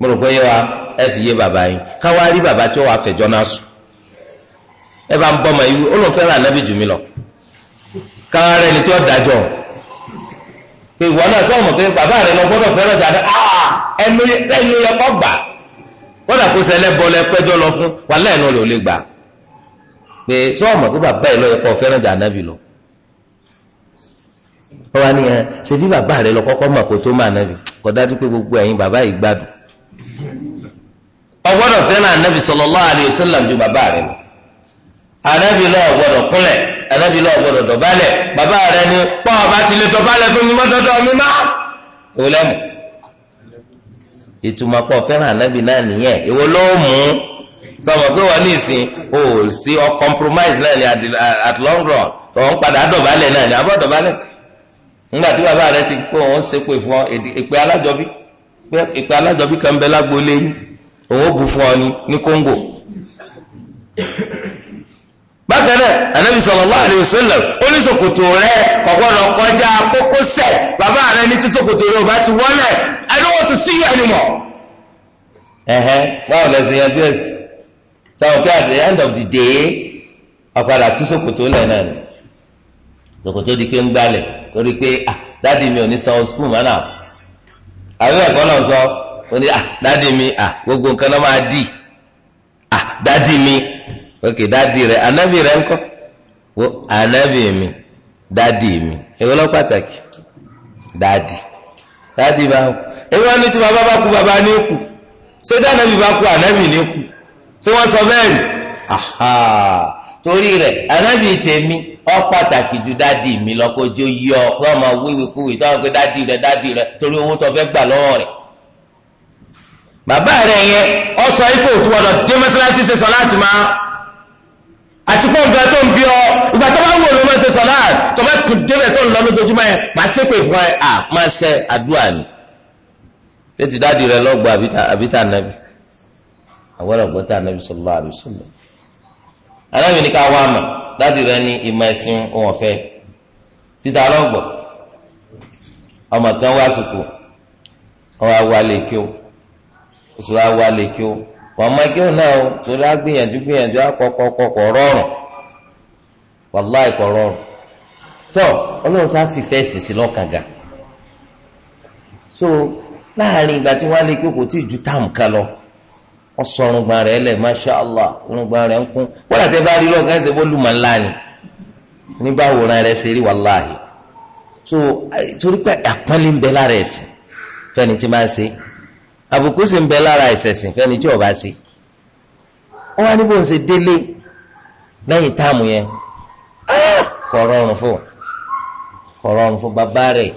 mo rò pé ha wa ẹ yé bàbá yín káwá rí bàbá tí ó wàá fẹjọ́ náà sùn ẹ bá ń lọ káwá rẹ ni tí ó dájọ́ pé ìwọ náà sọ pé bàbá rẹ lọ gbọ́dọ̀ fẹ́ràn jáde ah, ẹnu ẹnu yẹ kọ́ gbà wọ́n dàkó sẹlẹ̀ bọ́ lẹ pẹ́jọ́ lọ fún wàhálà ẹnu rẹ ò lè gbà pé sọ pé lọ Ọgbọdọ fẹ́ràn anabi sallallahu alayhi ju bàbá rẹ anabi lọ ọgbọdọ anabi lọ ọgbọdọ ni fún mi má dọdọ mi má náà nìyẹn ní ìsìn o sí ọ compromise náà at long run padà náà ni àbọ̀ dọ̀bálẹ̀ nígbà tí ti kó pé ìpè alájọbí kan bẹ lágbólé òun ó bu fún ọ ní ní kóńgò. bákan náà anabi sallallahu alaihi wasallam oníṣòkòtò rẹ kò gbọdọ̀ kọjá kókósẹ̀ bàbá rẹ ní títòkòtò rẹ ò ti I don't want to see you anymore. ẹ̀hẹ́n báwo lẹ́sìn yẹn bí ẹ̀sìn sáwọn pé at the end of the day ọ̀padà tú sòkòtò lẹ̀ náà ni di pé ń gbálẹ̀ torí pé ah dáàdi mi ò ní sanwó school mọ́ àbí ẹ̀kọ́ náà sọ ó ní ah, mi à ah, gbogbo nǹkan náà máa dì à ah, mi ok dádì rẹ ànábì rẹ nkọ, wo ànábì mi dádì mi èwo lọ pàtàkì dádì dádì bá wù èwo ni tí bàbá bá kú bàbá ní ṣé bá ànábì ní tí sọ ni torí ọ pàtàkì ju dádì mi lọ kó jó yí ọ kó ọmọ wíwíkúwì tó wọn pé dádì rẹ dádì rẹ torí owó tó fẹ́ gbà lọ́wọ́ rẹ̀ bàbá rẹ̀ yẹn ọ sọ ipò tí wọn lọ dé mọ́sálásí ṣe sọ láti máa àti pé nǹkan tó ń bí ọ ìgbà tó bá wù ló máa ṣe sọlá tó bá tún débẹ̀ tó ń lọ lójoojúmọ́ yẹn máa ṣe pé fún ẹ à máa ṣe àdúrà ni. létí dáàdi rẹ lọ́gbọ̀ àbíta nàbì àwọn ọ̀gbọ́n tá nàbì sallallahu dádì rẹ ní ìmọ̀ ẹ̀sìn òun ọfẹ títa lọ́gbọ̀ ọmọ kan wá sùkù ọwọ́ wa lè kí o oṣù wa wa lè kí o wọ́n mọ kí o náà o torí a gbìyànjú gbìyànjú akọkọkọ kọ rọrùn wàláì kọ rọrùn tọ ọlọ́run sá fìfẹ́ ẹ̀sìn sí lọ́kàn ga so láàrin ìgbà tí wọ́n á lè kí o kò tí ì ju táàmù kan lọ. wọ́n sọ ọrùngbọ̀n rẹ̀ lẹ̀ masha allah ọrùngbọ̀n rẹ̀ ń kún wọ́n àti bá rí lọ́gán ẹ̀sẹ̀ bó lùmọ̀ ńlá ni nígbà wòran rẹ̀ ṣe rí wàláhì so torí pé àpọ́nlé ń bẹ lára ẹ̀sìn fẹ́ni tí máa ṣe àbùkù sì ń bẹ lára ẹ̀sẹ̀sìn fẹ́ni tí ò bá ṣe wọ́n wá níbo ń ṣe délé lẹ́yìn táàmù yẹn ah! kò rọrùn fún kò rọrùn fún bàbá rẹ̀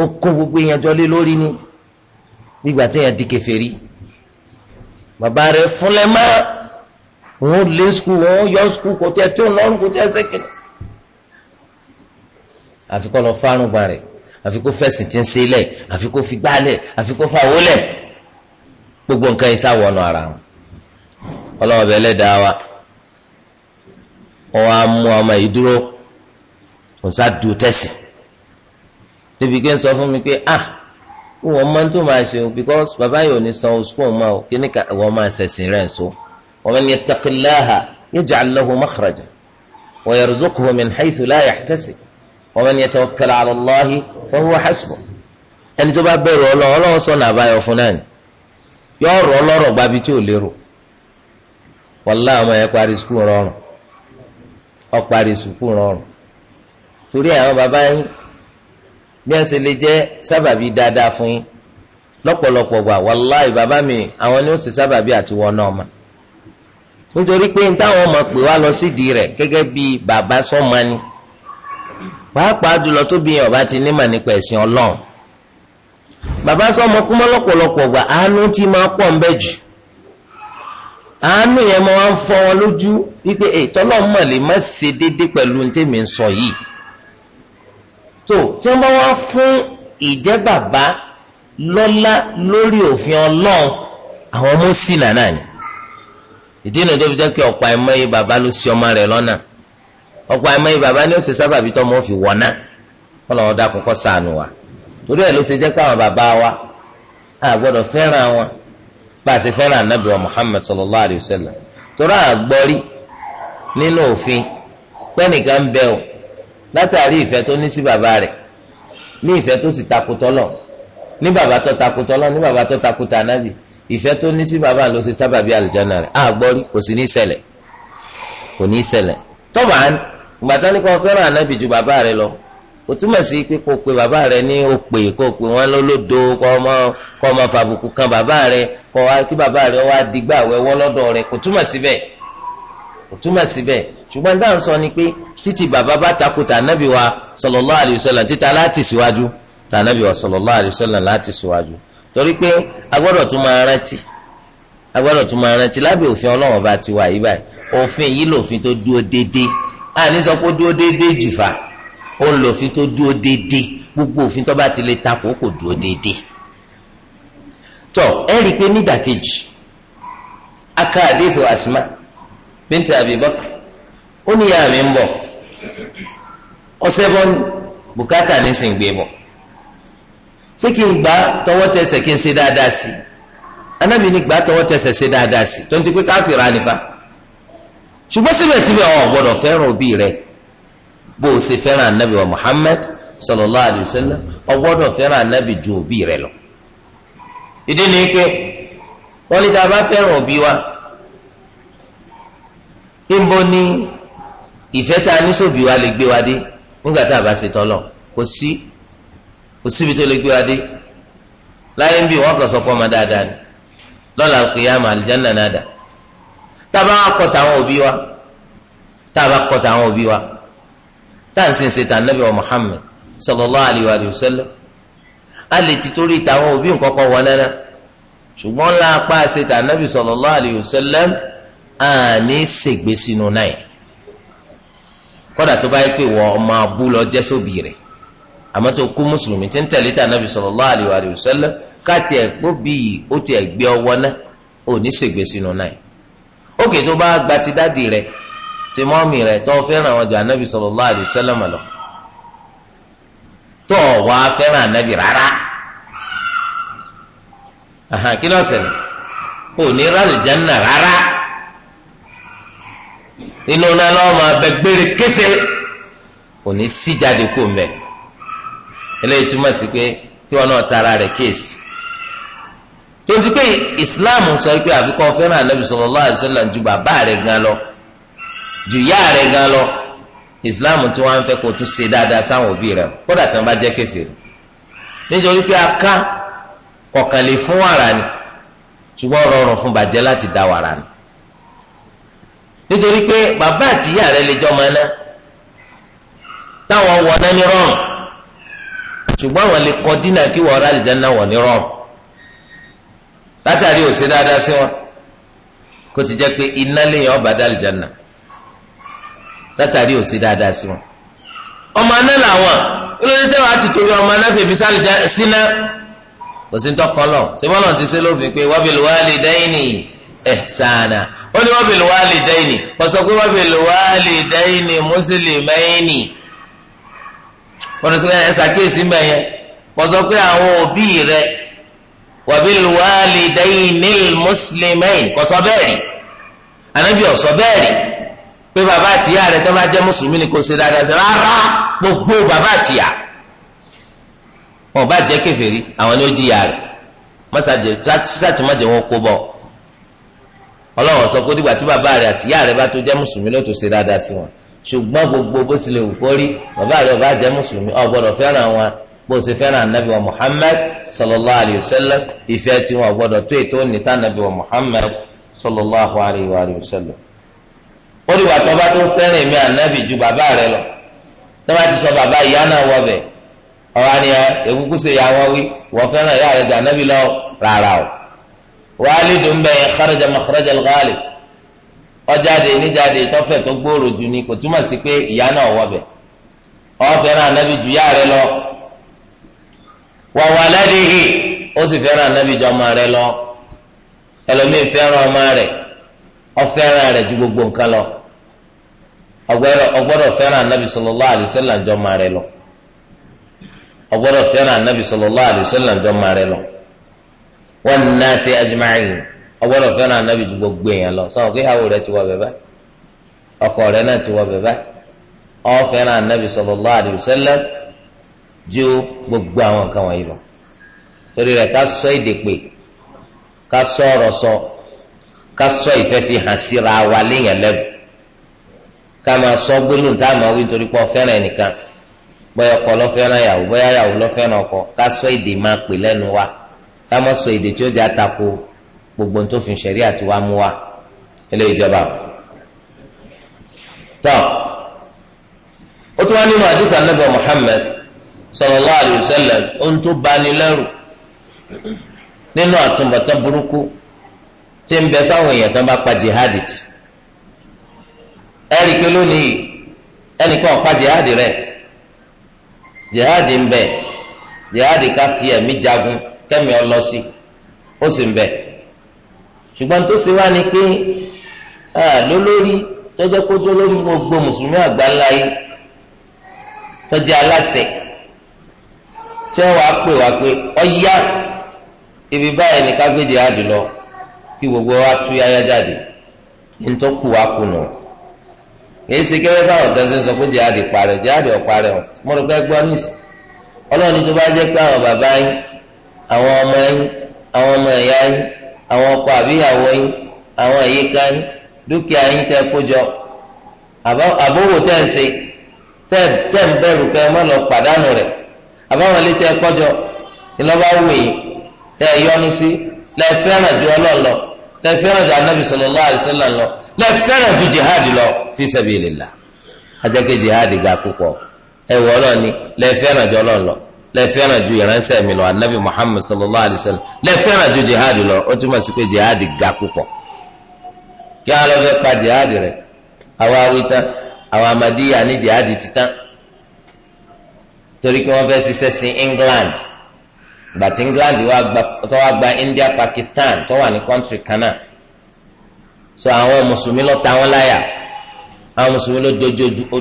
ó kó gbogbo ìyẹn jọlé lórí ni gbígbà tí ìyẹn di kèfèrí bàbá rẹ̀ fúnlẹ̀ mọ́ òun lé skul òun yọ skul kò tiẹ̀ tí òun lọ́rùn kò tiẹ̀ sẹ́kẹ̀ àfikọ́ lọ fárùn ba rẹ̀ àfikọ́ fẹ̀sìn ti ń ṣe lẹ̀ àfikọ́ fi gbálẹ̀ àfikọ́ fàwọ́ lẹ̀ gbogbo nǹkan yìí sáwọ́ ọ̀nà ara wọn ọlọ́wọ́ bẹ́ẹ̀ lẹ́dàá wa wọ́n á mú ọmọ yìí dúró kò sá du tẹ̀sí débi pé ń sọ fún mi pé ah wọn máa ń tó máa ṣe o because bàbá yìí ò ní san oṣù fún ọmọ o kí ni wọn máa ṣẹ̀sìn rẹ̀ so wa man yattaqillaha yaj'al lahu makhraja wa yarzuqhu min haythu la yahtasib wa man yatawakkal 'ala Allahi fa huwa hasbuh ẹni tó bá bẹ̀rù Ọlọ́run Ọlọ́run sọ̀nà àbáyọ fún náà ni yóò rọ̀ ọlọ́rọ̀ tí ò lérò wàlá ọmọ yẹn parí sukùl rọrùn ọ parí sukùl rọrùn torí àwọn bàbá yín bí ẹ ṣe lè jẹ́ sábàbí dáadáa fún yín lọ́pọ̀lọpọ̀ gbà wàláì bàbá mi àwọn ni ó ṣe sábàbí àtiwọ́ náà mà nítorí pé táwọn ọmọ pè wá lọ sídìí rẹ̀ gẹ́gẹ́ bí bàbá sọ́mọ́ni pàápàá jùlọ tó bí ọba ti nímọ̀ nípa ẹ̀sìn ọlọ́run bàbá sọmọ kúmọ́ lọ́pọ̀lọpọ̀ gbà àánú tí máa pọ̀ ń bẹ jù àánú yẹn máa ń fọ́ wọn lójú wípé ètò ọlọ́run mọ̀ má ṣe déédéé pẹ̀lú ní sọ yìí tó tí wọ́n bá wá fún ìjẹ́ bàbá lọ́lá lórí òfin ọlọ́ọ̀ àwọn ọmọ sì nànà ni ìdí ìnà tó fi jẹ́ pé bàbá ló sí ọmọ rẹ̀ lọ́nà ọ̀pọ̀ àìmọye bàbá ni ó ṣe sábàbí tọ́mọ fi wọ̀nà kọ́ wa torí ẹ̀ ló ṣe jẹ́ pé àwọn bàbá wa fẹ́ràn wọn bá a ṣe fẹ́ràn wa sallallahu alayhi wa sallam torí látàrí ìfẹ́ tó ní sí bàbá rẹ̀ ní ìfẹ́ tó sì takùtọ́ lọ ní bàbá tó takùtọ́ lọ ní bàbá tó takùtà ànábì ìfẹ́ tó ní sí bàbá ló ṣe sábàbí àlùjáná rẹ̀ àgbọ́rí kò sí ní ṣẹlẹ̀ kò ní ṣẹlẹ̀ tọ́ba gbàtà ní kò fẹ́ràn ànábì ju bàbá rẹ̀ lọ kò túmọ̀ sí pé kò pe bàbá rẹ̀ ní òpè kò pe wọn lọ́lọ́dọ̀ kò ọmọ kò ọmọ fàbùkù kan bàbá rẹ̀ kò wá kí bàbá rẹ̀ wá digbà kò túmọ̀ síbẹ̀ ṣùgbọ́n dáhùn sọ ni pé títí bàbá bá takò tànàbí wa sallallahu alayhi wa sallam títa láti síwájú tànàbí wa sallallahu alayhi wa sallam láti síwájú torí pé agbọ́dọ̀ tún máa rántí agbọ́dọ̀ tún máa rántí lábẹ́ òfin ọlọ́wọ́n bá ti wà yí báyìí òfin yìí lòfin tó dúró déédé a ní sọ pé dúró déédé jìfà ó ń lòfin tó dúró déédé gbogbo òfin tó bá ti lè takò kò dúró déédé tọ ẹ rí i pé nídàkejì aka àdéhùn asma bíntì àbíbọ́kà ó ní ìyá mi ń bọ̀ ọsẹ bọ́ bùkátà ní sì gbé bọ̀ ṣé kí n gbà tọwọ́ tẹsẹ̀ kí n ṣe dáadáa sí anábì ní gbà tọwọ́ tẹsẹ̀ ṣe dáadáa sí tó ti pé káfíìrà nípa ṣùgbọ́n síbẹ̀síbẹ̀ ọ̀ gbọ́dọ̀ fẹ́ràn òbí rẹ bó o ṣe fẹ́ràn anábì wa Muhammad sallallahu alayhi wa sallam ọ gbọ́dọ̀ fẹ́ràn anábì ju òbí rẹ lọ ìdí ni pé wọ́n ní tá a ìbọn ni ìfẹ́ tá a ní sóbì wa lè gbé wa dé nígbà tá a bá ṣe tọ́lọ̀ kò sí kò síbi tó lè gbé wa dé láyé ń bí wọn kàn sọ pé ọmọ dáadáa ni lọ́la kìyàmà àlìjáná náà dà tá a bá kọ́ tàwọn òbí wa tá a bá kọ́ tàwọn òbí wa tá à ń sìn ṣètà nàbí wa Muhammad sallallahu alayhi wa sallam a lè ti torí tàwọn òbí nǹkan kan wọ náà ṣùgbọ́n ńlá apá ṣètà nàbí sallallahu alayhi wa àní ṣègbè sínú náà kódà tó bá yẹ pé wọ́n ọmọ abú lọ jẹ́ sóbì rẹ̀ àmọ́ tó kú mùsùlùmí tí ń tẹ̀lé tà nàbì ka alaihi wa sallam káàtì bíi ó ti ẹ̀gbẹ́ ọwọ́ náà ò ṣègbè sínú náà òkè tó bá gba ti dádì rẹ̀ ti mọ́mì rẹ̀ tó fẹ́ràn ọjọ́ ànábì sallallahu alaihi wa sallam lọ tó wá fẹ́ràn rárá kí inú náà lọ́wọ́ máa bẹ gbére kése kò ní sí jáde kó mbẹ eléyìí túmọ̀ sí pé kí wọn náà tara rẹ̀ kéèsì tó pé Islam sọ pé àfikọ́ fẹ́ràn anabi sallallahu alaihi wasallam ju bàbá rẹ̀ gan lọ ju ìyá rẹ̀ gan lọ Islam tí wọ́n á fẹ́ kó tún ṣe dáadáa sáwọn òbí rẹ̀ kódà tí wọ́n bá jẹ́ kèfèrí nítorí pé aká kọ̀kan fún wàrà ni ṣùgbọ́n rọrùn fún bàjẹ́ láti dá wàrà ni nítorí pé bàbá àtìyá rẹ lè jọ máa ná táwọn wọ̀ ná ní rọrùn ṣùgbọ́n àwọn lè kọ dínà kí wọ́n rà àlìjáná wọ̀ ní rọrùn látàrí òsè dáadáa sí wọn kó ti jẹ́ pé iná lèyàn ọba dá àlìjáná látàrí òsè dáadáa sí wọn ọmọ aná làwọn olórí tẹ́wàá ti torí ọmọ aná fèmí sálìjá síná kò sí ń tọkọ lọ ṣé bọ́lá ti ṣe lófin pé wabil walidayni ihsana ó ní wabil walidayni wọ́n sọ pé wabil walidayni muslimayni wọ́n sọ pé ẹ ṣàkíyèsí mẹ́yẹ wọ́n sọ pé àwọn òbí rẹ wabil walidayni muslimayni kò sọ bẹ́ẹ̀ rí ànábì ò sọ bẹ́ẹ̀ rí pé bàbá àtìyá rẹ tó bá jẹ́ mùsùlùmí ni kò ṣe dáadáa sí rárá gbogbo bàbá àtìyá wọn bá jẹ́ kèfèrí àwọn ni ó jìyà rẹ̀ mọ́sàtì má wọn kó bọ́ ọlọ́run sọ pé dìgbà tí bàbá rẹ àti ìyá rẹ bá tó jẹ́ mùsùlùmí ló tó ṣe dáadáa sí wọn ṣùgbọ́n gbogbo bó tilẹ̀ wù kórí bàbá rẹ bá jẹ́ mùsùlùmí o gbọ́dọ̀ fẹ́ràn wọn bó ṣe fẹ́ràn anabi wa muhammad sallallahu alayhi wa sallam ìfẹ́ tí wọn o gbọ́dọ̀ tó ètò nìsa anabi wa muhammad sallallahu alayhi wa sallam. ó dìgbà tó bá tó fẹ́ràn èmi anabi ju bàbá rẹ lọ tó bá ti sọ bàbá ìyá náà wọ bẹ̀ ọ̀rọ̀ àníyàn èkúkú wàhálìdùn ń bẹ yẹn kharaja makhraja al-ghalib ọjáde níjáde tọ́fẹ̀ tó gbòòrò jù ni kò túmọ̀ sí pé ìyá náà wọbẹ̀ ọ fẹ́ràn anabi ju yá rẹ lọ wa waladihi ó sì fẹ́ràn anabi ju ọmọ rẹ lọ ẹlòmíì fẹ́ràn ọmọ rẹ ọ rẹ ju gbogbo nǹkan lọ ọgbọ́dọ̀ fẹ́ràn anabi sallallahu alaihi ọmọ rẹ lọ ọgbọ́dọ̀ fẹ́ràn anabi sallallahu alaihi ọmọ rẹ lọ. wan nasi ajma'in ọgbọ́dọ̀ fẹ́ràn anabi ju gbogbo èèyàn lọ sọ pé ìyàwó rẹ ti wọ ọkọ rẹ náà ti wọ bẹ̀bẹ̀ ọ fẹ́ràn anabi sallallahu alaihi ju gbogbo àwọn nǹkan wọ̀nyí lọ torí rẹ ká sọ èdè pé ká sọ sọ ká sọ fi hàn síra wa ká máa sọ gbólóhùn tá a máa wí nítorí pé bóyá ọkọ bóyá ọkọ ká sọ èdè máa pè láwọn sọ èdè tí ó jẹ́ àtakò gbogbo tó fi ṣẹ̀rí àti wá mú wa ilé ìjọba tó ó tún wá nínú àdìsí anábẹ Muhammad sallallahu alayhi wa sallam ohun tó bani lẹ́rù nínú àtúbọ̀tán burúkú tí ń bẹ fáwọn èèyàn tó bá pa jihadi tì ẹ̀rí pé lónìí ẹnìkan pa jihadi re jihadi ń bẹ jihadi ká fi ẹ̀mí jagun. kẹ́mi ọ lọ sí ó sì ń bẹ̀ ṣùgbọ́n tó sì wá ní pé lólórí tọ́jọ́ kójó lórí gbogbo mùsùlùmí àgbáńlá tọ́jú aláṣẹ tí wọ́n wáá pè wá pé ọ̀yá ibi báyìí ni kágbéjì kí gbogbo wa tú yáyá jáde ní tó kù wá èyí ṣe báwọn kan ṣe ń sọ pé parẹ́ ọ̀parẹ́ ọ̀ gbọ́ ọlọ́run ní tó bá jẹ́ pé àwọn bàbá yín àwọn ọmọ yín àwọn ọmọ ìyá yín àwọn ọkọ àbíyàwó yín àwọn àyíká yín dúkìá yín tẹ́ kó jọ àbówò tẹ́ ń ṣe tẹ́ ń bẹ̀rù kẹ́ ẹ má lọ pàdánù rẹ̀ àbáwọn ilé tẹ́ kó jọ ìlọ́ba wù yín tẹ́ ẹ yọnu sí lẹ́ fẹ́ràn ju ọlọ́ọ̀lọ́ lẹ́ fẹ́ràn ju anabi sallallahu alaihi wasallam lọ lẹ́ fẹ́ràn ju jihad lọ fi sabilillah ajẹ́kẹ́ jihad ga púpọ̀ ẹ wọ́ ọlọ́ọ̀ni lẹ́ fẹ́ràn ju ọlọ́ọ̀lọ́ lẹ́fẹ́ràn ju ìránṣẹ́ mi lọ anabi muhammed sallallahu alayhi wa sallam lẹ́fẹ́ràn ju jihad lọ ó túmọ̀ sí pé jihad ga púpọ̀ kí á lọ fẹ́ pa jihad rẹ̀ àwa awita àwa amadiya ní jihad ti tán torí pé wọ́n fẹ́ ṣiṣẹ́ sí england gbàtí england tó wá gba india pakistan tó wà ní kọ́ńtírì kan so àwọn mùsùlùmí lọ ta wọn láyà àwọn mùsùlùmí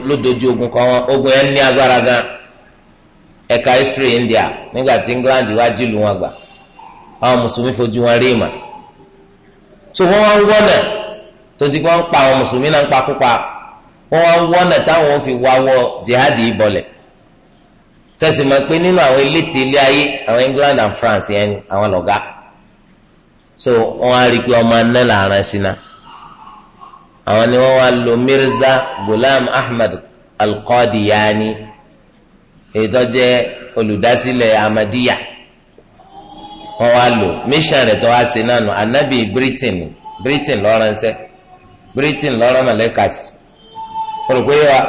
ló dojú ogun kan wọn ogun yẹn ní agbára gan ẹ̀ka history India nígbà tí England wá jìlù wọn gbà àwọn mùsùlùmí fojú wọn rí ìmọ̀ so wọ́n wá ń wọ́nà tó ti wọ́n ń pa àwọn mùsùlùmí náà ń pa púpa wọ́n wá ń wọ́nà táwọn fi wáwọ jihadi ìbọ̀lẹ̀ sẹ́sì máa pé nínú àwọn elétí ilé ayé àwọn England and France yẹn àwọn lọ́gá so wọ́n á rí i pé ọmọ aná làárọ̀ sí náà àwọn ni wọ́n wá lo Mirza Gulam Ahmed, Al-Qadiani. èyí tó jẹ́ amadiya wọ́n wá lò mission rẹ̀ tó wá sí náà nù anabi britain britain lọ́rọ̀nsẹ́ britain lọ́rọ̀ mọ̀lẹ́kàsì olùkọ́ yẹ wa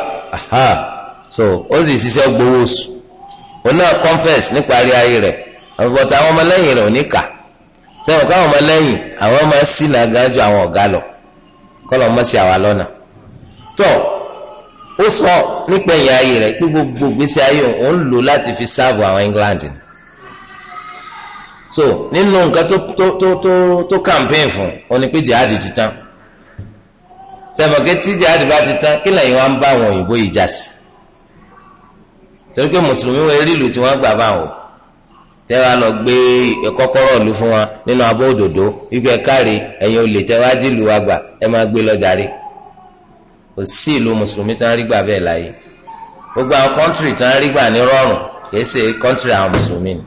so ó sì ṣiṣẹ́ gbowó sùn òun náà conference níparí ayé rẹ̀ àbúbọ̀tà àwọn ọmọlẹ́yìn rẹ̀ ò ní kà sẹ́wọ̀n káwọn ọmọlẹ́yìn àwọn ọmọ sí nàgájú àwọn ọ̀gá lọ kọ́ lọ́ọ́ mọ́ sí àwa lọ́nà tó. So, ó sọ nípa ẹ̀yìn ayé rẹ̀ pé gbogbo ìgbésí ayé òun lò láti fi sáàbù àwọn England so nínú nǹkan tó tó tó tó campaign fún òun ni pé jihad ti tán sẹ́fọ̀kẹ́ tí jihad bá ti tán kí lẹ́yìn wá ń bá àwọn òyìnbó yìí jà sí torí pé mùsùlùmí wọn erí ìlú tí wọ́n gbà báwọn tẹ́wàá lọ gbé kọ́kọ́rọ́ ìlú fún wa nínú abọ́ òdòdó wípé káàrí ẹ̀yin olè tẹ́wàá dìlù wa gbà ẹ máa gbé lọ jàre kò sí ìlú mùsùlùmí tí wọ́n rí gbà bẹ́ẹ̀ láyé gbogbo àwọn kọ́ńtìrì tí wọ́n rí gbà ní rọrùn kìí ṣe kọ́ńtìrì àwọn mùsùlùmí ni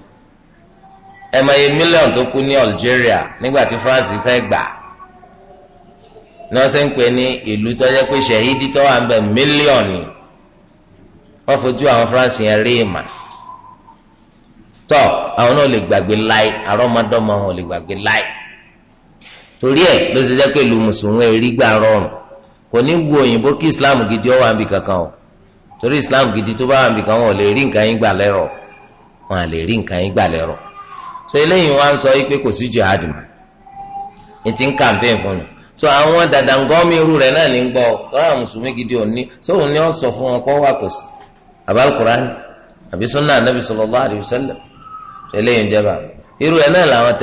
ẹ mọ iye mílíọ̀nù tó kú ní Algeria nígbà tí France fẹ́ gbà ní wọ́n ṣe ń pè ní ìlú tó jẹ́ pé ṣèyídì tó wà ń bẹ mílíọ̀nù wọ́n fojú àwọn France yẹn rí ìmà tọ́ àwọn náà lè gbàgbé láì àrọ́mọdọ́mọ wọn lè gbàgbé láì torí ẹ̀ ló ṣe jẹ́ pé ìlú mùsùlùmí rí gbà rọrùn kò ní wu òyìnbó kí islam gidi ó wà kankan o torí islam gidi tó bá wà níbi wọn lè rí nǹkan yín gbà lẹ́rọ̀ wọn lè rí nǹkan yín gbà so eléyìí wọn sọ yìí pé kò sí jihad ní ti ń campaign fún mi so àwọn dàdàngọ́mí irú rẹ̀ náà ní ń gbọ́ káwọn mùsùlùmí gidi ò so sọ fún wọn kó wà kò sí abalukurani àbí anabi sallallahu eléyìí ń jẹba irú náà làwọn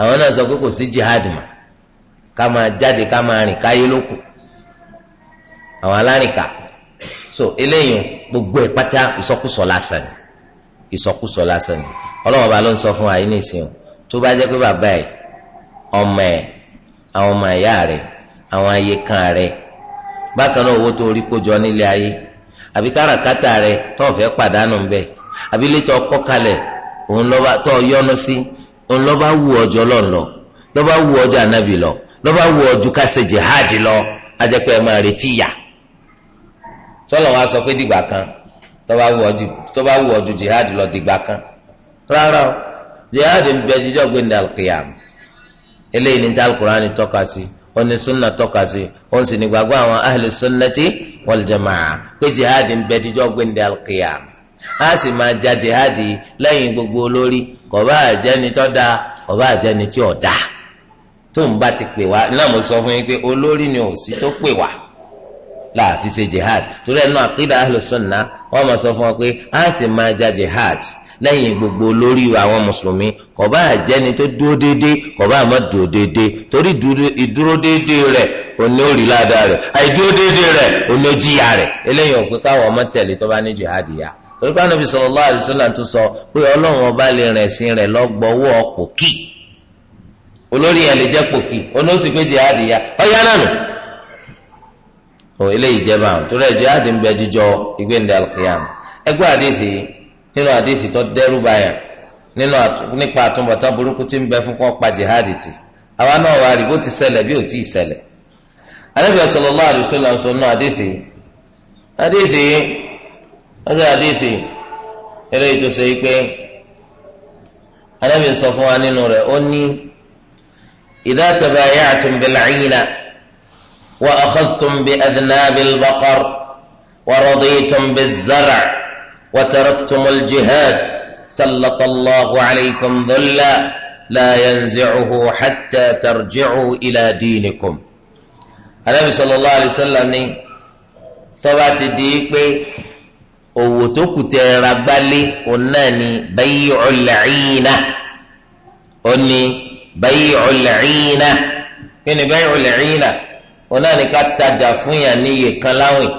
àwọn náà sọ pé kò sí jihad ká máa jáde ká máa rìn káyé lóko àwọn alárìnká so eléyìí gbogbo ẹ̀ pátá ìsọkúsọ lásán ni ìsọkúsọ lásán ni ọlọ́wọ́n bá ló ń sọ fún wa yín nísìnyí tó bá jẹ́ pé bàbá ẹ̀ ọmọ ẹ̀ àwọn ọmọ ẹ̀yà rẹ̀ àwọn ayékan rẹ̀ bákan náà owó tó rí kójọ nílé ayé àbí káràkátà rẹ̀ tó fẹ́ pàdánù bẹ́ẹ̀ àbí létò ọkọ̀ òun lọ́ba tó yọnu sí òun lọ́ba wù ọjọ́ lọ́nlọ́ọ́ lọ́ba wù ọjà ànábì lọ lọ́ba wù ọjù kásẹ̀ jihad lọ ajẹ́pẹ́ ẹ̀ máa retí yà sọlọ wa sọ pé dìgbà kan tọ́ba wù ọjù jihad lọ dìgbà kan rárá o jihad ń bẹ jíjọ́ gbẹ̀ndé alqiyam eléyìí ní alukurani tọ́ka sí oní sunna tọ́ka sí òun sì ní gbàgbọ́ àwọn ahli sunnati wal jamaa pé jihad ń bẹ jíjọ́ gbẹ̀ndé alqiyam a sì máa ja jihad lẹ́yìn gbogbo olórí kò bá àjẹni tó dáa kò bá àjẹni tí ò dáa tó ń bá ti pè wá náà mo sọ fún yín pé olórí ni òsì tó pè wá láàfin ṣe jihad torí ẹnu àkídà ahlùsùnà wọn máa sọ fún ọ pé a sì máa ja jihad lẹ́yìn gbogbo olórí àwọn mùsùlùmí kò bá àjẹni tó dúró déédéé kò bá àmọ́ dúró déédéé torí ìdúró déédéé rẹ̀ òní ò rí ládàá rẹ̀ àìdúró déédéé rẹ̀ òní ò jìyà rẹ̀ eléyìí ò pé káwọn ọmọ tẹ̀lé tó bá ní jihad yá torí pé Ànábì sallallahu alaihi wasallam tó sọ pé Ọlọ́run ọba lè rìn ẹ̀sìn rẹ̀ lọ́gbọ̀ọ́wọ́ ọ̀pọ̀ kíì olórí yẹn lè jẹ́ pòkì oní ji pé jihad ya ọ̀yá o eléyìí jẹba tó rẹ jihad ń bẹ jíjọ ìgbéǹde alqiyam ẹgbẹ́ àdìsí nínú àdìsí tó dẹ́rù báyà nínú nípa àtúbọ̀tán burúkú tí ń bẹ fún kọ́ pa jihadi ti àwa náà wà rí ti ṣẹlẹ̀ bí ò tí ì ṣẹlẹ̀ Ànábì sọ eléyìí tó إذا تبايعتم بالعينة وأخذتم بأذناب البقر ورضيتم بالزرع وتركتم الجهاد سلط الله عليكم ذلا لا ينزعه حتى ترجعوا إلى دينكم النبي صلى الله عليه وسلم tọ́ba ti di pé òwò tó kù tẹ ra bay'ul 'ina kí ni bay'ul 'ina wọn náà ní ká tajà fún yàn níye kan láwìn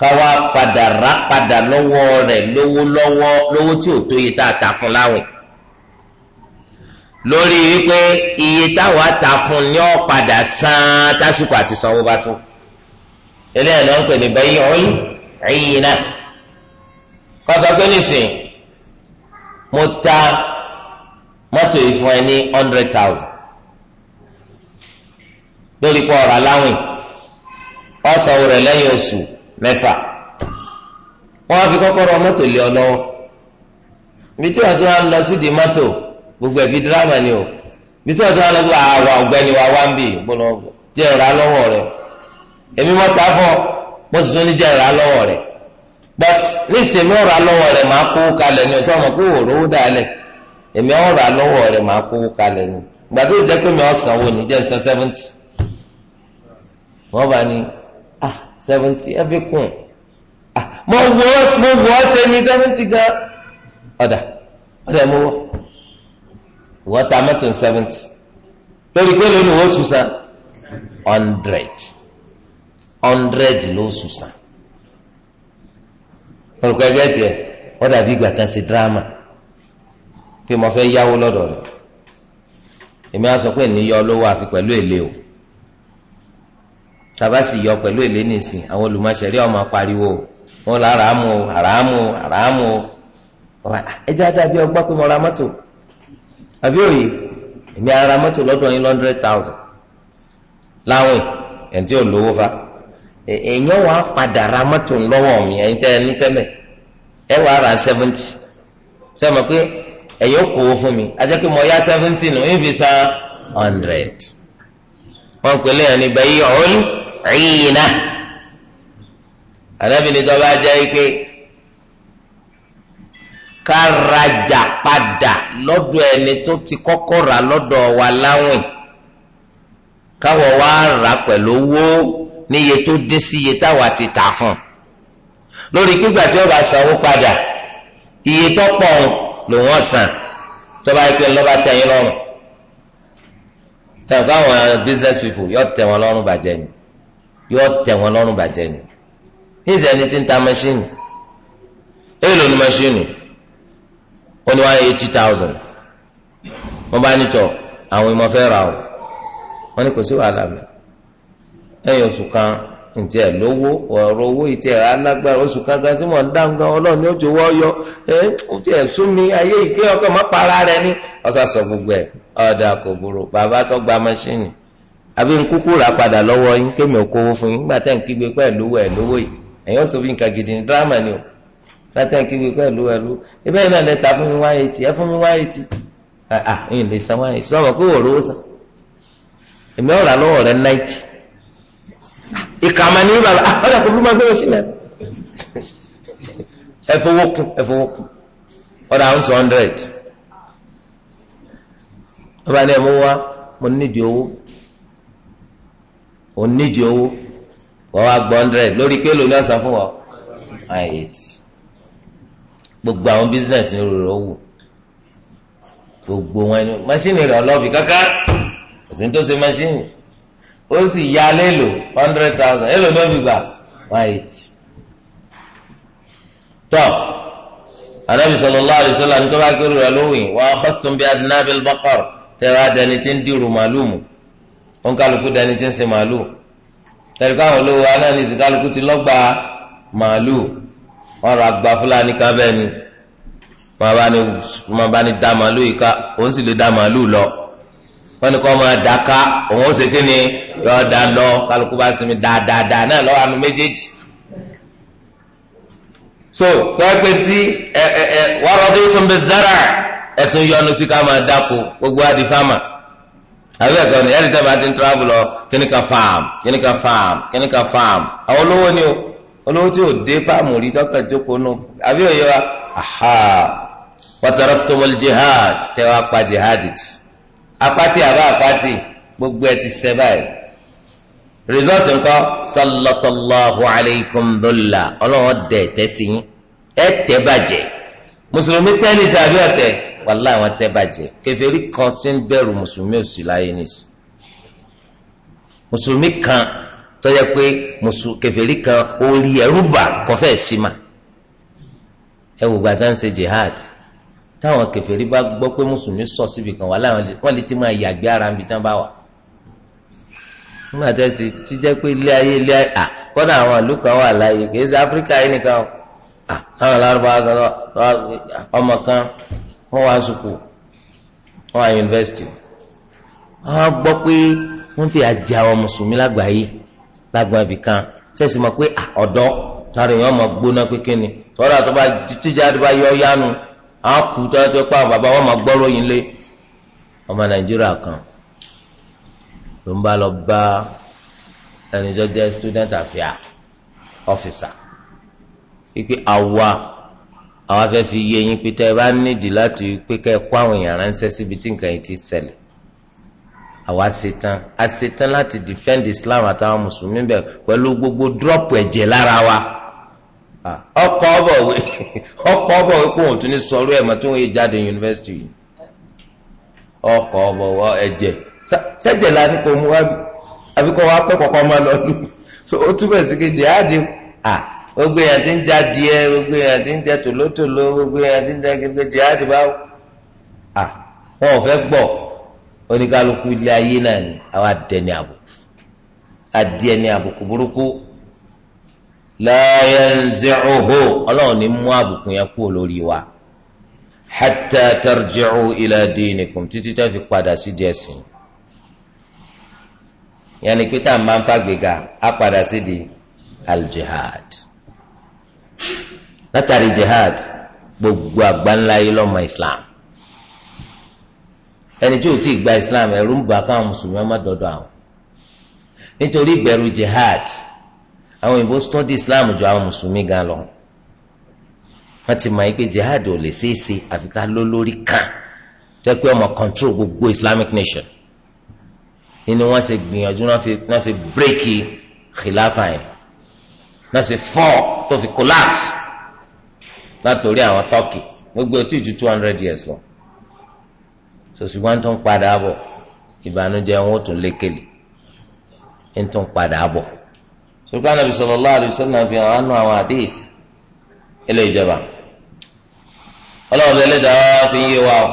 ká wá padà rà padà lọ́wọ́ rẹ̀ lówó lọ́wọ́ lówó tí ò tó yẹ tá a ta fún láwìn lórí wípé iye táwa ta fún ni ó padà san tásìkò àti sanwó bá tó eléyìí náà ń pè ní bay'ul 'ina kọ́sọ́ pé nìsín mo ta. mọ́tò yìí ẹ ní hundred thousand lórí pọ̀ ọ̀rọ̀ aláwìn ọ̀sánwó rẹ̀ lẹ́yìn oṣù mẹ́fà wọ́n á fi kọ́kọ́rọ́ mọ́tò lé ọ lọ́wọ́ ibi tí wọ́n ti wọ́n gbogbo ẹ̀bí dírámà ni o ibi tí wọ́n ti wọ́n lọ àwọn ọ̀gbẹ́ni wa wá ń bì jẹ́ rẹ̀ èmi mọ́tò mo sì tún ní jẹ́ rẹ̀ but rẹ̀ èmi ọ̀rọ̀ alọ́wọ́ rẹ̀ máa kówó kalẹ̀ ni ìgbà tó pé mi ọ̀sán wo ní jẹ́ ǹsán seventy wọ́n bá ní ah seventy ẹ fi kún ah mo wọ mo wọ ṣe ní seventy gan ọ̀dà ọ̀dà mo wọ ìwọ́n ta mọ́tò seventy lórí pé lónìí wọ́n sùn sàn hundred hundred ló sùn sàn olùkọ́ ẹgbẹ́ tiẹ̀ wọ́n dàbí ìgbà tán ṣe pé mo fẹ́ yáwó lọ́dọ̀ rẹ̀ èmi á sọ pé ní yọ lówó àfi pẹ̀lú èlé o tàbá sì yọ pẹ̀lú èlé nìsín àwọn ọmọ pariwo wọn là ràámu o ràámu ah, ẹjẹ pé mo ara mọ́tò lọ́dọ̀ yín láwìn ò lówó fa èèyàn wà ẹ̀yọ́ kò wó fún mi ajẹ́ pé mo yá seventy nù ìfi san hundred wọ́n pè léyìn ní bẹ́ẹ̀ yí ọ̀hún ẹ̀yìn náà àdábìnrin tó bá jẹ́ pé ká rajà padà lọ́dọ̀ ẹni tó ti kọ́kọ́ rà lọ́dọ̀ wa láwìn káwọ̀ wá rà pẹ̀lú owó níye tó dín sí iye táwa ti tà fún un lórí pígbà tí ó bá sanwó padà iye tó pọ̀ ọ̀hún ló wọ́n sàn tọ́ba yìí pé ńlọ́ba tẹ̀ yín lọ́rùn tẹ̀ fáwọn business people yóò tẹ̀ wọn lọ́rùn bàjẹ́ ni yóò tẹ̀ wọn lọ́rùn bàjẹ́ ni níṣẹ́ ni ti ń ta mẹ́ṣíìnì èyí ló ní mẹ́ṣíìnì ó ní one eighty thousand wọ́n bá nítọ̀ àwọn ìmọ̀ fẹ́ ra o wọ́n ní kò sí wàhálà mi ẹ̀yìn oṣù kan. ǹjẹ́ lówó ọ̀rọ̀ owó ìtẹ̀ alágbára oṣù kankan tí mò ń dáhùn gan ọlọ́ọ̀ni ó ọyọ ẹ ó tiẹ̀ sún mi ayé ìké ọkọ mọ́ para rẹ ni ọ̀sà sọ gbogbo ẹ̀ ọ̀dà kò bàbá tó gba machini. àbí nkúkú rà padà lọ́wọ́ yín kémi òkòwò fún yín gbàtẹ́ nkígbe pẹ́ lówó ẹ̀ lówó yìí bí nǹkan gidi ní dírámà ni o gbàtẹ́ nkígbe pẹ́ lowo ẹ̀ lówó ibẹ̀ yìí náà lẹ fún mi wá etí ẹ fún mi wá etí ah ah ìyìn lè san wá etí sọ ma kó wò lówó san èmi ìkàmà ní bàbá ah, ọ̀dà kò lùmọ̀ gbẹ́wọ̀ sílẹ̀ ẹ fowó kún ẹ fowó kún ọ̀dà àwọn sọ hundred ọba ní ẹ̀mú wa mo nídìí owó ò nídìí owó wọ́n wá gbọ́ hundred lórí pé lóní ọ̀sán fún wa eight gbogbo àwọn bísíǹnẹ̀sì ní rúurú owó gbogbo wọn ni máṣíìnì rẹ̀ ọlọ́ọ̀bì kankan kò sí ní tó ṣe máṣíìnì ó sì yá lélo hundred thousand èlò ló fi gbà one eighty. tọ́ anabi sallallahu alaihi wasallam ní tó bá kéré rẹ̀ lóhùn wa akhadtum bi adnabil baqar tẹ̀wá dání tí ń dìrù màlúù mu ó ń kálukú dání tí ń ṣe màlúù tẹ̀ríkọ́ àwọn olówó anáni sì kálukú ti lọ́gba màlúù wọ́n ra gba fúlàní kan bẹ́ẹ̀ ni wọ́n bá ní dá màlúù yìí ká òun sì lè dá màlúù lọ wọ́n ní kọ́ máa dàka òun ó ṣe kí ni yọ̀ọ́ da lọ kálukú bá sinmi dáadáa náà lọ́wọ́ àánú méjèèjì. so tọ́pẹ́ tí ẹ ẹ ẹ wọ́n tó ń bẹ zara ẹ tún yọnu sí ká máa dáko gbogbo àdì fáma àbí ẹ̀kọ́ ni ẹ̀rí tẹ́lẹ̀ bá ti ń tíráàbù lọ kíní ka fáàm kíní ka fáàm kíní ka fáàm àwọn olówó ni o olówó tí o dé fáàmù rí tọ́ka jókòó nù àbí òye wa aha wàtàrà tó wọlé jihad tẹ́ pa jihad tì apáti àbá apáti gbogbo ẹ ti sẹ báyìí rìsọ́ọ̀tì ńkọ́ sallallahu alaykum dọ́là ọlọ́wọ́ dẹ̀ tẹ́sí yín ẹ tẹ́ bàjẹ́ mùsùlùmí tẹ́nìsì àbí ọ̀tẹ̀ wàlá àwọn tẹ́ bàjẹ́ kẹfẹ́rí kan ti ń bẹ̀rù mùsùlùmí òsì láyé nìsí mùsùlùmí kan tó yẹ pé kẹfẹ́rí kan orí ẹ̀rú bà kọfẹ́ sí ma ẹ wò gbàtà ń ṣe jihad táwọn kèfèrí bá gbọ́ pé mùsùlùmí sọ síbi kan wà láwọn wọn lè ti máa yàgbé ara níbi tí wọn bá wà nígbà tẹ́sí tó jẹ́ pé ilé ayé ilé ayé à kọ́dà àwọn ìlú kan wà láàyè kì í ṣe áfíríkà yìí nìkan o àwọn alárúbáwá kan ọmọ kan wọ́n wá sùkù wọ́n wá yunifásitì wọ́n gbọ́ pé wọ́n fi àjẹ àwọn mùsùlùmí lágbàáyé lágbàá ibì kan sẹ́sì mọ̀ pé ọ̀dọ́ tààrà èèyàn mọ̀ gbóná pé tọ́lá A kù tó ẹjọ́ pa bàbá wọn máa gbọ́rọ̀ yín lé ọmọ nàìjíríà kan ló ń bá lọ bá ẹni tó student àfíà officer wípé àwa àwa fẹ́ fi yé yín pé tẹ́ ẹ bá nídìí láti pé kẹ́ ẹ kó àwọn èèyàn ránṣẹ́ síbi tí nǹkan yìí ti ṣẹlẹ̀ àwa ṣetán a ṣetán láti defend Islam àtàwọn mùsùlùmí bẹ̀ pẹ̀lú gbogbo drop ẹ̀jẹ̀ lára wa. Ah. ọkọ ọbọwé ọkọ ọbọwé kó wọn tún ní sọ̀rọ̀ ẹ mà tí wọn yé jáde ọkọ sẹjẹ la kò mú àbí kò wá pẹ kọkọ lọ lù so ó túbọ̀ sí kejì à gbogbo ń já gbogbo ń jẹ tòlótòló gbogbo ń jẹ kejì báwò à wọn ò ilé ayé náà láyẹnzẹ́ọ̀hó ọlọ́run ní mú àbùkù yẹn kúrò lórí wa hàtà tàrjẹ̀ọ̀ ilà dínìkùn títí tẹ́ fi padà sí díẹ̀ sí i yẹnni pé tá a máa ń fàgbéga á padà sí di aljihad látàrí jihad gbogbo àgbáńlá yìí lọ́mọ islam ẹni tí ò tí ì gba islam ẹ̀rù ń bà káwọn mùsùlùmí ọmọ dọ́dọ̀ àwọn nítorí ìbẹ̀rù jihad àwọn òyìnbó study islam ju àwọn mùsùlùmí gan lọ wọ́n ti mọ̀ pé jihad ò lè ṣeéṣe àfi ká ló lórí kan jẹ́ pé ọmọ control gbogbo islamic nation nínú wọn ṣe gbìyànjú náà fi bírèkì khilafa yẹn náà ṣe fọ́ tó fi collapse látòrí àwọn turkey gbogbo tí ju two hundred years lọ sòṣùgbọ́n tó ń padà bọ̀ ìbànújẹ́ wọn ò tún lékele ń tún padà bọ̀ sọgbà nàbì sallallahu alaihi wasallam fi hàn ánú àwọn àdéhì ilé ìjọba ọlọ́run bẹ lẹ́dàá fi ń yé wa o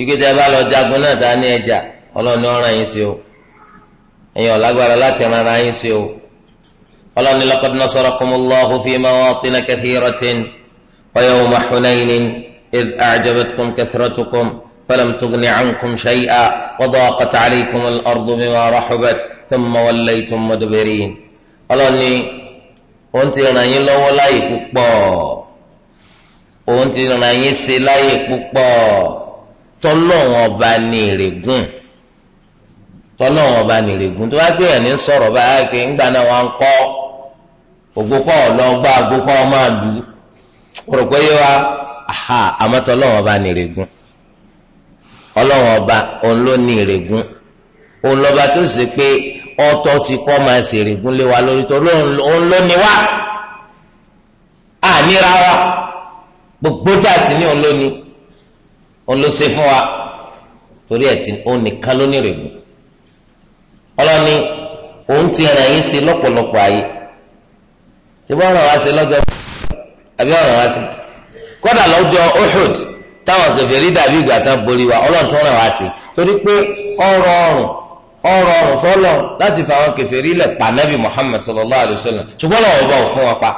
ìgbésẹ̀ bá lọ jagun náà tá a ní ẹja ọlọ́run ní ọ̀ràn yín sí o ẹ̀yin ọ̀lágbára láti ran ara yín sí o ọlọ́run ní laqad nasarakumullahu fi mawatin kathiratin wa yawma hunainin idh a'jabatkum kathratukum. فلم تغن عنكم شيئا وضاقت عليكم الأرض بما رحبت ثم وليتم مدبرين Ọlọ́run ni òun ti ràn yín lọ́wọ́ láyè púpọ̀ òun ti ràn yín ṣe láyè púpọ̀ tọ́lọ́wọ́n ọba ní ìrègùn tọ́lọ́wọ́n ọba ní ìrègùn tó bá gbé ẹ̀ ní sọ̀rọ̀ báyà pé ńgbà náà wà ń kọ́ ògbópọ̀ ọ̀lọ́gbà ògbópọ̀ ọmọ àlù rò wa àmọ́ tọ́lọ́wọ́n ọba ní ìrègùn. ọlọ́run ọba òun ló ní ìrègùn òun lọ́ba tó ṣe pé ọtọ́ ti kọ́ máa ṣe ìrègùn lé wa lórí tó òun ló ní wá àníra wa gbogbo tá a sì ní òun ló ní òun ló ṣe fún wa torí ẹ̀ tí òun nìkan ló ní ìrègùn ọlọ́ni òun ti sí lọ́pọ̀lọpọ̀ tí wọ́n sí lọ́jọ́ àbí sí kódà lọ́jọ́ táwọn kèfèrí dàbí ìgbà tán borí wa ọlọ́run tó ràn wá sí torí pé ọrọ̀ ọrùn ọrọ̀ ọrùn fọlọ́ láti fa àwọn kèfèrí lẹ̀ pa nabi Muhammad sallallahu alayhi wa sallam ṣùgbọ́n làwọn ọba ò fún wọn pa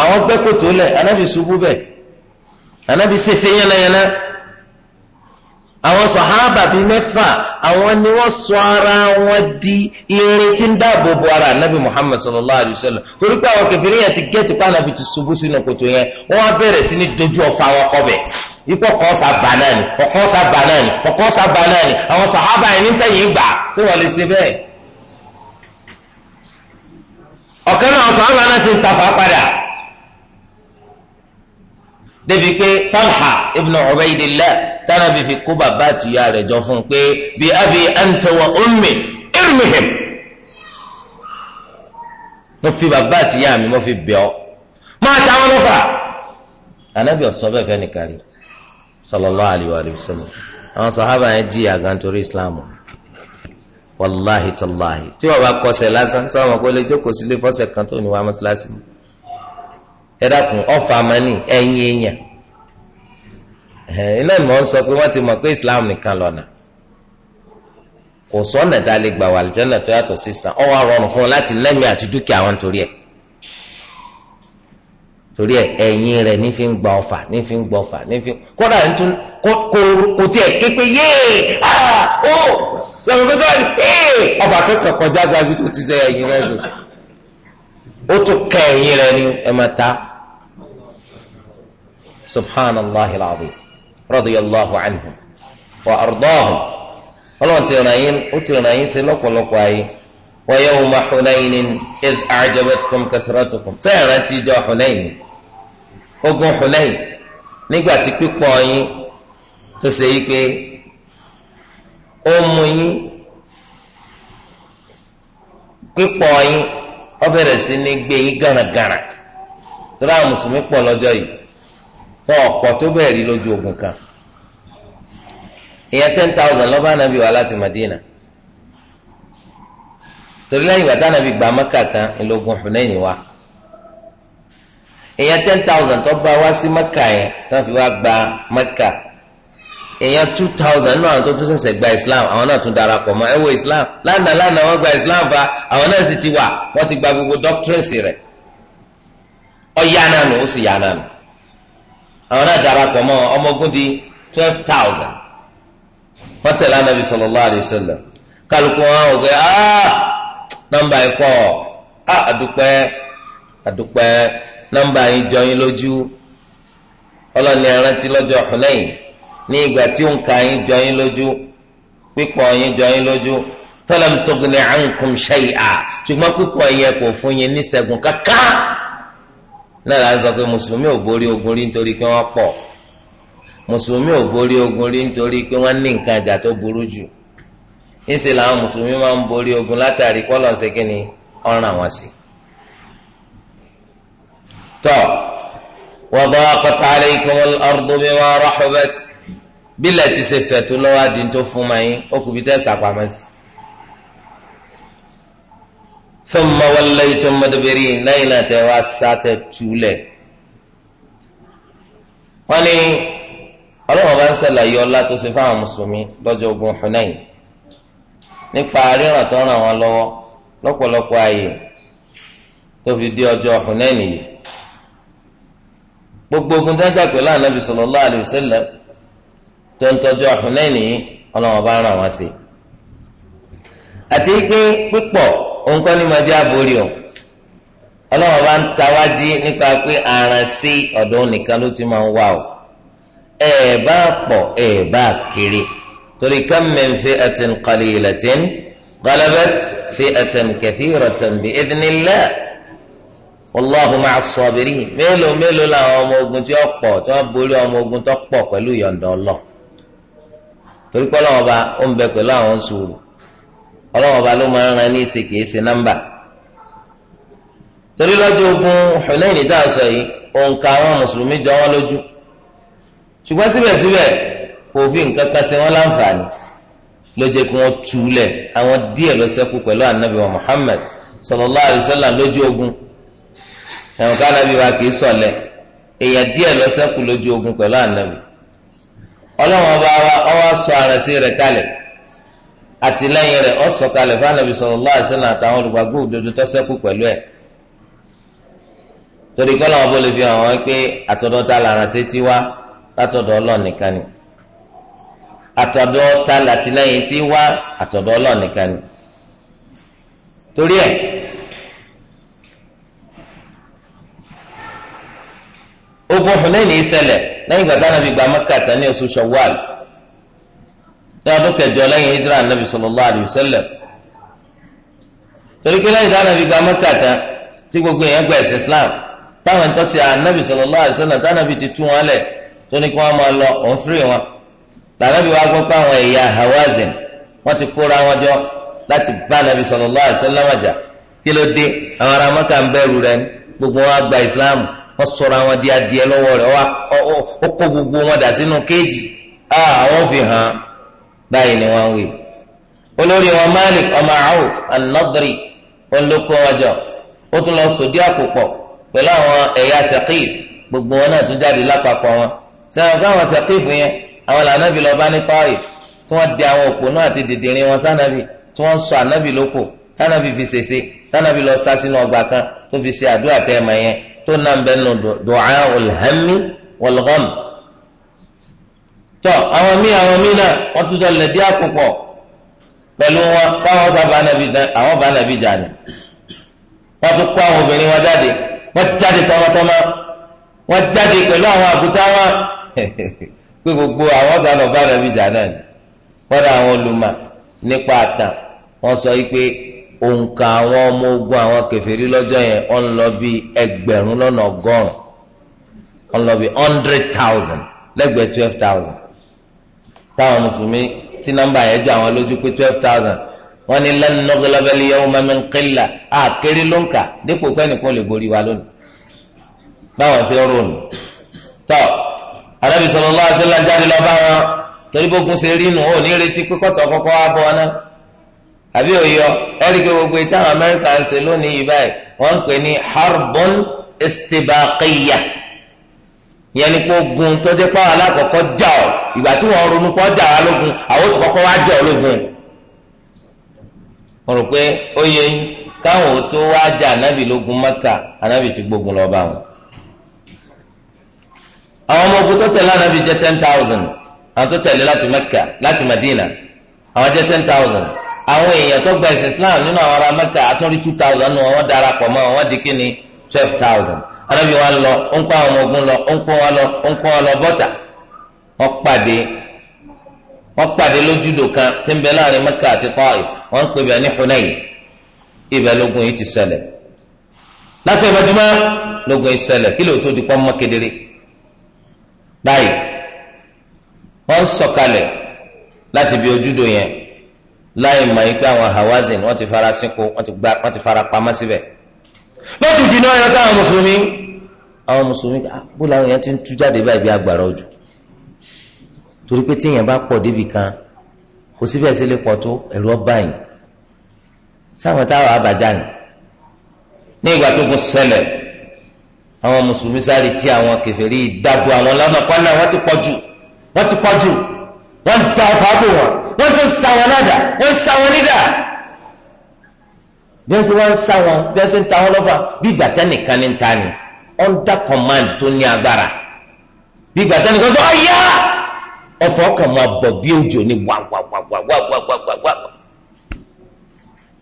àwọn gbẹ́kòtò lẹ̀ anábì ṣubú bẹ́ẹ̀ anábì ṣèṣe yánnayànna àwọn sọ̀hábà bíi mẹ́fà àwọn ni wọ́n sọ ara wọn di irin tí ń dáàbò bo ara anabi muhammed sallallahu alayhi wa sallam torí pé àwọn kẹfìrí yẹn ti gẹ́ẹ̀tì pa anabi ti ṣubú sínú kòtò yẹn wọ́n á bẹ̀rẹ̀ sí ní dojú ọ̀fà wọn kọ́bẹ̀ ikú ọkọ̀ banani ọkọ̀ banani ọkọ̀ banani àwọn sọ̀hábà yẹn nífẹ̀yìn gbà tí wọ́n lè ṣe bẹ́ẹ̀. ọ̀kan náà sọ̀hábà náà sì ń tafà padà débi pé Talha ibn Ubaydillah tana fi fi kó bàbá àtìyá rẹ̀ jọ fún un pé bí abi anta wa ummi fi bàbá àtìyá mi mo fi máa ta wọn lọ́fà anabi ọ̀sán bẹ́ẹ̀ fẹ́ nìkan rí sallallahu alayhi wa àwọn sọ̀hábà yẹn jí àgàn islam wàláhi tàláhi tí wọn bá kọsẹ̀ lásán sọ wọn kó lè jókòó sílé fọ́sẹ̀ kan tó ní wàá mọ́sálásí ẹ dákun iná ni mò ń sọ pé wọ́n ti mọ̀ pé islam nìkan lọ́nà kò sọ́nà tá a lè gbà wà àlùjànnà tó yàtọ̀ sí islam wá rọrùn fún wọn láti lẹ́mìí àti dúkìá wọn torí ẹ̀ torí ẹ̀ ẹ̀yìn rẹ̀ ní fi ń gba ọfà ní fi ń gba ọfà ní fi kódà tiẹ̀ ké pé yéè ah, ó sọ̀rọ̀ pé báyìí ee ọfà kọjá gbájú tó ti sẹ́ ẹ̀yìn rẹ̀ ó tún kẹ́ ẹ̀yìn rẹ̀ ni ẹ̀ subhanallah radiyallahu anhu wa ardahum ọlọ́run ti ràn yín ó ti ràn yín sí lọ́pọ̀lọpọ̀ ayé wa yawma hunainin id a'jabatkum kathratukum sẹ́yìn rántí ìjọ hunain ogun hunain nígbà tí pípọ̀ yín tó ṣe yí pé ó mú yín pípọ̀ yín ó sí ní gbé yín gàràgàrà tó dáhùn mùsùlùmí pọ̀ lọ́jọ́ yìí. wọn ọ̀pọ̀ tó bẹ́ẹ̀ rí lójú ogun kan ìyẹn ten thousand lọ́ba anabi wà láti Madina torí lẹ́yìn ìgbà tánabi gba Mẹ́kà tán ńlọgùn Hunaini wa ìyẹn ten thousand tó bá wá sí Mẹ́kà yẹn tó fi wá gba Mẹ́kà èèyàn two thousand náà tó tún ṣẹ̀ṣẹ̀ gba islam àwọn náà tún darapọ̀ mọ́ ẹ wo islam lánàá lánàá wọ́n gba islam fa àwọn náà sì ti wà wọ́n ti gba gbogbo doctrines rẹ̀ ó sì àwọn náà darapọ̀ mọ́ ọmọ ogun di twelve thousand wọ́n tẹ̀lé anabi sallallahu alayhi wa sallam kálukú wọn ò gbé ah nọ́mbà yìí pọ̀ ah àdúpẹ́ àdúpẹ́ nọ́mbà yìí jọ yín lójú ọlọ́ni arántí lọ́jọ́ Hunain ní ìgbà tí yín jọ yín lójú pípọ̀ yín jọ yín lójú ṣùgbọ́n pípọ̀ yẹn náà la sọ pé mùsùlùmí ò borí ogun rí nítorí pé wọ́n pọ̀ mùsùlùmí ò borí ogun rí nítorí pé wọ́n ní nǹkan ìjà tó burú jù níṣẹ́ làwọn mùsùlùmí máa ń borí ogun látàrí kọ́lọ̀ ṣe kí ni ọ̀ràn wọn sí. tọ́ wọ́n bá bílẹ̀ ti ṣe fẹ̀tú lọ́wọ́ fún thumma wallaytum mudbirin lẹ́yìn náà tẹ wá sátẹ túlẹ̀. wọ́n ní ọlọ́wọ́n bá ń ṣàlàyé ọlá tó ṣe fáwọn mùsùlùmí lọ́jọ́ ogun Hunain nípa ríran tó ràn wọ́n lọ́wọ́ lọ́pọ̀lọpọ̀ ààyè tó fi dé ọjọ́ Hunain yìí gbogbo ogun tó ń jà pẹ̀lú ànábì sallallahu alaihi wasallam tó ń tọ́jú Hunain yìí ọlọ́wọ́n bá ràn wọ́n sí àti pé pípọ̀ òun kọ́ ni màá jẹ́ àbórí o ọlọ́wọ́n bá ń tawájí nípa pé aràn sí ọ̀dọ́ nìkan ló ti máa ń wá o ẹ bá pọ̀ ẹ bá kéré torí kam min fi'atin qalilatin ghalabat fi'atan kathiratan bi'idhnillah wallahu ma'as sabirin mélòó mélòó làwọn ọmọ ogun tí ó pọ̀ tí wọ́n borí ọmọ ogun tó pọ̀ pẹ̀lú yọ̀ǹda ọlọ́ torí pé ọlọ́wọ́n bá ó ń bẹ pẹ̀lú àwọn sùúrù ọlọ́wọ́n ọba ló máa ń ran ní ìsè kìí ṣe nọ́mbà torí lọ́jọ́ ogun Hunayn tá a sọ yìí òǹkà àwọn mùsùlùmí jọ wọ́n lójú ṣùgbọ́n síbẹ̀síbẹ̀ kò fi nǹkan kan ṣe wọ́n láǹfààní ló jẹ́ kí wọ́n túlẹ̀ àwọn díẹ̀ ló ṣẹ́kù pẹ̀lú anabi wa Muhammad sallallahu alaihi wasallam lójú ogun ẹ̀wọ̀n ká anabi wa kìí sọ̀lẹ̀ èèyàn díẹ̀ ló ṣẹ́kù lójú ogun pẹ̀lú anabi ọlọ́wọ́n ọba ọwọ́ sọ àrẹ̀sí rẹ̀ kalẹ̀ àtìlẹ́yìn rẹ̀ ó sọ̀kalẹ̀ fún anabi sallallahu àtàwọn olùgbàgbọ́ òdodo tó ṣẹ́kù pẹ̀lú torí kọ́ làwọn bó lè fi hàn wọn pé àtọ̀dọ̀ ta làrán ṣe ti wá látọ̀dọ̀ Ọlọ́run ni àtọ̀dọ̀ ta ti wá àtọ̀dọ̀ ni torí ogun ní ọdún kẹjọ lẹ́yìn hijira anabi sallallahu alayhi wa sallam torí pé lẹ́yìn dáná fi gba mọ́kàtà tí gbogbo èèyàn gba ẹ̀sìn islam táwọn ẹ̀tọ́ sí anabi sallallahu alayhi ti wọn lẹ̀ tó ní kí wọ́n máa lọ òun wọn lànàbí gbọ́ pé àwọn ẹ̀yà hawazin wọ́n ti anabi sallallahu alayhi wa jà kí ló dé àwọn ará ń gba islam báyìí ni wọ́n wí olórí wọn Malik ọmọ Auf an-Nadri olóko ọjọ ó tún lọ sòdí àpòpọ̀ pẹ̀lú àwọn ẹ̀yà Thaqif gbogbo wọn náà tún jáde lápapọ̀ wọn sẹ́wọ̀n fún àwọn Thaqif yẹn àwọn làánàbì lọ bá ní Taif tí wọ́n di àwọn òpònú àti dìdìrín wọn sànàbì tí wọ́n sọ ànàbì lóko tànàbì fi ṣèṣe tànàbì lọ sá sínú ọgbà kan tó fi ṣe àdúrà tẹ́ ẹ̀ mọ̀ yẹn tó nà ń bẹ́ẹ̀ nù du'a al-hammi wal tọ àwọn míì àwọn míì náà wọn tún jọ lẹdí àpòpọ pẹ̀lú wọn káwọn sábà nàbí àwọn bá nàbí jà ní wọn tún kó àwọn obìnrin wọn jáde wọn jáde tọmọtọmọ wọn jáde pẹ̀lú àwọn àbúta wọn *laughs* pé gbogbo àwọn sábà bá nàbí jà náà ni wọn àwọn olùmọ̀ nípa àtàn wọn sọ yìí òǹkà àwọn ọmọ ogun àwọn kèfèrí lọ́jọ́ yẹn ó ń lọ bí ẹgbẹ̀rún lọ́nà ọgọ́rùn ó ń lọ bí hundred thousand lẹ́gbẹ̀ẹ́ twelve thousand táwọn mùsùlùmí tí nọ́mbà yẹn jọ àwọn lójú pé twelve thousand wọ́n ní lan nughlaba al-yawma min qillah àkéré ló ń kà dípò pé lè borí wa lónìí báwọn ṣe ń ronú tọ Ànábì sallallahu alaihi wasallam jáde lọ bá wọn torí bógun ṣe rí nù ó ní retí pé kọtọ kọ́kọ́ wá bọ náà àbí òyọ ẹrí gbogbo ìtàn Amẹ́ríkà ń ṣe lónìí yìí báyìí wọ́n ń pè ní harbon istibaqiyya yẹn ni kó gun tó dé pàwọn alákọ̀ọ́kọ́ jà ọ́ ìgbà tí wọ́n ronú pọ́ jà wá lógun àwọn tó kọ́kọ́ wá jà ọ́ lógun. mo rò pé ó yẹ káwọn ò tó wá jà ànábì lógun mọ́kà ànábì ti gbógun lọ́ọ́ bá wọn. àwọn ọmọ ogun tó tẹ̀lé jẹ́ ten thousand àwọn tó tẹ̀lé láti mẹ́kà láti Madina àwọn jẹ́ ten thousand àwọn èèyàn tó gba ẹ̀sìn Islam nínú àwọn ará mẹ́kà àtúndì two thousand wọn darapọ̀ arábìnrin wa lọ ó ń kó àwọn ogun lọ ó ń kó wa lọ ó ń kó wa lọ bọ́tà kan tí ń bẹ láàrin Mẹ́kà àti Taif wọ́n ń pè bẹ́ẹ̀ ní Hunayn ibẹ̀ lógun yìí ti láti ìmọ̀júmọ́ lógun yìí kí kedere báyìí wọ́n ń sọ̀kalẹ̀ láti bí ojúdò yẹn láì mọ̀ pé àwọn Hawazin wọ́n ti lọ́tù jìnnà ẹran sáwọn mùsùlùmí àwọn mùsùlùmí ah, bó làwọn èèyàn ti ń tú jáde báyìí bí agbára òjò torí pé tí èèyàn bá pọ̀ débi kan kò síbẹ̀ sí lè pọ̀ tó ẹ̀rù ọba yìí sáwọn táwọn abàjá ni ní ìgbà tó kò ṣẹlẹ̀ àwọn mùsùlùmí sáré tí àwọn kèfèrí dàbò àwọn lọ́nà pálá wọ́n ti pọ̀ jù wọ́n ti pọ̀ jù wọ́n da ọ̀fà bò wọ́n wọ́n tún sa ládàá wọ́n sa wọn nídàá bí wọ́n ṣe wá ń sá wọn bí wọ́n ṣe ń ta wọn lọ́fà bí gbàtà nìkan ní ta ni under command tó ní agbára bí gbàtà nìkan sọ ọ̀yá ọ̀fọ̀ máa bọ̀ bí òjò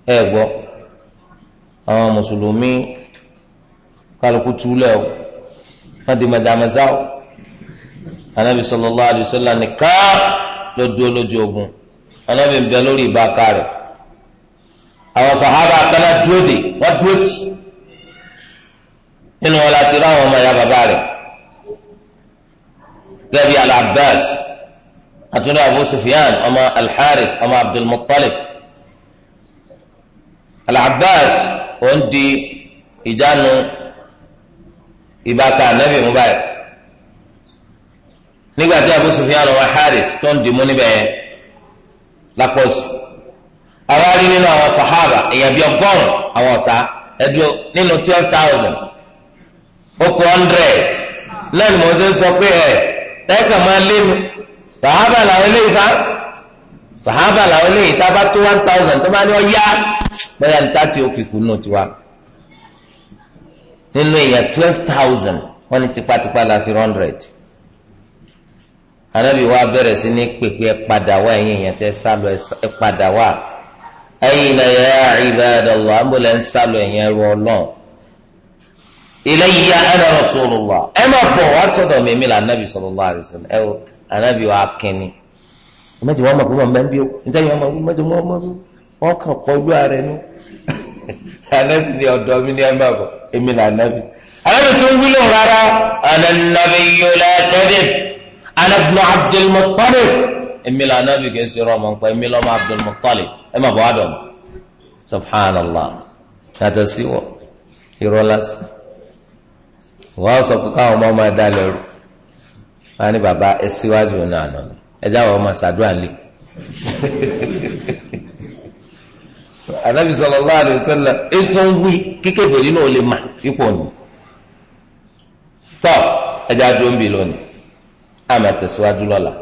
ẹ gbọ́ àwọn mùsùlùmí kálukú túlẹ̀ o wọ́n di madamasa o anabi nìkan ogun anabi ń bẹ lórí àwọn sọ̀hábà kaná dúró dè wọ́n dúró tì nínú wọn láti rí àwọn ọmọ ìyá bàbá rẹ̀ gẹ́bí al-Abbas àtúndà Abu Sufyan ọmọ al-Harith ọmọ Abdul Muttalib al-Abbas ó ń di ìjánu ìbáka anabi mú báyìí nígbà tí ọmọ Harith tó ń di mú níbẹ̀ lápọ̀sí àwa rí nínú àwọn sahaba, èèyàn bíi ọgọ́rùn àwọn ọ̀sá ẹ̀dùn nínú twelve thousand ó hundred náà ni mo ṣe ń sọ pé ẹ̀ tẹ́kàn máa lé mi sàhábà làwọn eléyìí fa sàhábà làwọn eléyìí tá a bá tó one thousand tó bá ní ọ yá bóyá ní tá ti ó fi kú nù tiwa nínú èèyàn twelve thousand wọ́n ní tipátipá la fi hundred anabi wa bẹ̀rẹ̀ sí ní pèpè ẹ padà wá ẹ̀yin èèyàn tẹ́ sálọ ẹ padà wá ayna ya ibadallah àmbọ̀lẹ̀ ń sálọ ẹ̀yìn ẹrú ọlọ́run ilayya ana rasulullah ẹ máa bọ̀ wá sọ̀dọ̀ mímí la anabi sallallahu alaihi wasallam ẹ wò anabi wa kínní mẹjọ wọn mọ pé wọn bẹ ń bí o níta yìí wọn mọ mẹjọ wọn mọ wọn kàn kọlu ààrẹ nu anabi ni ọ̀dọ̀ mi ni ẹ máa bọ̀ èmi là anabi anabi tó ń wílò rárá ananabi yóò la tẹ́lẹ̀ anabinu abdulmutalib èmi là nàbì kì í ṣe rọmọ nǹkan èmi lọ́mọ Abdul Muttalib ẹ má bọ́ àdọ̀mọ́ subhanallah yàtọ̀ sí wọ irọ́ lásán wọ́n sọ pé káwọn ọmọ ọmọ ẹ̀dá lẹ́rù wọ́n á ní bàbá ẹ síwájú ní àná ẹ jáwọ́ ọmọ ṣàdúrà lé anabi *laughs* sallallahu alaihi wasallam ètò wí kíkébè nínú olè mà ipò nù tọ́ ẹja dúró ń bì lónìí àmọ́ tẹ̀síwájú lọ́la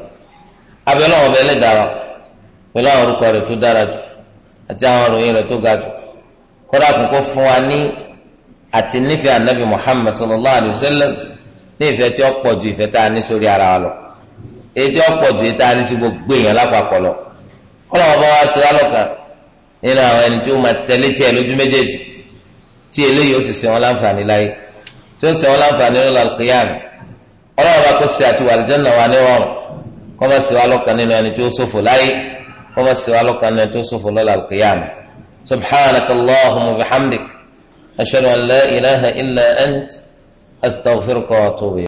abẹ́lẹ́ àwọn ọbẹ̀ ẹlẹ́dàá pẹ̀lú àwọn orúkọ rẹ̀ tó dára jù àti àwọn ìròyìn rẹ̀ tó ga jù kọ́dà kún fún wa ní àti nífẹ̀ẹ́ anabi muhammad sallallahu alayhi wa sallam ní ìfẹ́ tí ó pọ̀ ju ìfẹ́ tá a ní sórí ara wa lọ èyí tí ó pọ̀ ju èyí tá a ní sí gbogbo èèyàn lápapọ̀ lọ kọ́dà wọn bá wá sí alọ́kà nínú àwọn ẹni tí ó máa tẹ̀lé tiẹ̀ lójú méjèèjì tí eléyìí ó sì ṣe láǹfààní láyé tí ó kọ́mọ̀ sí wa lọ́kàn nínú ẹni tó sòfò láyé kọ́mọ̀ sí wa lọ́kàn nínú ẹni tó sòfò lọ́la al-qiyama subhanaka allahumma bihamdik ashhadu an la ilaha illa ant astaghfiruka wa atubu.